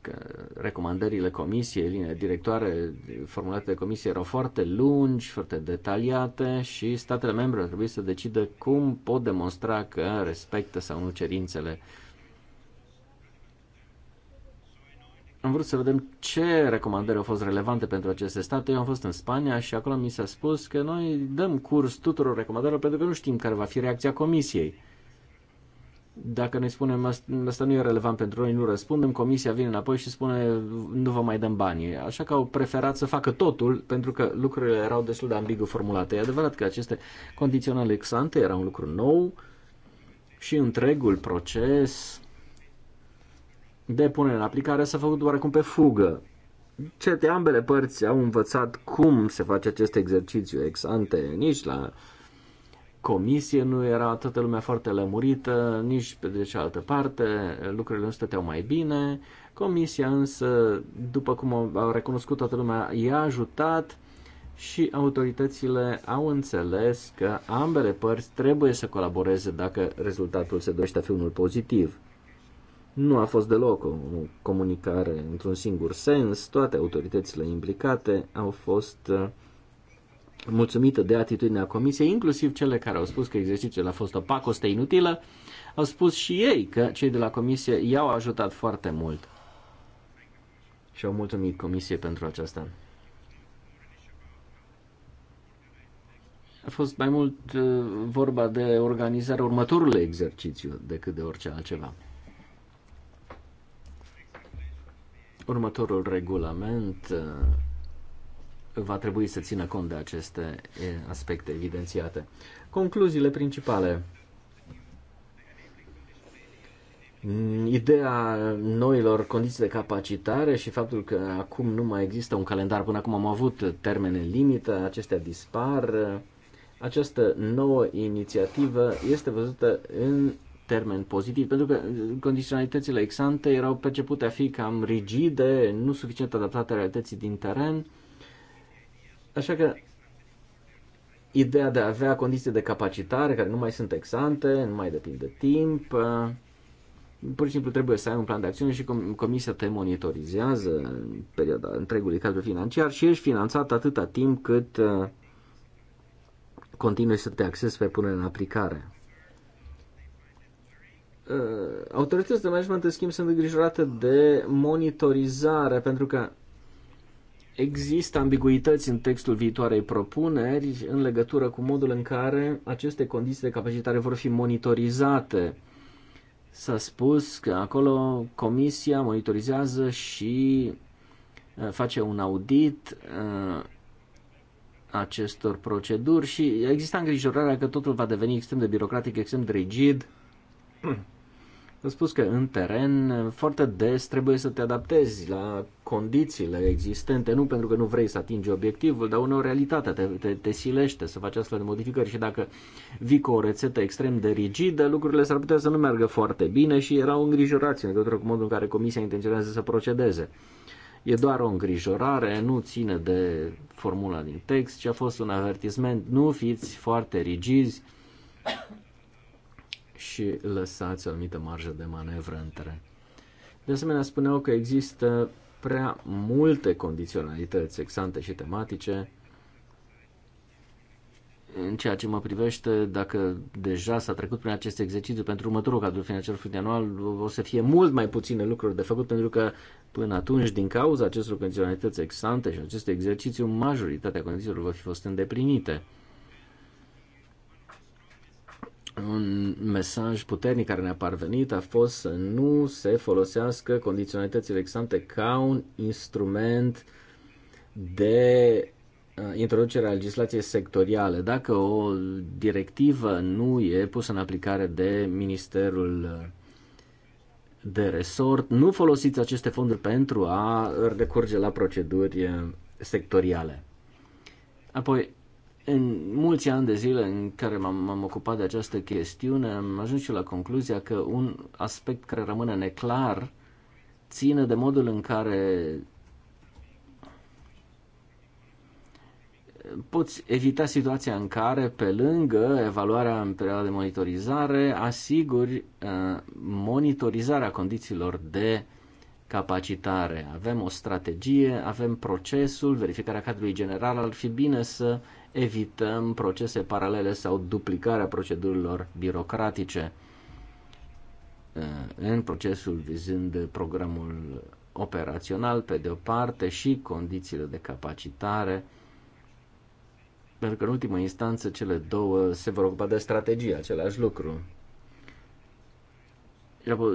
că recomandările comisiei, linia directoare formulate de comisie erau foarte lungi, foarte detaliate și statele membre trebuie să decidă cum pot demonstra că respectă sau nu cerințele uh, am vrut să vedem ce recomandări au fost relevante pentru aceste state. Eu am fost în Spania și acolo mi s-a spus că noi dăm curs tuturor recomandărilor pentru că nu știm care va fi reacția comisiei. Dacă noi spunem asta nu e relevant pentru noi, nu răspundem, comisia vine înapoi și spune nu vă mai dăm banii. Așa că au preferat să facă totul pentru că lucrurile erau destul de ambigu formulate. E adevărat că aceste condiționale exante erau un lucru nou și întregul proces de punere în aplicare s-a făcut oarecum pe fugă. Cete ambele părți au învățat cum se face acest exercițiu ex ante, nici la comisie nu era toată lumea foarte lămurită, nici pe de cealaltă parte, lucrurile nu stăteau mai bine. Comisia însă, după cum au recunoscut toată lumea, i-a ajutat și autoritățile au înțeles că ambele părți trebuie să colaboreze dacă rezultatul se dorește a fi unul pozitiv. Nu a fost deloc o comunicare într-un singur sens, toate autoritățile implicate au fost uh, mulțumită de atitudinea comisiei, inclusiv cele care au spus că exercițiul a fost o pacoste inutilă, au spus și ei că cei de la comisie i-au ajutat foarte mult și au mulțumit comisiei pentru aceasta. A fost mai mult uh, vorba de organizarea următorului exercițiu decât de orice altceva. Următorul regulament uh, va trebui să țină cont de aceste aspecte evidențiate. Concluziile principale. Mm, ideea noilor condiții de capacitare și faptul că acum nu mai există un calendar, până acum am avut termene limită, acestea dispar. Această nouă inițiativă este văzută în termen pozitiv, pentru că uh, condiționalitățile exante erau percepute a fi cam rigide, nu suficient adaptate realității din teren. Așa că ideea de a avea condiții de capacitare care nu mai sunt exante, nu mai depind de timp, uh, pur și simplu trebuie să ai un plan de acțiune și comisia te monitorizează în perioada întregului cadru financiar și ești finanțat atâta timp cât uh, continui să te acces pe punerea în aplicare. Uh, autoritățile de management, în schimb, sunt îngrijorate de monitorizare, pentru că există ambiguități în textul viitoarei propuneri în legătură cu modul în care aceste condiții de capacitare vor fi monitorizate. S-a spus că acolo comisia monitorizează și uh, face un audit uh, acestor proceduri și există îngrijorarea că totul va deveni extrem de birocratic, extrem de rigid a spus că în teren foarte des trebuie să te adaptezi la condițiile existente, nu pentru că nu vrei să atingi obiectivul, dar uneori realitatea te, te, te silește să faci astfel de modificări și dacă vii cu o rețetă extrem de rigidă, lucrurile s-ar putea să nu meargă foarte bine și erau îngrijorați în legătură cu modul în care Comisia intenționează să procedeze. E doar o îngrijorare, nu ține de formula din text, ci a fost un avertisment, nu fiți foarte rigizi, și lăsați o anumită marjă de manevră între. De asemenea, spuneau că există prea multe condiționalități exante și tematice. În ceea ce mă privește, dacă deja s-a trecut prin acest exercițiu pentru următorul cadru financiar anual, o să fie mult mai puține lucruri de făcut, pentru că până atunci, din cauza acestor condiționalități exante și acest exercițiu, majoritatea condițiilor vor fi fost îndeplinite un mesaj puternic care ne-a parvenit a fost să nu se folosească condiționalitățile exante ca un instrument de uh, introducerea legislației sectoriale. Dacă o directivă nu e pusă în aplicare de Ministerul de Resort, nu folosiți aceste fonduri pentru a recurge la proceduri uh, sectoriale. Apoi, în mulți ani de zile în care m-am, ocupat de această chestiune, am ajuns și la concluzia că un aspect care rămâne neclar ține de modul în care poți evita situația în care, pe lângă evaluarea în perioada de monitorizare, asiguri uh, monitorizarea condițiilor de capacitare. Avem o strategie, avem procesul, verificarea cadrului general, ar fi bine să evităm procese paralele sau duplicarea procedurilor birocratice uh, în procesul vizând programul operațional, pe de o parte, și condițiile de capacitare, pentru că în ultimă instanță cele două se vor ocupa de strategie, același lucru.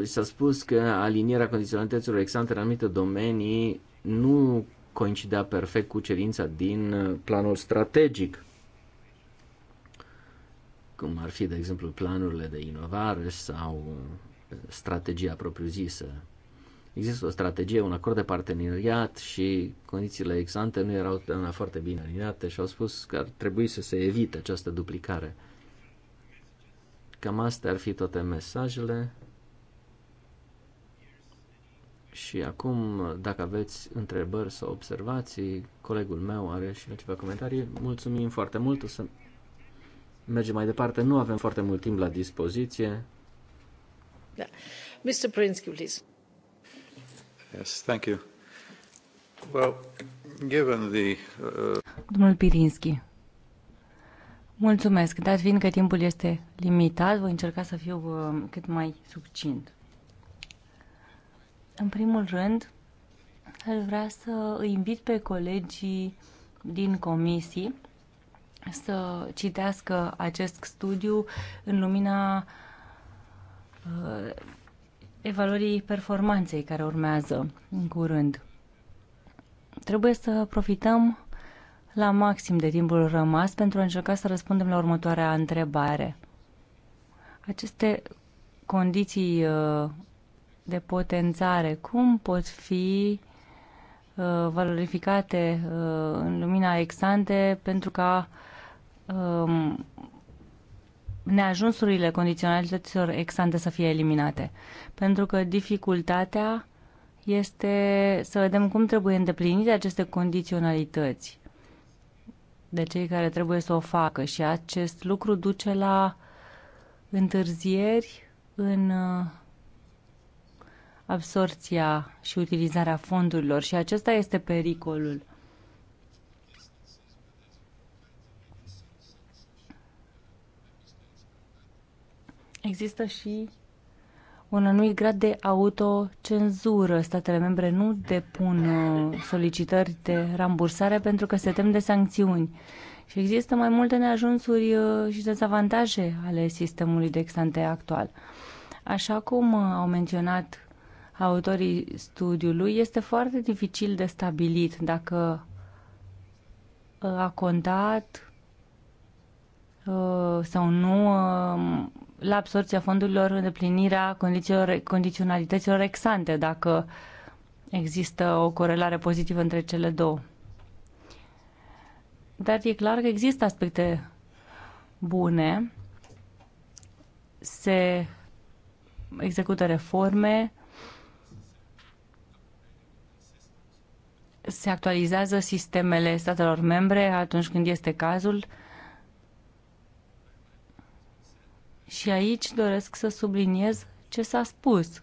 S-a spus că alinierea condiționalităților exante în anumite domenii nu coincidea perfect cu cerința din uh, planul strategic, cum ar fi, de exemplu, planurile de inovare sau uh, strategia propriu-zisă. Există o strategie, un acord de parteneriat și condițiile exante nu erau totdeauna foarte bine alineate și au spus că ar trebui să se evite această duplicare. Cam astea ar fi toate mesajele. Și acum, dacă aveți întrebări sau observații, colegul meu are și ceva comentarii. Mulțumim foarte mult, o să mergem mai departe. Nu avem foarte mult timp la dispoziție. Da. Mr. Prinsky, please. Yes, thank you. Well, given the, uh... Domnul Pirinski, mulțumesc. Dar fiindcă timpul este limitat, voi încerca să fiu uh, cât mai succint. În primul rând, aș vrea să îi invit pe colegii din comisii să citească acest studiu în lumina uh, evaluării performanței care urmează în curând. Trebuie să profităm la maxim de timpul rămas pentru a încerca să răspundem la următoarea întrebare. Aceste condiții uh, de potențare, cum pot fi uh, valorificate uh, în lumina exante pentru ca um, neajunsurile condiționalităților exante să fie eliminate. Pentru că dificultatea este să vedem cum trebuie îndeplinite aceste condiționalități de cei care trebuie să o facă și acest lucru duce la întârzieri în uh, absorția și utilizarea fondurilor și acesta este pericolul. Există și un anumit grad de autocenzură. Statele membre nu depun uh, solicitări de rambursare pentru că se tem de sancțiuni. Și există mai multe neajunsuri uh, și dezavantaje ale sistemului de extante actual. Așa cum uh, au menționat autorii studiului, este foarte dificil de stabilit dacă ă, a contat ă, sau nu ă, la absorția fondurilor îndeplinirea condițiilor, condiționalităților exante, dacă există o corelare pozitivă între cele două. Dar e clar că există aspecte bune, se execută reforme, se actualizează sistemele statelor membre atunci când este cazul. Și aici doresc să subliniez ce s-a spus,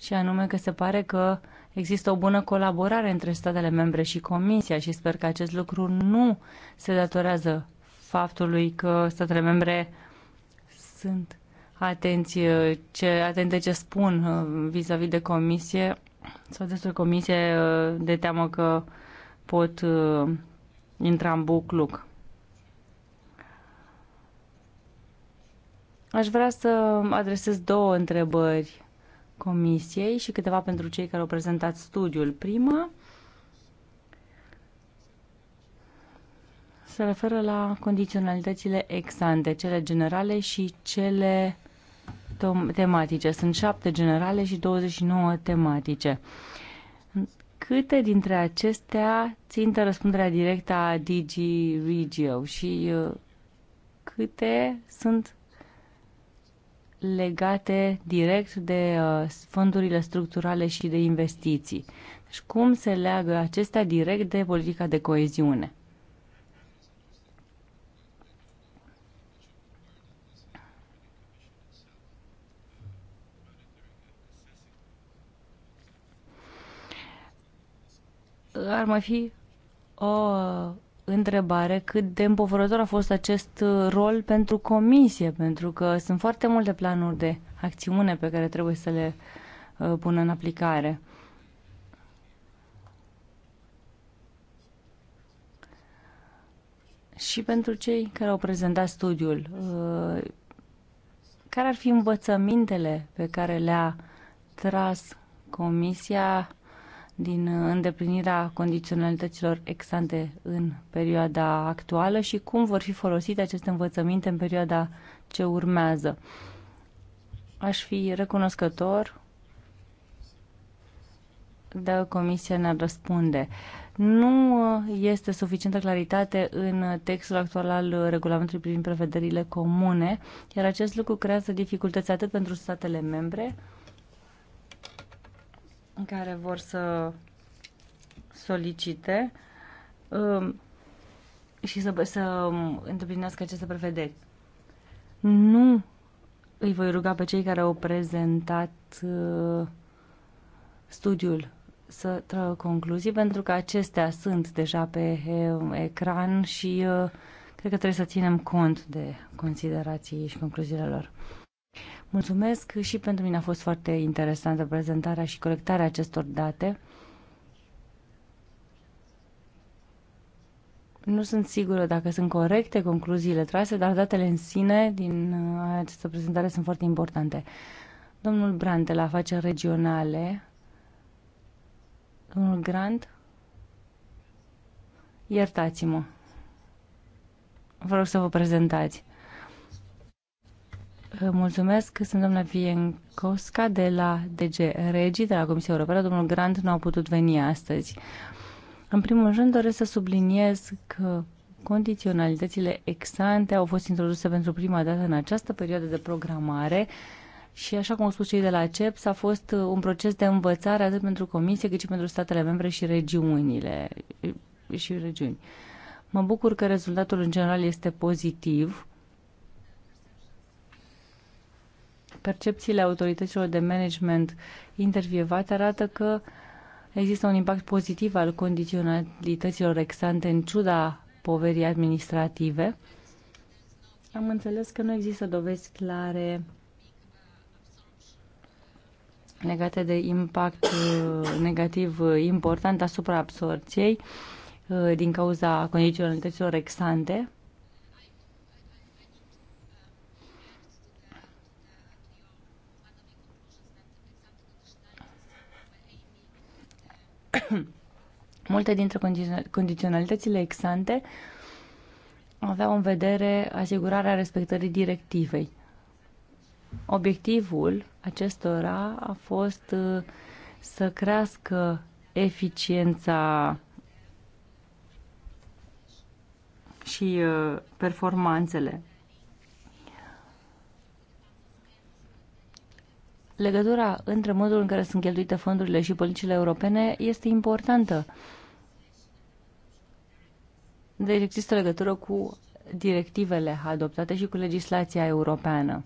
și anume că se pare că există o bună colaborare între statele membre și Comisia și sper că acest lucru nu se datorează faptului că statele membre sunt atenți ce, atente ce spun uh, vis-a-vis -vis de Comisie, sau despre comisie uh, de teamă că pot uh, intra în bucluc. Aș vrea să adresez două întrebări comisiei și câteva pentru cei care au prezentat studiul. Prima se referă la condiționalitățile ex ante, cele generale și cele tematice. Sunt șapte generale și 29 tematice. Câte dintre acestea țintă răspunderea directă a DG Regio și uh, câte sunt legate direct de uh, fondurile structurale și de investiții? Deci cum se leagă acestea direct de politica de coeziune? ar mai fi o uh, întrebare cât de împovărător a fost acest uh, rol pentru comisie, pentru că sunt foarte multe planuri de acțiune pe care trebuie să le uh, pună în aplicare. Și pentru cei care au prezentat studiul, care ar fi învățămintele pe care le-a tras comisia din uh, îndeplinirea condiționalităților exante în perioada actuală și cum vor fi folosite aceste învățăminte în perioada ce urmează. Aș fi recunoscător dacă Comisia ne-ar răspunde. Nu uh, este suficientă claritate în textul actual al regulamentului privind prevederile comune, iar acest lucru creează dificultăți atât pentru statele membre, care vor să solicite um, și să, să îndeplinească aceste prevederi. Nu îi voi ruga pe cei care au prezentat uh, studiul să tragă concluzii, pentru că acestea sunt deja pe um, ecran și uh, cred că trebuie să ținem cont de considerații și concluziile lor. Mulțumesc și pentru mine a fost foarte interesantă prezentarea și colectarea acestor date. Nu sunt sigură dacă sunt corecte concluziile trase, dar datele în sine din uh, această prezentare sunt foarte importante. Domnul de la afaceri regionale, domnul Grant, iertați-mă, Vreau să vă prezentați. Mulțumesc. Sunt doamna Viencosca de la DG Regi, de la Comisia Europeană. Domnul Grant nu a putut veni astăzi. În primul rând doresc să subliniez că condiționalitățile exante au fost introduse pentru prima dată în această perioadă de programare și așa cum au spus cei de la CEPS, a fost uh, un proces de învățare atât pentru Comisie cât și pentru statele membre și regiunile și regiuni. Mă bucur că rezultatul în general este pozitiv Percepțiile autorităților de management intervievate arată că există un impact pozitiv al condiționalităților exante în ciuda poverii administrative. Am înțeles că nu există dovezi clare legate de impact uh, negativ uh, important asupra absorției uh, din cauza condiționalităților exante. [coughs] Multe dintre condiționalitățile exante aveau în vedere asigurarea respectării directivei. Obiectivul acestora a fost uh, să crească eficiența și uh, performanțele legătura între modul în care sunt cheltuite fondurile și politicile europene este importantă. Deci există legătură cu directivele adoptate și cu legislația europeană.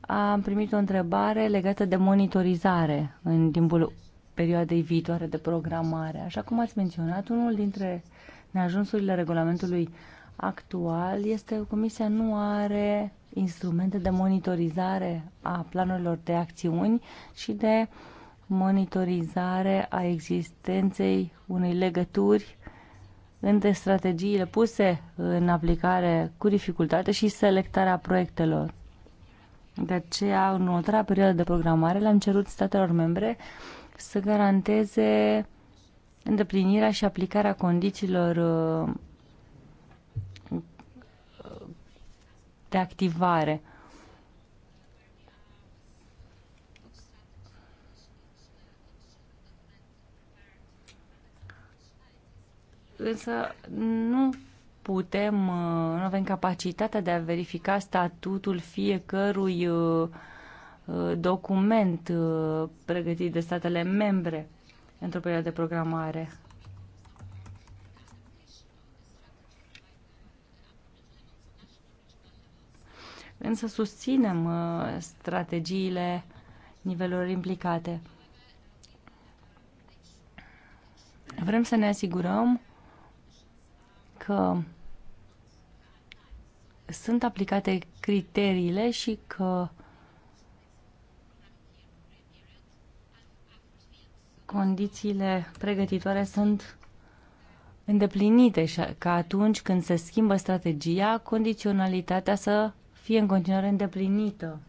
Am primit o întrebare legată de monitorizare în timpul perioadei viitoare de programare. Așa cum ați menționat, unul dintre neajunsurile regulamentului actual este că Comisia nu are instrumente de monitorizare a planurilor de acțiuni și de monitorizare a existenței unei legături între strategiile puse în aplicare cu dificultate și selectarea proiectelor. De aceea, în următoarea perioadă de programare, le-am cerut statelor membre să garanteze îndeplinirea și aplicarea condițiilor uh, de activare. Însă nu putem, uh, nu avem capacitatea de a verifica statutul fiecărui uh, uh, document pregătit de statele membre într-o perioadă de programare. însă susținem uh, strategiile nivelurilor implicate. Vrem să ne asigurăm că sunt aplicate criteriile și că condițiile pregătitoare sunt îndeplinite și că atunci când se schimbă strategia, condiționalitatea să fie în continuare îndeplinită.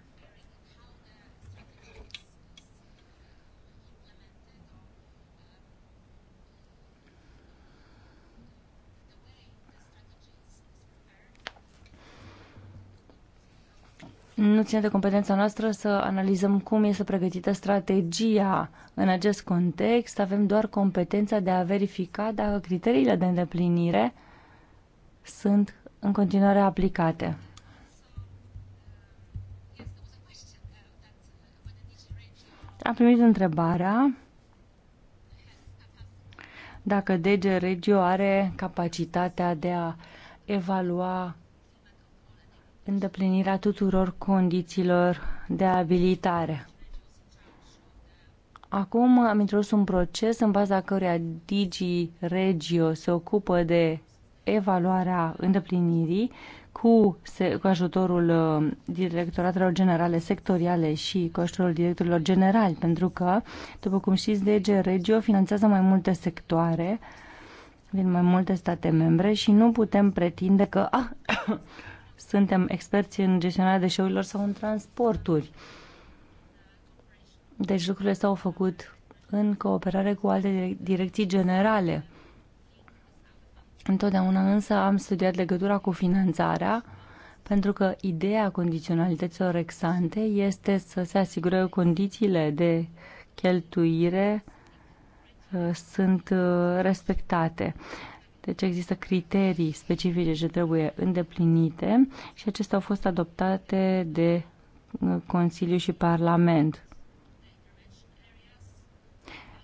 Nu ține de competența noastră să analizăm cum este pregătită strategia în acest context. Avem doar competența de a verifica dacă criteriile de îndeplinire sunt în continuare aplicate. Am primit întrebarea dacă DG Regio are capacitatea de a evalua îndeplinirea tuturor condițiilor de abilitare. Acum am introdus un proces în baza căruia Digi Regio se ocupă de evaluarea îndeplinirii cu, se, cu ajutorul uh, directoratelor generale sectoriale și cu ajutorul directorilor generali, pentru că, după cum știți, DG Regio finanțează mai multe sectoare din mai multe state membre și nu putem pretinde că ah, [coughs] suntem experți în gestionarea deșeurilor sau în transporturi. Deci lucrurile s-au făcut în cooperare cu alte direcții generale Întotdeauna însă am studiat legătura cu finanțarea, pentru că ideea condiționalităților exante este să se asigure condițiile de cheltuire uh, sunt uh, respectate. Deci există criterii specifice ce trebuie îndeplinite și acestea au fost adoptate de uh, Consiliu și Parlament.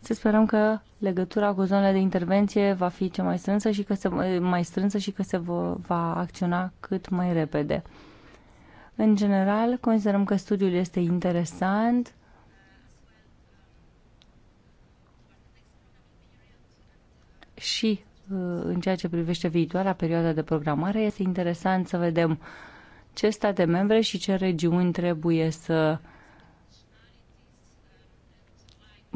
Să sperăm că legătura cu zonele de intervenție va fi cea mai strânsă și că se, mai strânsă și că se va, va acționa cât mai repede. În general, considerăm că studiul este interesant. Și uh, în ceea ce privește viitoarea perioadă de programare, este interesant să vedem ce state membre și ce regiuni trebuie să uh,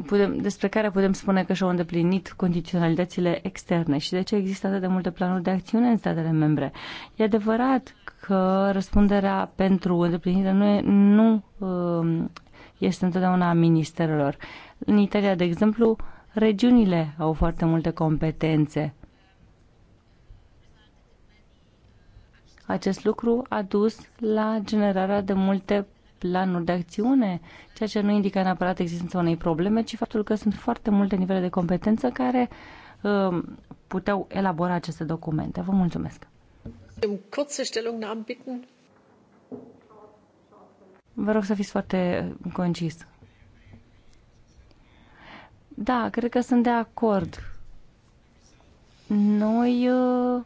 putem, despre care putem spune că și-au îndeplinit condiționalitățile externe și de ce există atât de multe planuri de acțiune în statele membre. E adevărat că răspunderea pentru îndeplinire nu, e, nu um, este întotdeauna a ministerelor. În Italia, de exemplu, regiunile au foarte multe competențe. Acest lucru a dus la generarea de multe planuri de acțiune, ceea ce nu indică neapărat existența unei probleme, ci faptul că sunt foarte multe nivele de competență care uh, puteau elabora aceste documente. Vă mulțumesc! Um, Vă rog să fiți foarte uh, concis. Da, cred că sunt de acord. Noi uh,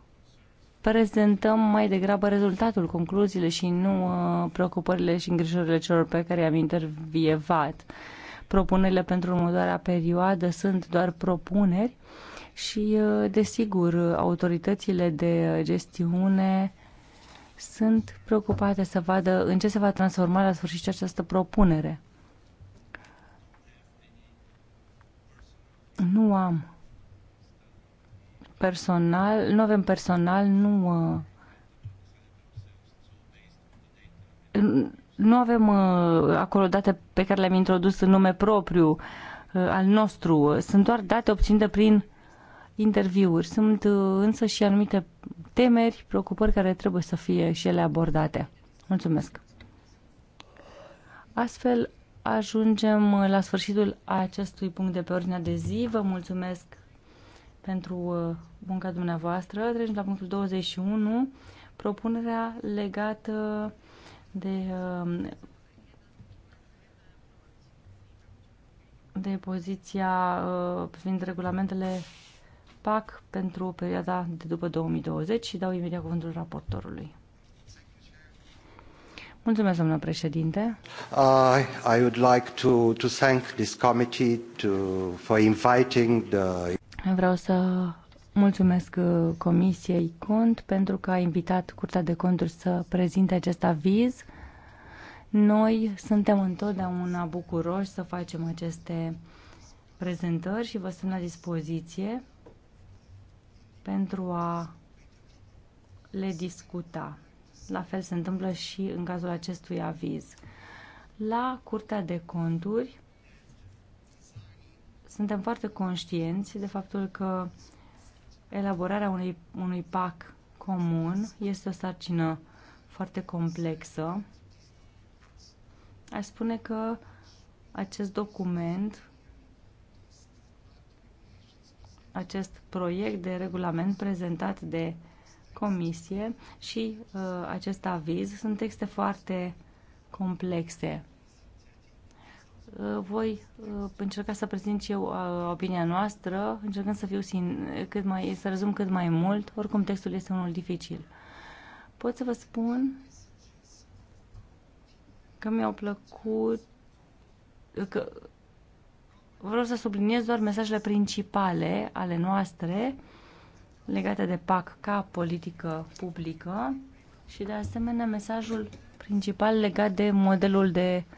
prezentăm mai degrabă rezultatul, concluziile și nu uh, preocupările și îngrijorările celor pe care i-am intervievat. Propunerile pentru următoarea perioadă sunt doar propuneri și, uh, desigur, autoritățile de gestiune sunt preocupate să vadă în ce se va transforma la sfârșit această propunere. Nu am personal, nu avem personal, nu nu avem acolo date pe care le-am introdus în nume propriu uh, al nostru. Sunt doar date obținute prin interviuri. Sunt uh, însă și anumite temeri, preocupări care trebuie să fie și ele abordate. Mulțumesc! Astfel ajungem la sfârșitul acestui punct de pe ordinea de zi. Vă mulțumesc pentru uh, munca dumneavoastră. Trecem la punctul 21, propunerea legată de uh, de poziția uh, privind regulamentele PAC pentru perioada de după 2020 și dau imediat cuvântul raportorului. Mulțumesc, domnule președinte. Uh, I would like to, to thank this committee to, for inviting the Vreau să mulțumesc uh, Comisiei Cont pentru că a invitat Curtea de Conturi să prezinte acest aviz. Noi suntem întotdeauna bucuroși să facem aceste prezentări și vă sunt la dispoziție pentru a le discuta. La fel se întâmplă și în cazul acestui aviz. La Curtea de Conturi suntem foarte conștienți de faptul că elaborarea unui, unui pac comun este o sarcină foarte complexă. Aș spune că acest document, acest proiect de regulament prezentat de comisie și uh, acest aviz sunt texte foarte complexe. Uh, voi uh, încerca să prezint și eu uh, opinia noastră, încercând să fiu cât mai, să rezum cât mai mult, oricum textul este unul dificil. Pot să vă spun că mi-au plăcut, că vreau să subliniez doar mesajele principale ale noastre legate de PAC ca politică publică și de asemenea mesajul principal legat de modelul de uh,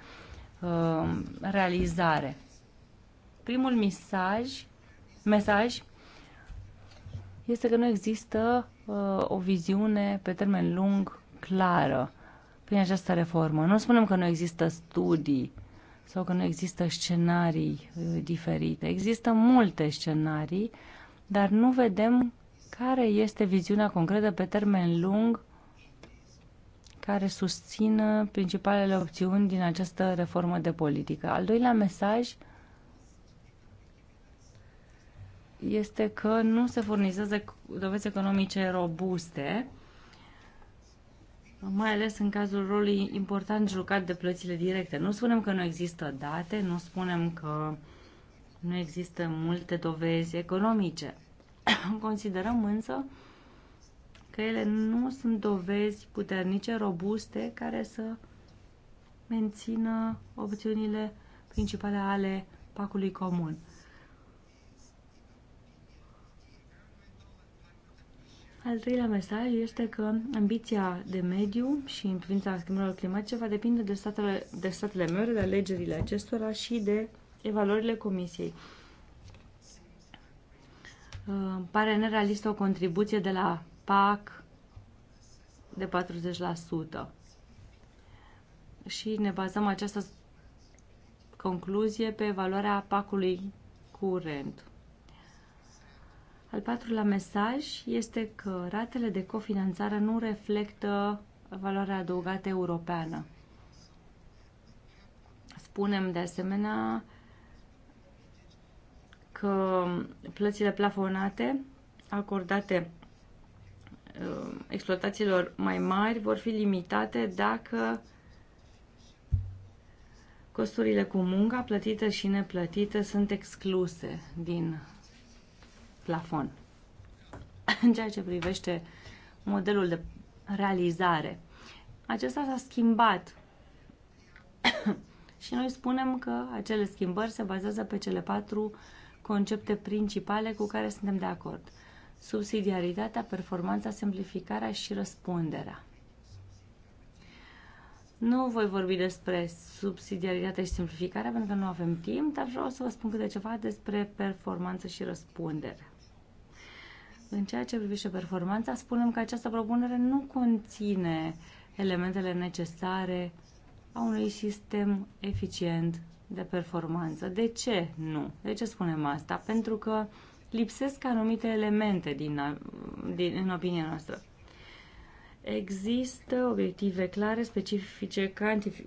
Uh, realizare. Primul mesaj, mesaj este că nu există uh, o viziune pe termen lung clară prin această reformă. Nu spunem că nu există studii sau că nu există scenarii uh, diferite. Există multe scenarii, dar nu vedem care este viziunea concretă pe termen lung care susțină principalele opțiuni din această reformă de politică. Al doilea mesaj este că nu se furnizează dovezi economice robuste, mai ales în cazul rolului important jucat de plățile directe. Nu spunem că nu există date, nu spunem că nu există multe dovezi economice. [coughs] Considerăm însă că ele nu sunt dovezi puternice, robuste, care să mențină opțiunile principale ale pacului comun. Al treilea mesaj este că ambiția de mediu și în privința schimbărilor climatice va depinde de statele, de statele membre, de alegerile acestora și de evaluările Comisiei. Uh, pare nerealistă o contribuție de la PAC de 40%. Și ne bazăm această concluzie pe valoarea pacului curent. Al patrulea mesaj este că ratele de cofinanțare nu reflectă valoarea adăugată europeană. Spunem de asemenea că plățile plafonate acordate Um, exploatațiilor mai mari vor fi limitate dacă costurile cu munca plătită și neplătită sunt excluse din plafon. [laughs] În ceea ce privește modelul de realizare, acesta s-a schimbat [coughs] și noi spunem că acele schimbări se bazează pe cele patru concepte principale cu care suntem de acord – subsidiaritatea, performanța, simplificarea și răspunderea. Nu voi vorbi despre subsidiaritate și simplificare pentru că nu avem timp, dar vreau să vă spun câte ceva despre performanță și răspundere. În ceea ce privește performanța, spunem că această propunere nu conține elementele necesare a unui sistem eficient de performanță. De ce nu? De ce spunem asta? Pentru că lipsesc anumite elemente din, din, în opinia noastră. Există obiective clare, specifice,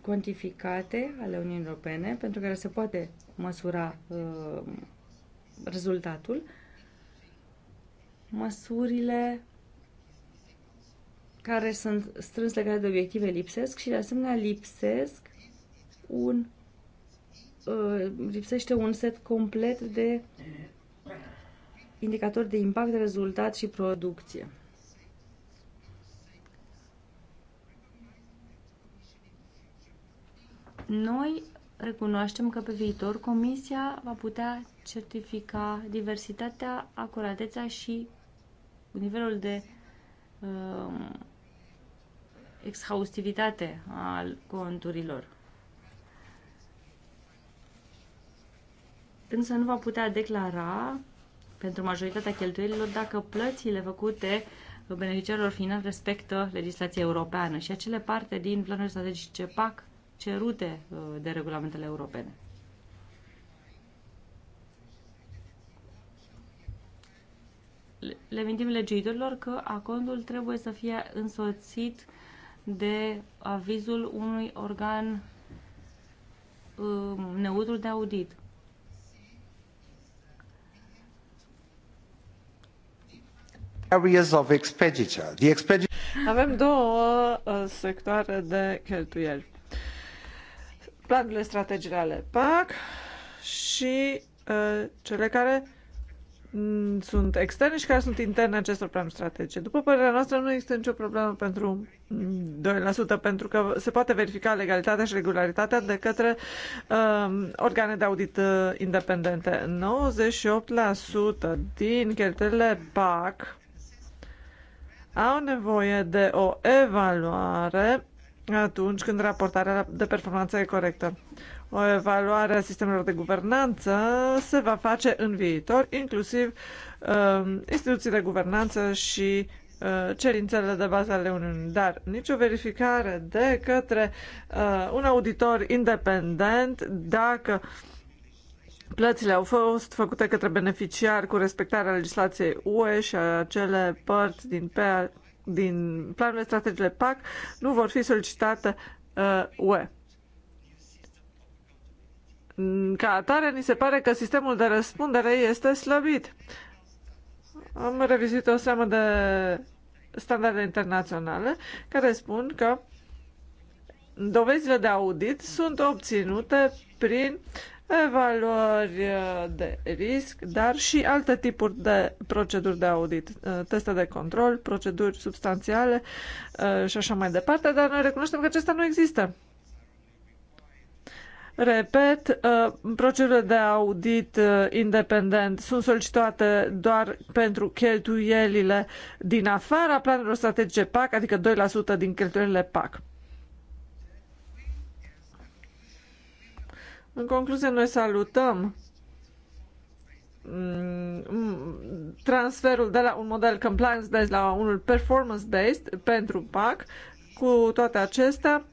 cuantificate ale Uniunii Europene, pentru care se poate măsura uh, rezultatul. Măsurile care sunt strâns legate de obiective lipsesc și, de asemenea, lipsesc un, uh, lipsește un set complet de indicatori de impact, rezultat și producție. Noi recunoaștem că pe viitor Comisia va putea certifica diversitatea, acuratețea și nivelul de uh, exhaustivitate al conturilor. Însă nu va putea declara pentru majoritatea cheltuielilor dacă plățile făcute beneficiarilor final respectă legislația europeană și acele parte din planurile strategice PAC cerute uh, de regulamentele europene. Le mintim legiuitorilor că acordul trebuie să fie însoțit de avizul unui organ uh, neutru de audit. Avem două uh, sectoare de cheltuieli. Planurile strategice ale PAC și uh, cele care mm, sunt externe și care sunt interne acestor planuri strategice. După părerea noastră, nu există nicio problemă pentru 2%, mm, pentru că se poate verifica legalitatea și regularitatea de către um, organe de audit uh, independente. 98% din cheltuielile PAC au nevoie de o evaluare atunci când raportarea de performanță e corectă. O evaluare a sistemelor de guvernanță se va face în viitor, inclusiv uh, instituții de guvernanță și uh, cerințele de bază ale Uniunii, dar nicio verificare de către uh, un auditor independent dacă uh, Plățile au fost făcute către beneficiari cu respectarea legislației UE și acele părți din, pe, din planurile strategice PAC nu vor fi solicitate uh, UE. Ca atare, ni se pare că sistemul de răspundere este slăbit. Am revizuit o seamă de standarde internaționale care spun că dovezile de audit sunt obținute prin uh, evaluări eh, de risc, dar și alte tipuri de proceduri de audit, eh, teste de control, proceduri substanțiale eh, și așa mai departe, dar noi recunoaștem că acestea nu există. Repet, procedurile de audit independent sunt solicitate doar pentru cheltuielile din afara planurilor strategice PAC, adică 2% din cheltuielile PAC. În concluzie, noi salutăm mm, mm, transferul de la un model compliance-based la unul performance-based pentru PAC. Cu toate acestea,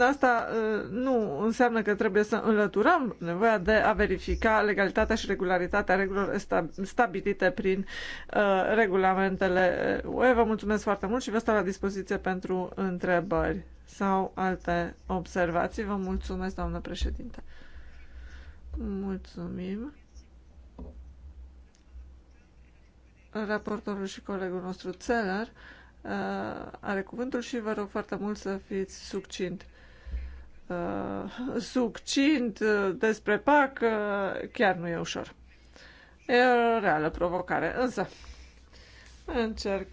Asta ă, nu înseamnă că trebuie să înlăturăm nevoia de a verifica legalitatea și regularitatea regulilor stabilite prin ă, regulamentele UE. Vă mulțumesc foarte mult și vă stau la dispoziție pentru întrebări sau alte observații. Vă mulțumesc, doamnă președinte. Mulțumim. Raportorul și colegul nostru Țeler Uh, are cuvântul și vă rog foarte mult să fiți succint. Uh, succint uh, despre PAC uh, chiar nu e ușor. E o reală provocare, însă încerc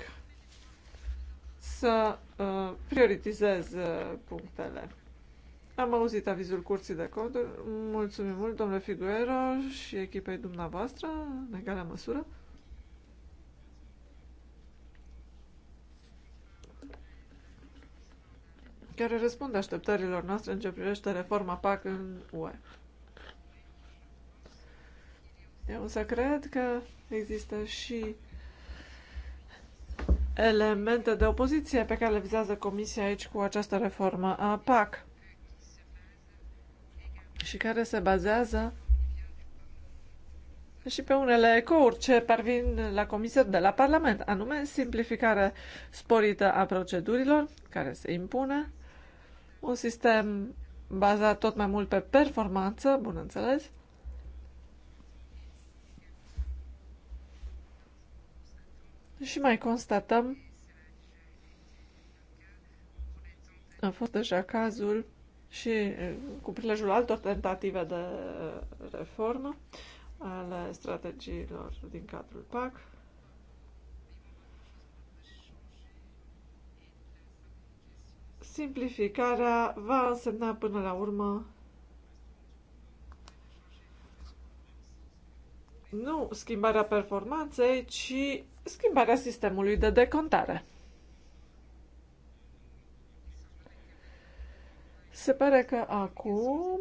să uh, prioritizez uh, punctele. Am auzit avizul curții de conturi. Mulțumim mult, domnule Figuero și echipei dumneavoastră, în egală măsură. care răspund așteptărilor noastre în ce privește reforma PAC în UE. Eu însă cred că există și elemente de opoziție pe care le vizează Comisia aici cu această reformă a PAC și care se bazează și pe unele ecouri ce parvin la Comisie de la Parlament, anume simplificarea sporită a procedurilor care se impune un sistem bazat tot mai mult pe performanță, bun înțeles, și mai constatăm a fost deja cazul și cu prilejul altor tentative de reformă ale strategiilor din cadrul PAC. Simplificarea va însemna până la urmă nu schimbarea performanței, ci schimbarea sistemului de decontare. Se pare că acum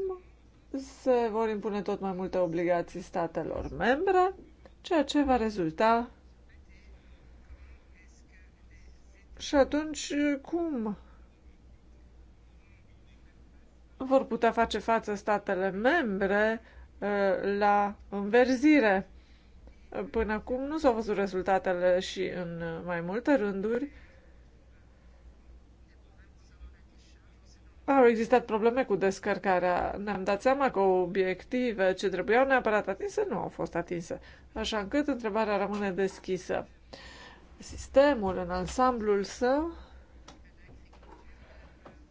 se vor impune tot mai multe obligații statelor membre, ceea ce va rezulta. Și atunci, cum vor putea face față statele membre uh, la înverzire. Până acum nu s-au văzut rezultatele și în uh, mai multe rânduri. Au existat probleme cu descărcarea. Ne-am dat seama că obiective ce trebuiau neapărat atinse nu au fost atinse, așa încât întrebarea rămâne deschisă. Sistemul în ansamblul său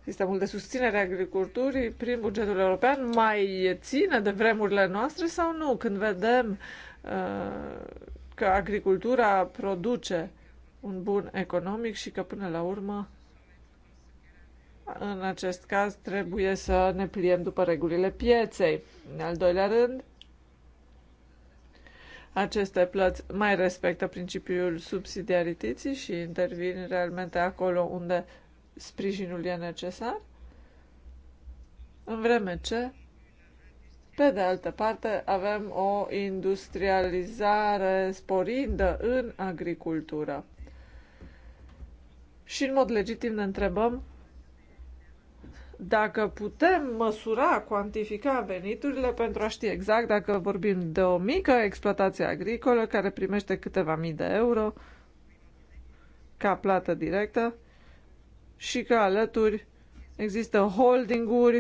sistemul de susținere a agriculturii prin bugetul european mai ține de vremurile noastre sau nu? Când vedem uh, că agricultura produce un bun economic și că până la urmă în acest caz trebuie să ne pliem după regulile pieței. În al doilea rând, aceste plăți mai respectă principiul subsidiarității și intervin realmente acolo unde sprijinul e necesar, în vreme ce, pe de altă parte, avem o industrializare sporindă în agricultură. Și în mod legitim ne întrebăm dacă putem măsura, cuantifica veniturile pentru a ști exact dacă vorbim de o mică exploatație agricolă care primește câteva mii de euro ca plată directă și că alături există holdinguri,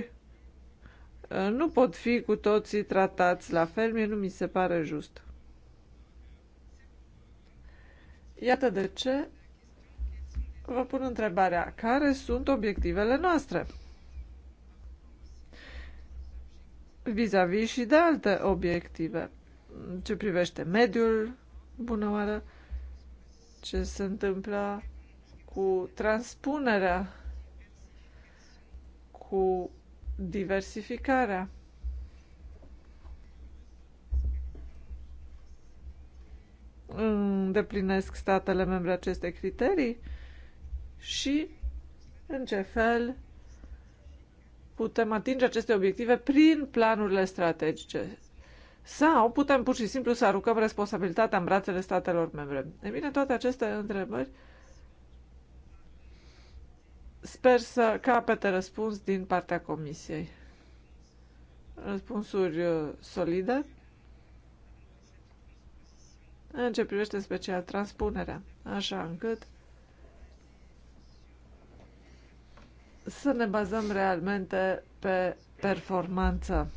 uh, nu pot fi cu toții tratați la fel, mie nu mi se pare just. Iată de ce vă pun întrebarea, care sunt obiectivele noastre? Vis-a-vis -vis și de alte obiective, ce privește mediul, bună oară, ce se întâmplă cu transpunerea, cu diversificarea. Îndeplinesc statele membre aceste criterii și în ce fel putem atinge aceste obiective prin planurile strategice. Sau putem pur și simplu să aruncăm responsabilitatea în brațele statelor membre. E bine, toate aceste întrebări Sper să capete răspuns din partea Comisiei. Răspunsuri uh, solide în ce privește special transpunerea, așa încât să ne bazăm realmente pe performanță,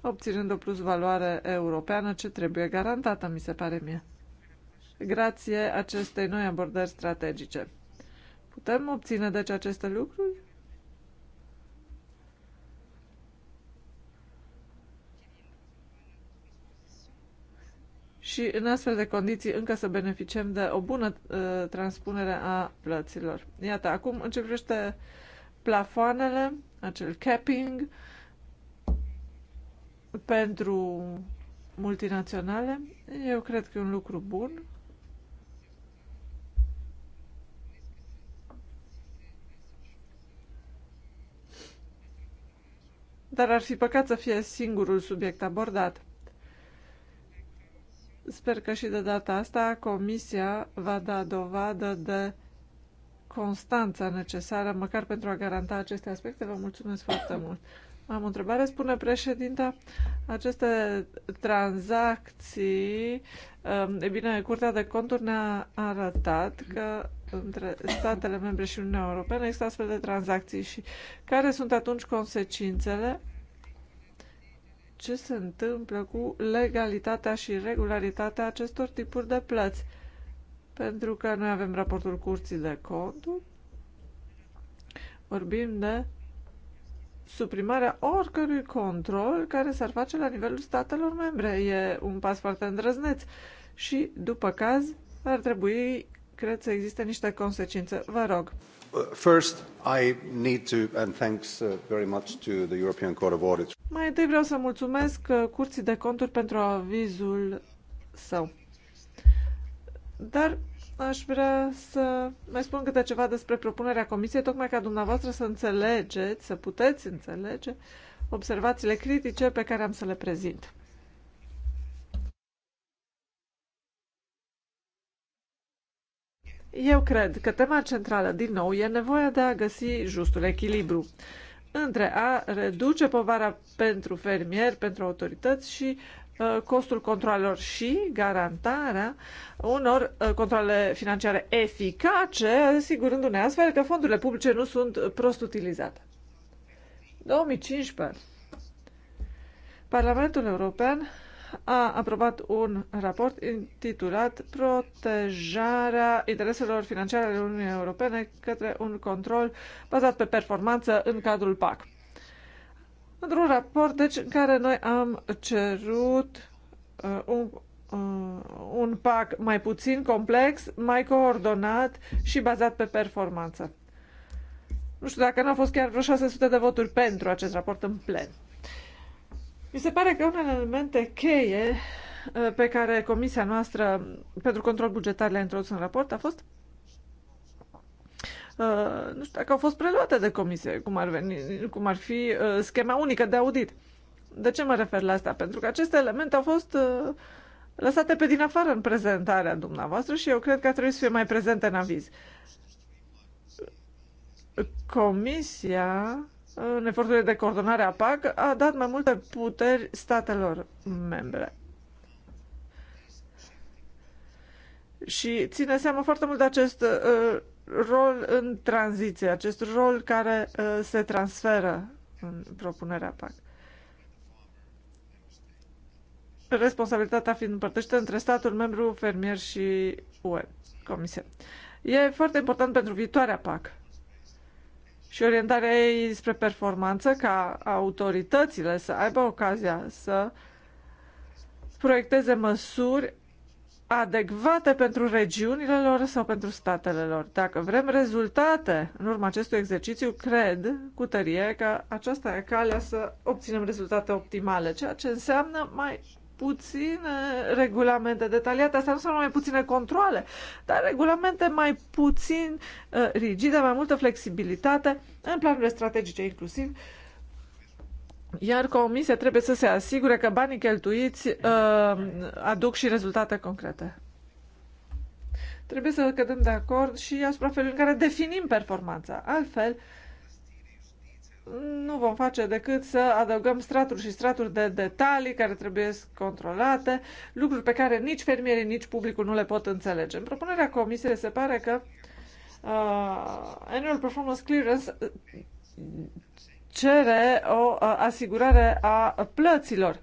obținând o plus valoare europeană ce trebuie garantată, mi se pare mie, grație acestei noi abordări strategice. Putem obține deci aceste lucruri? și în astfel de condiții încă să beneficiem de o bună uh, transpunere a plăților. Iată, acum în ce privește plafoanele, acel capping pentru multinaționale, eu cred că e un lucru bun dar ar fi păcat să fie singurul subiect abordat. Sper că și de data asta Comisia va da dovadă de constanța necesară, măcar pentru a garanta aceste aspecte. Vă mulțumesc foarte mult. Am o întrebare, spune președinta. Aceste tranzacții, um, e bine, Curtea de Conturi ne-a arătat că între statele membre și Uniunea Europeană există astfel de tranzacții și care sunt atunci consecințele? Ce se întâmplă cu legalitatea și regularitatea acestor tipuri de plăți? Pentru că noi avem raportul Curții de Conturi, vorbim de suprimarea oricărui control care s-ar face la nivelul statelor membre. E un pas foarte îndrăzneț și, după caz, ar trebui cred să existe niște consecințe. Vă rog. First, I need to, and thanks uh, very much to the European Court of Audit. Mai întâi vreau să mulțumesc uh, Curții de Conturi pentru avizul său. Dar aș vrea să mai spun câte ceva despre propunerea Comisiei, tocmai ca dumneavoastră să înțelegeți, să puteți înțelege observațiile critice pe care am să le prezint. Eu cred că tema centrală, din nou, e nevoia de a găsi justul echilibru între a reduce povara pentru fermieri, pentru autorități și uh, costul controlelor și garantarea unor uh, controle financiare eficace, asigurându-ne astfel că fondurile publice nu sunt prost utilizate. 2015. Parlamentul European a aprobat un raport intitulat Protejarea intereselor financiare ale Uniunii Europene către un control bazat pe performanță în cadrul PAC. Într-un raport, deci, în care noi am cerut uh, un, uh, un PAC mai puțin complex, mai coordonat și bazat pe performanță. Nu știu dacă n-au fost chiar vreo 600 de voturi pentru acest raport în plen. Mi se pare că unele elemente cheie uh, pe care Comisia noastră pentru control bugetar le-a introdus în raport a fost uh, nu știu dacă au fost preluate de comisie, cum ar, veni, cum ar fi uh, schema unică de audit. De ce mă refer la asta? Pentru că aceste elemente au fost lăsate pe din afară în prezentarea dumneavoastră și eu cred că ar trebui să fie mai prezente în aviz. Comisia în eforturile de coordonare a PAC, a dat mai multe puteri statelor membre. Și ține seama foarte mult de acest uh, rol în tranziție, acest rol care uh, se transferă în propunerea PAC. Responsabilitatea fiind împărtășită între statul membru, fermier și UE, Comisie. E foarte important pentru viitoarea PAC și orientarea ei spre performanță, ca autoritățile să aibă ocazia să proiecteze măsuri adecvate pentru regiunile lor sau pentru statele lor. Dacă vrem rezultate în urma acestui exercițiu, cred cu tărie că aceasta e calea să obținem rezultate optimale, ceea ce înseamnă mai puține regulamente detaliate, asta nu înseamnă mai puține controle, dar regulamente mai puțin uh, rigide, mai multă flexibilitate în planurile strategice inclusiv. Iar comisia trebuie să se asigure că banii cheltuiți uh, aduc și rezultate concrete. Trebuie să cădem de acord și asupra felului în care definim performanța. Altfel, uh, nu vom face decât să adăugăm straturi și straturi de detalii care trebuie controlate, lucruri pe care nici fermierii, nici publicul nu le pot înțelege. În propunerea comisiei se pare că uh, Annual Performance Clearance uh, cere o uh, asigurare a plăților.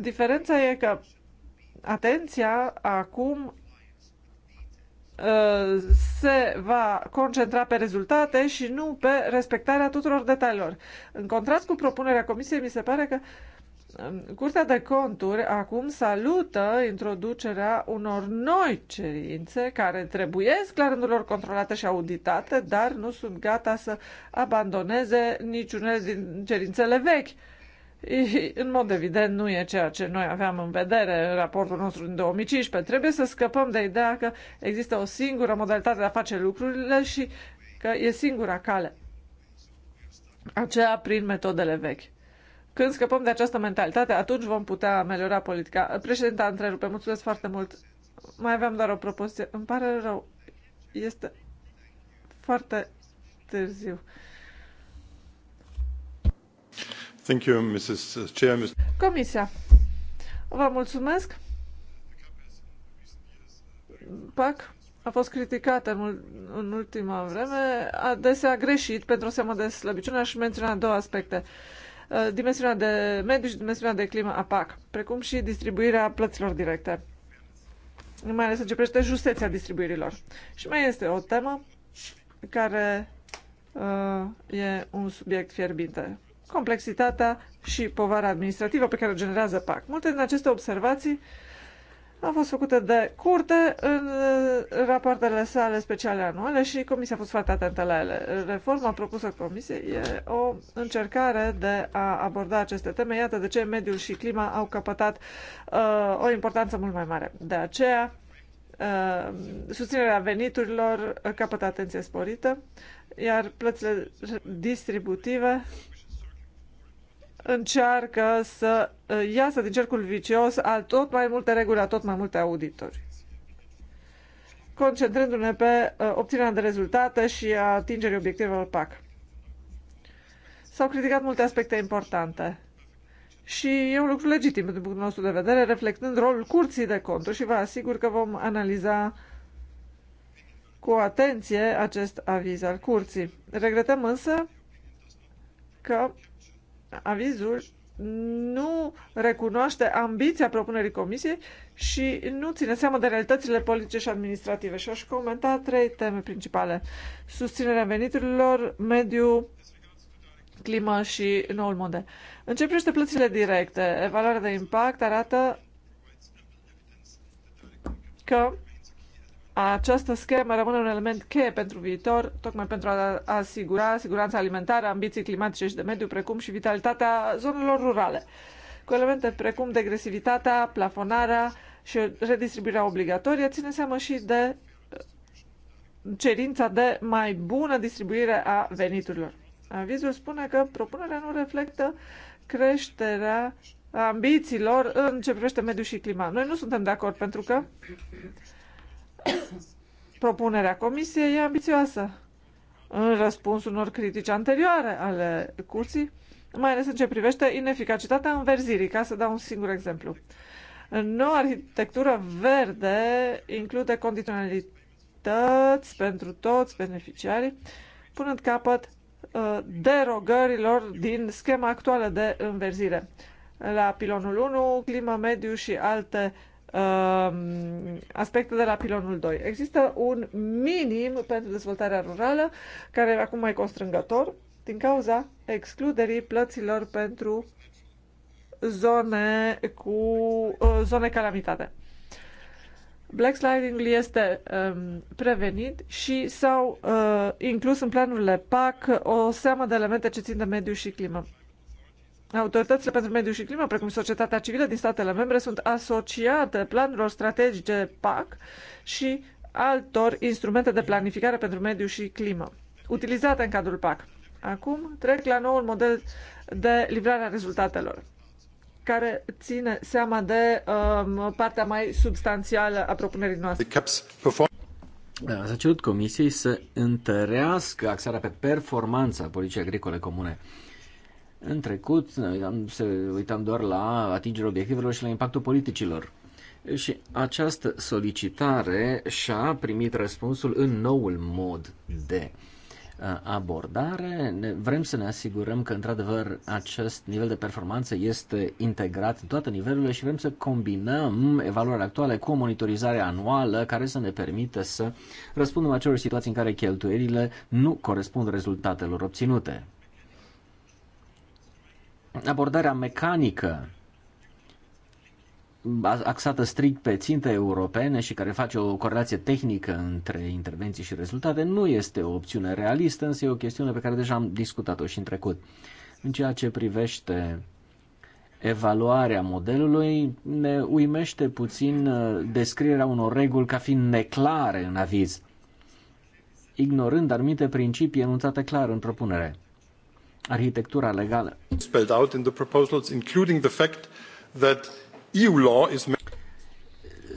Diferența e că atenția acum se va concentra pe rezultate și nu pe respectarea tuturor detaliilor. În contrast cu propunerea Comisiei, mi se pare că um, Curtea de Conturi acum salută introducerea unor noi cerințe care trebuie la rândul lor controlate și auditate, dar nu sunt gata să abandoneze niciunele din cerințele vechi în mod evident nu e ceea ce noi aveam în vedere în raportul nostru din 2015. Trebuie să scăpăm de ideea că există o singură modalitate de a face lucrurile și că e singura cale, aceea prin metodele vechi. Când scăpăm de această mentalitate, atunci vom putea ameliora politica. Președinta întrerupe, mulțumesc foarte mult. Mai aveam doar o propoziție. Îmi pare rău. Este foarte târziu. Thank you, Mrs. Chair. Comisia, vă mulțumesc. PAC a fost criticat în, în ultima vreme, adesea greșit pentru o seamă de slăbiciune. Aș menționa două aspecte. Uh, dimensiunea de mediu și dimensiunea de climă a PAC, precum și distribuirea plăților directe. Mai ales în ce privește justeția distribuirilor. Și mai este o temă care uh, e un subiect fierbinte complexitatea și povara administrativă pe care o generează PAC. Multe din aceste observații au fost făcute de curte în uh, rapoartele sale speciale anuale și Comisia a fost foarte atentă la ele. Reforma propusă Comisiei e o încercare de a aborda aceste teme. Iată de ce mediul și clima au căpătat uh, o importanță mult mai mare. De aceea, uh, susținerea veniturilor căpătă atenție sporită, iar plățile distributive încearcă să uh, iasă din cercul vicios al tot mai multe reguli, a tot mai multe auditori. Concentrându-ne pe uh, obținerea de rezultate și a atingerii obiectivelor PAC. S-au criticat multe aspecte importante. Și e un lucru legitim din punctul nostru de vedere, reflectând rolul curții de conturi și vă asigur că vom analiza cu atenție acest aviz al curții. Regretăm însă că Avizul nu recunoaște ambiția propunerii comisiei și nu ține seama de realitățile politice și administrative. Și aș comenta trei teme principale. Susținerea veniturilor, mediu, climă și noul model. În ce privește plățile directe, evaluarea de impact arată că această schemă rămâne un element cheie pentru viitor, tocmai pentru a asigura siguranța alimentară, ambiții climatice și de mediu, precum și vitalitatea zonelor rurale, cu elemente precum degresivitatea, plafonarea și redistribuirea obligatorie, ține seama și de uh, cerința de mai bună distribuire a veniturilor. Avizul spune că propunerea nu reflectă creșterea ambițiilor în ce privește mediul și clima. Noi nu suntem de acord pentru că [coughs] Propunerea comisiei e ambițioasă. În răspunsul unor critici anterioare ale curții, mai ales în ce privește ineficacitatea înverzirii, ca să dau un singur exemplu. Noua arhitectură verde include condiționalități pentru toți beneficiarii, punând capăt uh, derogărilor din schema actuală de înverzire. La pilonul 1, climă, mediu și alte Um, aspecte de la pilonul 2. Există un minim pentru dezvoltarea rurală, care e acum mai constrângător, din cauza excluderii plăților pentru zone cu uh, zone calamitate. Black sliding este um, prevenit și s-au uh, inclus în planurile PAC o seamă de elemente ce țin de mediu și climă. Autoritățile pentru mediu și climă, precum societatea civilă din statele membre, sunt asociate planurilor strategice PAC și altor instrumente de planificare pentru mediu și climă, utilizate în cadrul PAC. Acum trec la noul model de livrare a rezultatelor, care ține seama de um, partea mai substanțială a propunerii noastre. Da, s-a cerut Comisiei să întărească axarea pe performanța politicii agricole comune în trecut am, se uitam doar la atingerea obiectivelor și la impactul politicilor. Și această solicitare și-a primit răspunsul în noul mod de uh, abordare. vrem să ne asigurăm că, într-adevăr, acest nivel de performanță este integrat în toate nivelurile și vrem să combinăm evaluarea actuală cu o monitorizare anuală care să ne permită să răspundem acelor situații în care cheltuielile nu corespund rezultatelor obținute abordarea mecanică axată strict pe ținte europene și care face o corelație tehnică între intervenții și rezultate nu este o opțiune realistă, însă e o chestiune pe care deja am discutat-o și în trecut. În ceea ce privește evaluarea modelului, ne uimește puțin uh, descrierea unor reguli ca fiind neclare în aviz, ignorând anumite principii enunțate clar în propunere arhitectura legală.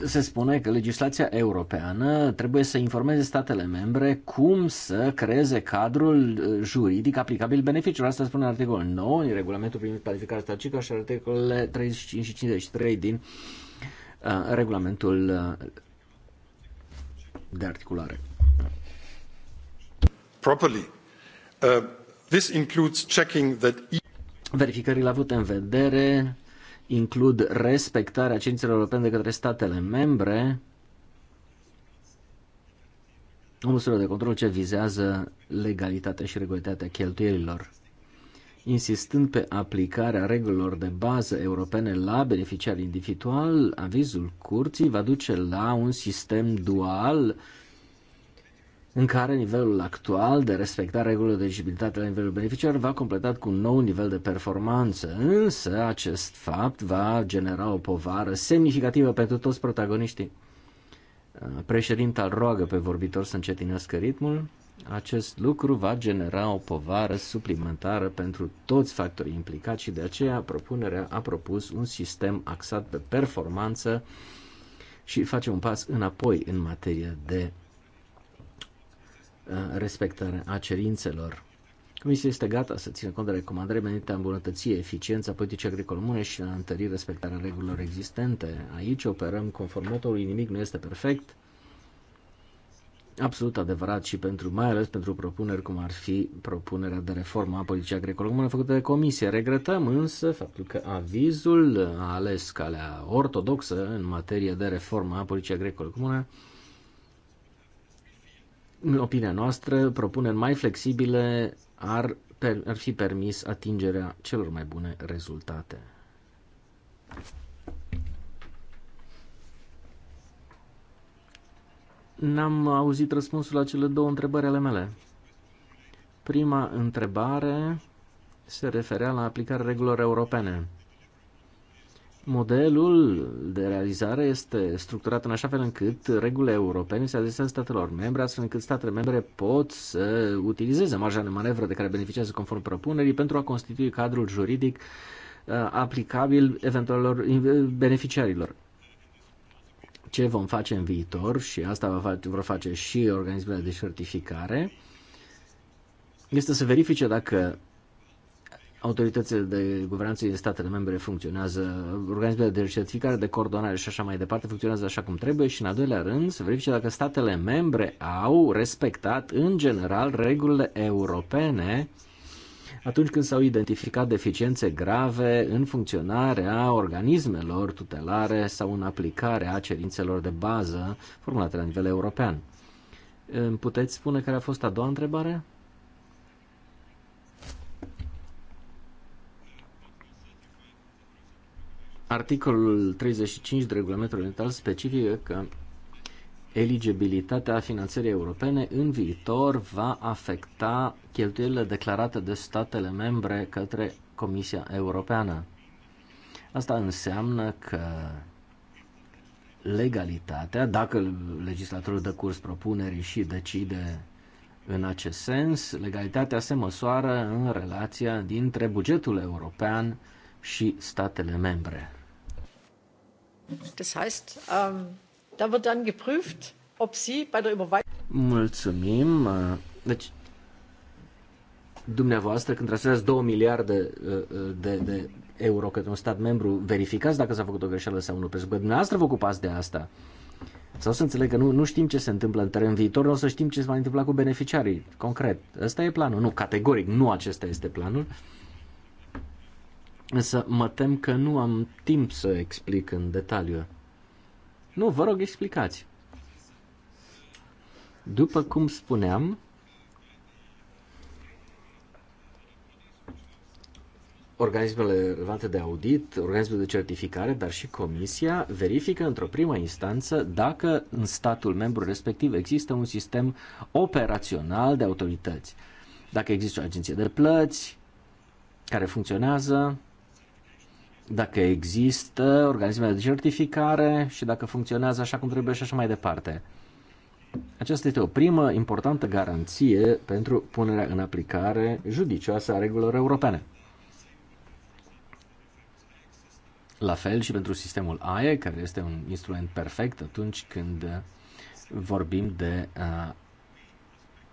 se spune că legislația europeană trebuie să informeze statele membre cum să creeze cadrul uh, juridic aplicabil beneficiilor. Asta spune articolul 9 din regulamentul privind planificarea strategică și articolele 35 și 53 din uh, regulamentul uh, de articulare. Properly. Uh, This includes checking that Verificările avute în vedere includ respectarea cerințelor europene de către statele membre, o măsură de control ce vizează legalitatea și regularitatea cheltuielilor. Insistând pe aplicarea regulilor de bază europene la beneficiarii individual, avizul curții va duce la un sistem dual în care nivelul actual de respectare regulilor de eligibilitate la nivelul beneficiar va completat cu un nou nivel de performanță, însă acest fapt va genera o povară semnificativă pentru toți protagoniștii. Uh, președinta roagă pe vorbitor să încetinească ritmul. Acest lucru va genera o povară suplimentară pentru toți factorii implicați și de aceea propunerea a propus un sistem axat pe performanță și face un pas înapoi în materie de Uh, respectarea a cerințelor. Comisia este gata să țină cont de recomandări menite a îmbunătăți eficiența politicii agricole comune și a întări respectarea regulilor existente. Aici operăm conform motorului nimic nu este perfect. Absolut adevărat și pentru, mai ales pentru propuneri cum ar fi propunerea de reformă a politicii agricole comune făcută de comisie. Regretăm însă faptul că avizul a ales calea ortodoxă în materie de reformă a politicii agricole comune în opinia noastră, propuneri mai flexibile ar, per, ar fi permis atingerea celor mai bune rezultate. N-am auzit răspunsul la cele două întrebări ale mele. Prima întrebare se referea la aplicarea regulilor europene. Modelul de realizare este structurat în așa fel încât regulile europene se adresează statelor membre, astfel încât statele membre pot să utilizeze marja de manevră de care beneficiază conform propunerii pentru a constitui cadrul juridic uh, aplicabil eventualelor beneficiarilor. Ce vom face în viitor și asta va face, vor face și organismele de certificare este să verifice dacă autoritățile de guvernanță din statele membre funcționează, organismele de certificare, de coordonare și așa mai departe funcționează așa cum trebuie și în al doilea rând să verifice dacă statele membre au respectat în general regulile europene atunci când s-au identificat deficiențe grave în funcționarea organismelor tutelare sau în aplicarea cerințelor de bază formulate la nivel european. puteți spune care a fost a doua întrebare? Articolul 35 de regulamentul oriental specifică că eligibilitatea finanțării europene în viitor va afecta cheltuielile declarate de statele membre către Comisia Europeană. Asta înseamnă că legalitatea, dacă legislatorul dă curs propunerii și decide în acest sens, legalitatea se măsoară în relația dintre bugetul european și statele membre. Das heißt, um, da wird dann geprüft, ob Sie bei der Überweisung. Mulțumim. Äh, deci, dumneavoastră, când trasează 2 miliarde äh, äh, de, de euro către un stat membru, verificați dacă s-a făcut o greșeală sau nu, pentru că dumneavoastră vă ocupați de asta. Sau să înțeleg că nu, nu știm ce se întâmplă în teren viitor, nu o să știm ce se va întâmpla cu beneficiarii, concret. Ăsta e planul. Nu, categoric, nu acesta este planul. Însă mă tem că nu am timp să explic în detaliu. Nu, vă rog, explicați. După cum spuneam, organismele relevante de audit, organismele de certificare, dar și comisia verifică într-o primă instanță dacă în statul membru respectiv există un sistem operațional de autorități. Dacă există o agenție de plăți care funcționează, dacă există organisme de certificare și dacă funcționează așa cum trebuie și așa mai departe. Aceasta este o primă importantă garanție pentru punerea în aplicare judicioasă a regulilor europene. La fel și pentru sistemul AE, care este un instrument perfect atunci când vorbim de uh,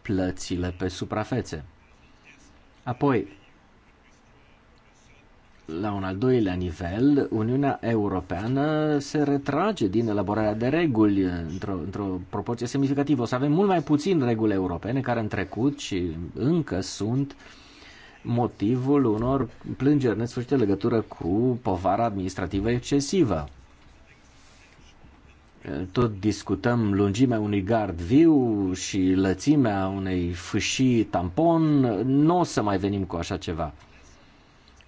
plățile pe suprafețe. Apoi, la un al doilea nivel, Uniunea Europeană se retrage din elaborarea de reguli într-o, într proporție semnificativă. O să avem mult mai puțin reguli europene care în trecut și încă sunt motivul unor plângeri nesfârșite legătură cu povara administrativă excesivă. Tot discutăm lungimea unui gard viu și lățimea unei fâșii tampon. Nu o să mai venim cu așa ceva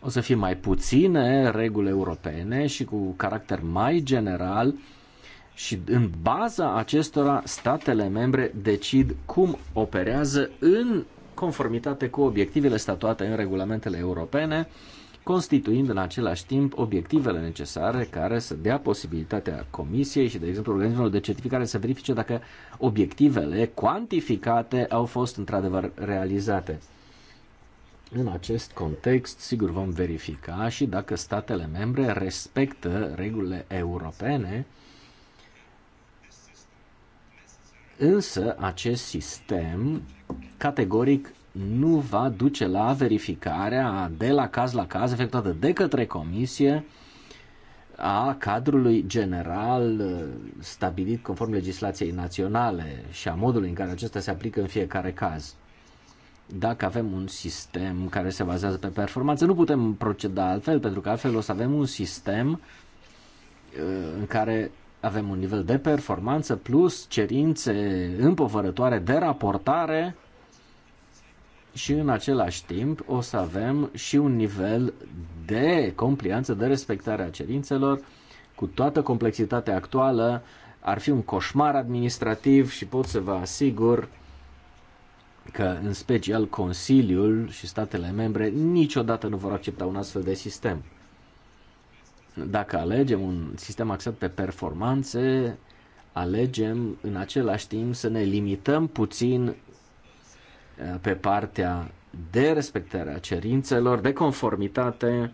o să fie mai puține reguli europene și cu caracter mai general și în baza acestora statele membre decid cum operează în conformitate cu obiectivele statuate în regulamentele europene, constituind în același timp obiectivele necesare care să dea posibilitatea Comisiei și, de exemplu, organismelor de certificare să verifice dacă obiectivele cuantificate au fost într-adevăr realizate. În acest context, sigur, vom verifica și dacă statele membre respectă regulile europene, însă acest sistem categoric nu va duce la verificarea de la caz la caz efectuată de către Comisie a cadrului general uh, stabilit conform legislației naționale și a modului în care acesta se aplică în fiecare caz dacă avem un sistem care se bazează pe performanță, nu putem proceda altfel, pentru că altfel o să avem un sistem uh, în care avem un nivel de performanță plus cerințe împovărătoare de raportare și în același timp o să avem și un nivel de complianță, de respectare a cerințelor cu toată complexitatea actuală ar fi un coșmar administrativ și pot să vă asigur că în special Consiliul și statele membre niciodată nu vor accepta un astfel de sistem. Dacă alegem un sistem axat pe performanțe, alegem în același timp să ne limităm puțin uh, pe partea de respectarea cerințelor, de conformitate,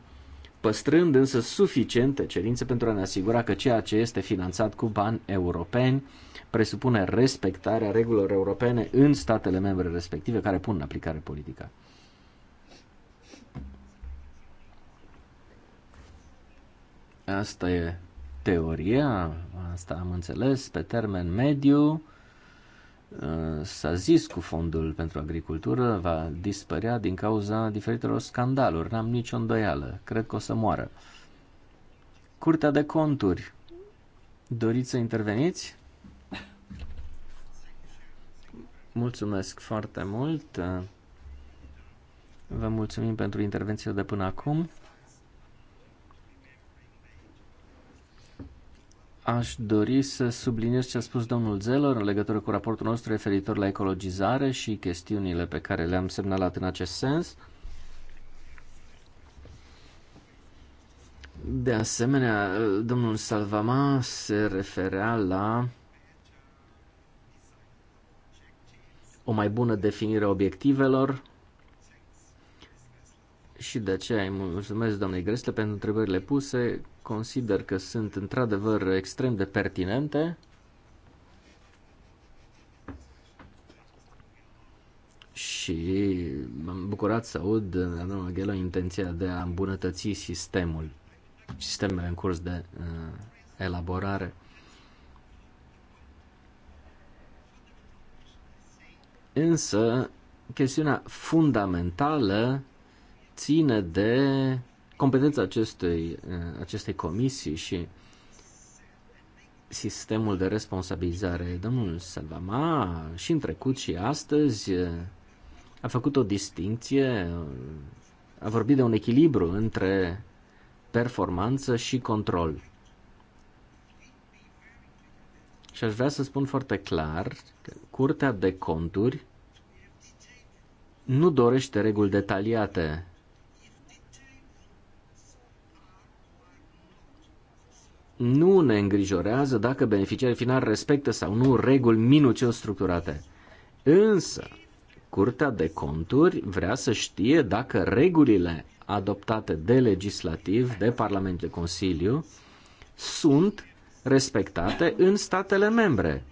păstrând însă suficiente cerințe pentru a ne asigura că ceea ce este finanțat cu bani europeni presupune respectarea regulilor europene în statele membre respective care pun în aplicare politica. Asta e teoria, asta am înțeles, pe termen mediu uh, s-a zis cu fondul pentru agricultură va dispărea din cauza diferitelor scandaluri, n-am nicio îndoială, cred că o să moară. Curtea de conturi, doriți să interveniți? Mulțumesc foarte mult. Vă mulțumim pentru intervenția de până acum. Aș dori să subliniez ce a spus domnul Zeller în legătură cu raportul nostru referitor la ecologizare și chestiunile pe care le-am semnalat în acest sens. De asemenea, domnul Salvama se referea la o mai bună definire a obiectivelor și de aceea îi mulțumesc doamnei Gresle pentru întrebările puse. Consider că sunt într-adevăr extrem de pertinente. și m-am bucurat să aud doamna Ghelo intenția de a îmbunătăți sistemul, sistemele în curs de uh, elaborare. Însă, chestiunea fundamentală ține de competența acestui, acestei comisii și sistemul de responsabilizare. Domnul Salvama și în trecut și astăzi a făcut o distinție, a vorbit de un echilibru între performanță și control. Și aș vrea să spun foarte clar că Curtea de Conturi nu dorește reguli detaliate. Nu ne îngrijorează dacă beneficiarul final respectă sau nu reguli minuțios structurate. Însă, Curtea de Conturi vrea să știe dacă regulile adoptate de legislativ, de Parlament, de Consiliu, sunt respectate în statele membre.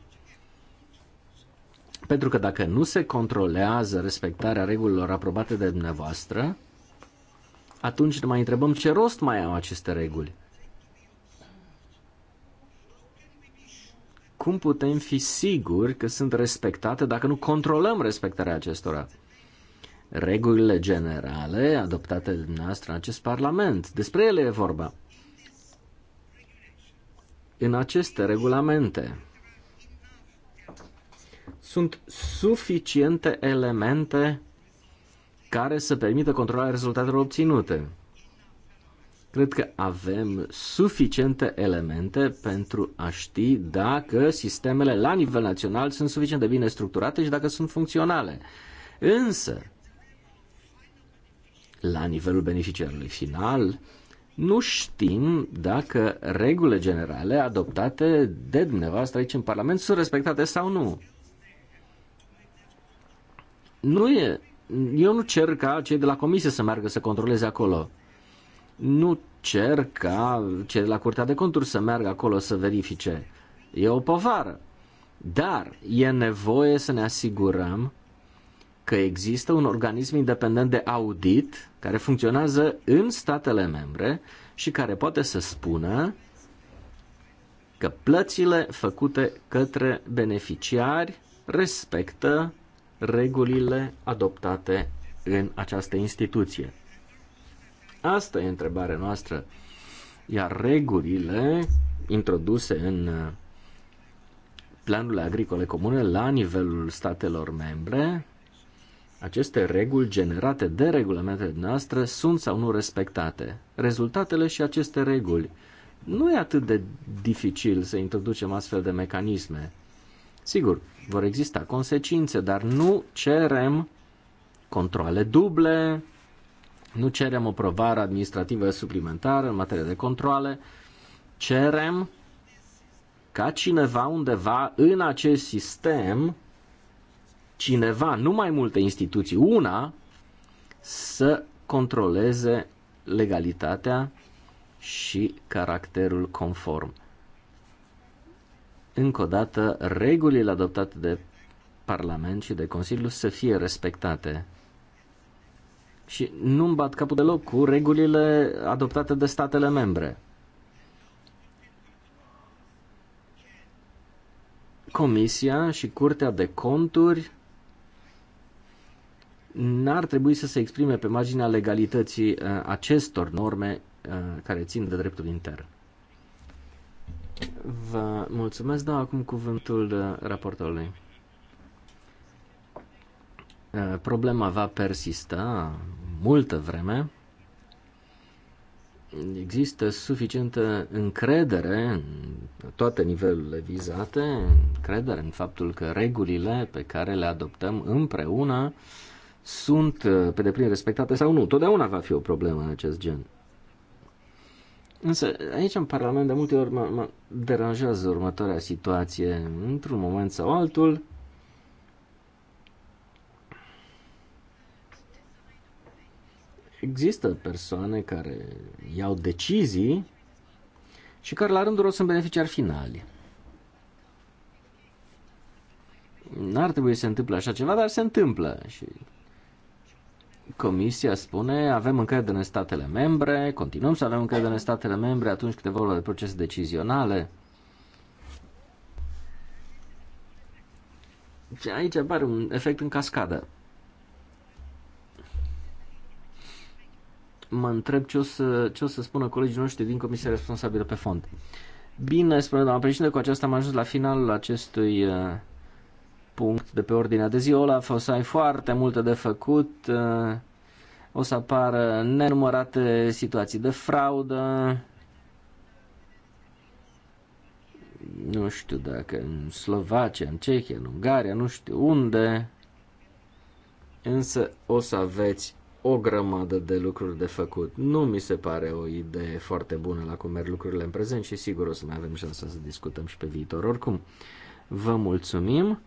Pentru că dacă nu se controlează respectarea regulilor aprobate de dumneavoastră, atunci ne mai întrebăm ce rost mai au aceste reguli. Cum putem fi siguri că sunt respectate dacă nu controlăm respectarea acestora? Regulile generale adoptate de dumneavoastră în acest Parlament, despre ele e vorba. În aceste regulamente, sunt suficiente elemente care să permită controlarea rezultatelor obținute. Cred că avem suficiente elemente pentru a ști dacă sistemele la nivel național sunt suficient de bine structurate și dacă sunt funcționale. Însă, la nivelul beneficiarului final, nu știm dacă regulile generale adoptate de dumneavoastră aici în Parlament sunt respectate sau nu. Nu e, eu nu cer ca cei de la comisie să meargă să controleze acolo. Nu cer ca cei de la Curtea de Conturi să meargă acolo să verifice. E o povară. Dar e nevoie să ne asigurăm că există un organism independent de audit care funcționează în statele membre și care poate să spună că plățile făcute către beneficiari respectă regulile adoptate în această instituție? Asta e întrebarea noastră. Iar regulile introduse în uh, planurile agricole comune la nivelul statelor membre, aceste reguli generate de regulamentele noastre sunt sau nu respectate. Rezultatele și aceste reguli. Nu e atât de dificil să introducem astfel de mecanisme. Sigur, vor exista consecințe, dar nu cerem controle duble, nu cerem o provară administrativă suplimentară în materie de controle, cerem ca cineva undeva în acest sistem, cineva, nu mai multe instituții, una, să controleze legalitatea și caracterul conform încă o dată, regulile adoptate de Parlament și de Consiliu să fie respectate. Și nu-mi bat capul deloc cu regulile adoptate de statele membre. Comisia și Curtea de Conturi n-ar trebui să se exprime pe marginea legalității uh, acestor norme uh, care țin de dreptul intern. Vă mulțumesc, dau acum cuvântul uh, raportorului. Uh, problema va persista multă vreme. Există suficientă încredere în toate nivelurile vizate, încredere în faptul că regulile pe care le adoptăm împreună sunt uh, pe deplin respectate sau nu. Totdeauna va fi o problemă în acest gen. Însă aici în Parlament de multe ori mă, mă deranjează următoarea situație. Într-un moment sau altul, există persoane care iau decizii și care la rândul lor sunt beneficiari finali. N-ar trebui să se întâmple așa ceva, dar se întâmplă și Comisia spune, avem încredere în statele membre, continuăm să avem încredere în statele membre atunci când e vorba de procese decizionale. Și aici apare un efect în cascadă. Mă întreb ce o să, ce o să spună colegii noștri din Comisia Responsabilă pe Fond. Bine, spune doamna președinte, cu aceasta am ajuns la finalul acestui uh, punct de pe ordinea de zi. Olaf, o să ai foarte multe de făcut, uh, o să apară nenumărate situații de fraudă, nu știu dacă în Slovacia, în Cehia, în Ungaria, nu știu unde, însă o să aveți o grămadă de lucruri de făcut. Nu mi se pare o idee foarte bună la cum merg lucrurile în prezent și sigur o să mai avem șansa să discutăm și pe viitor. Oricum, vă mulțumim.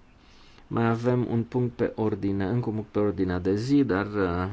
Mai avem un punct pe ordine, încă un punct pe ordinea de zi, dar uh,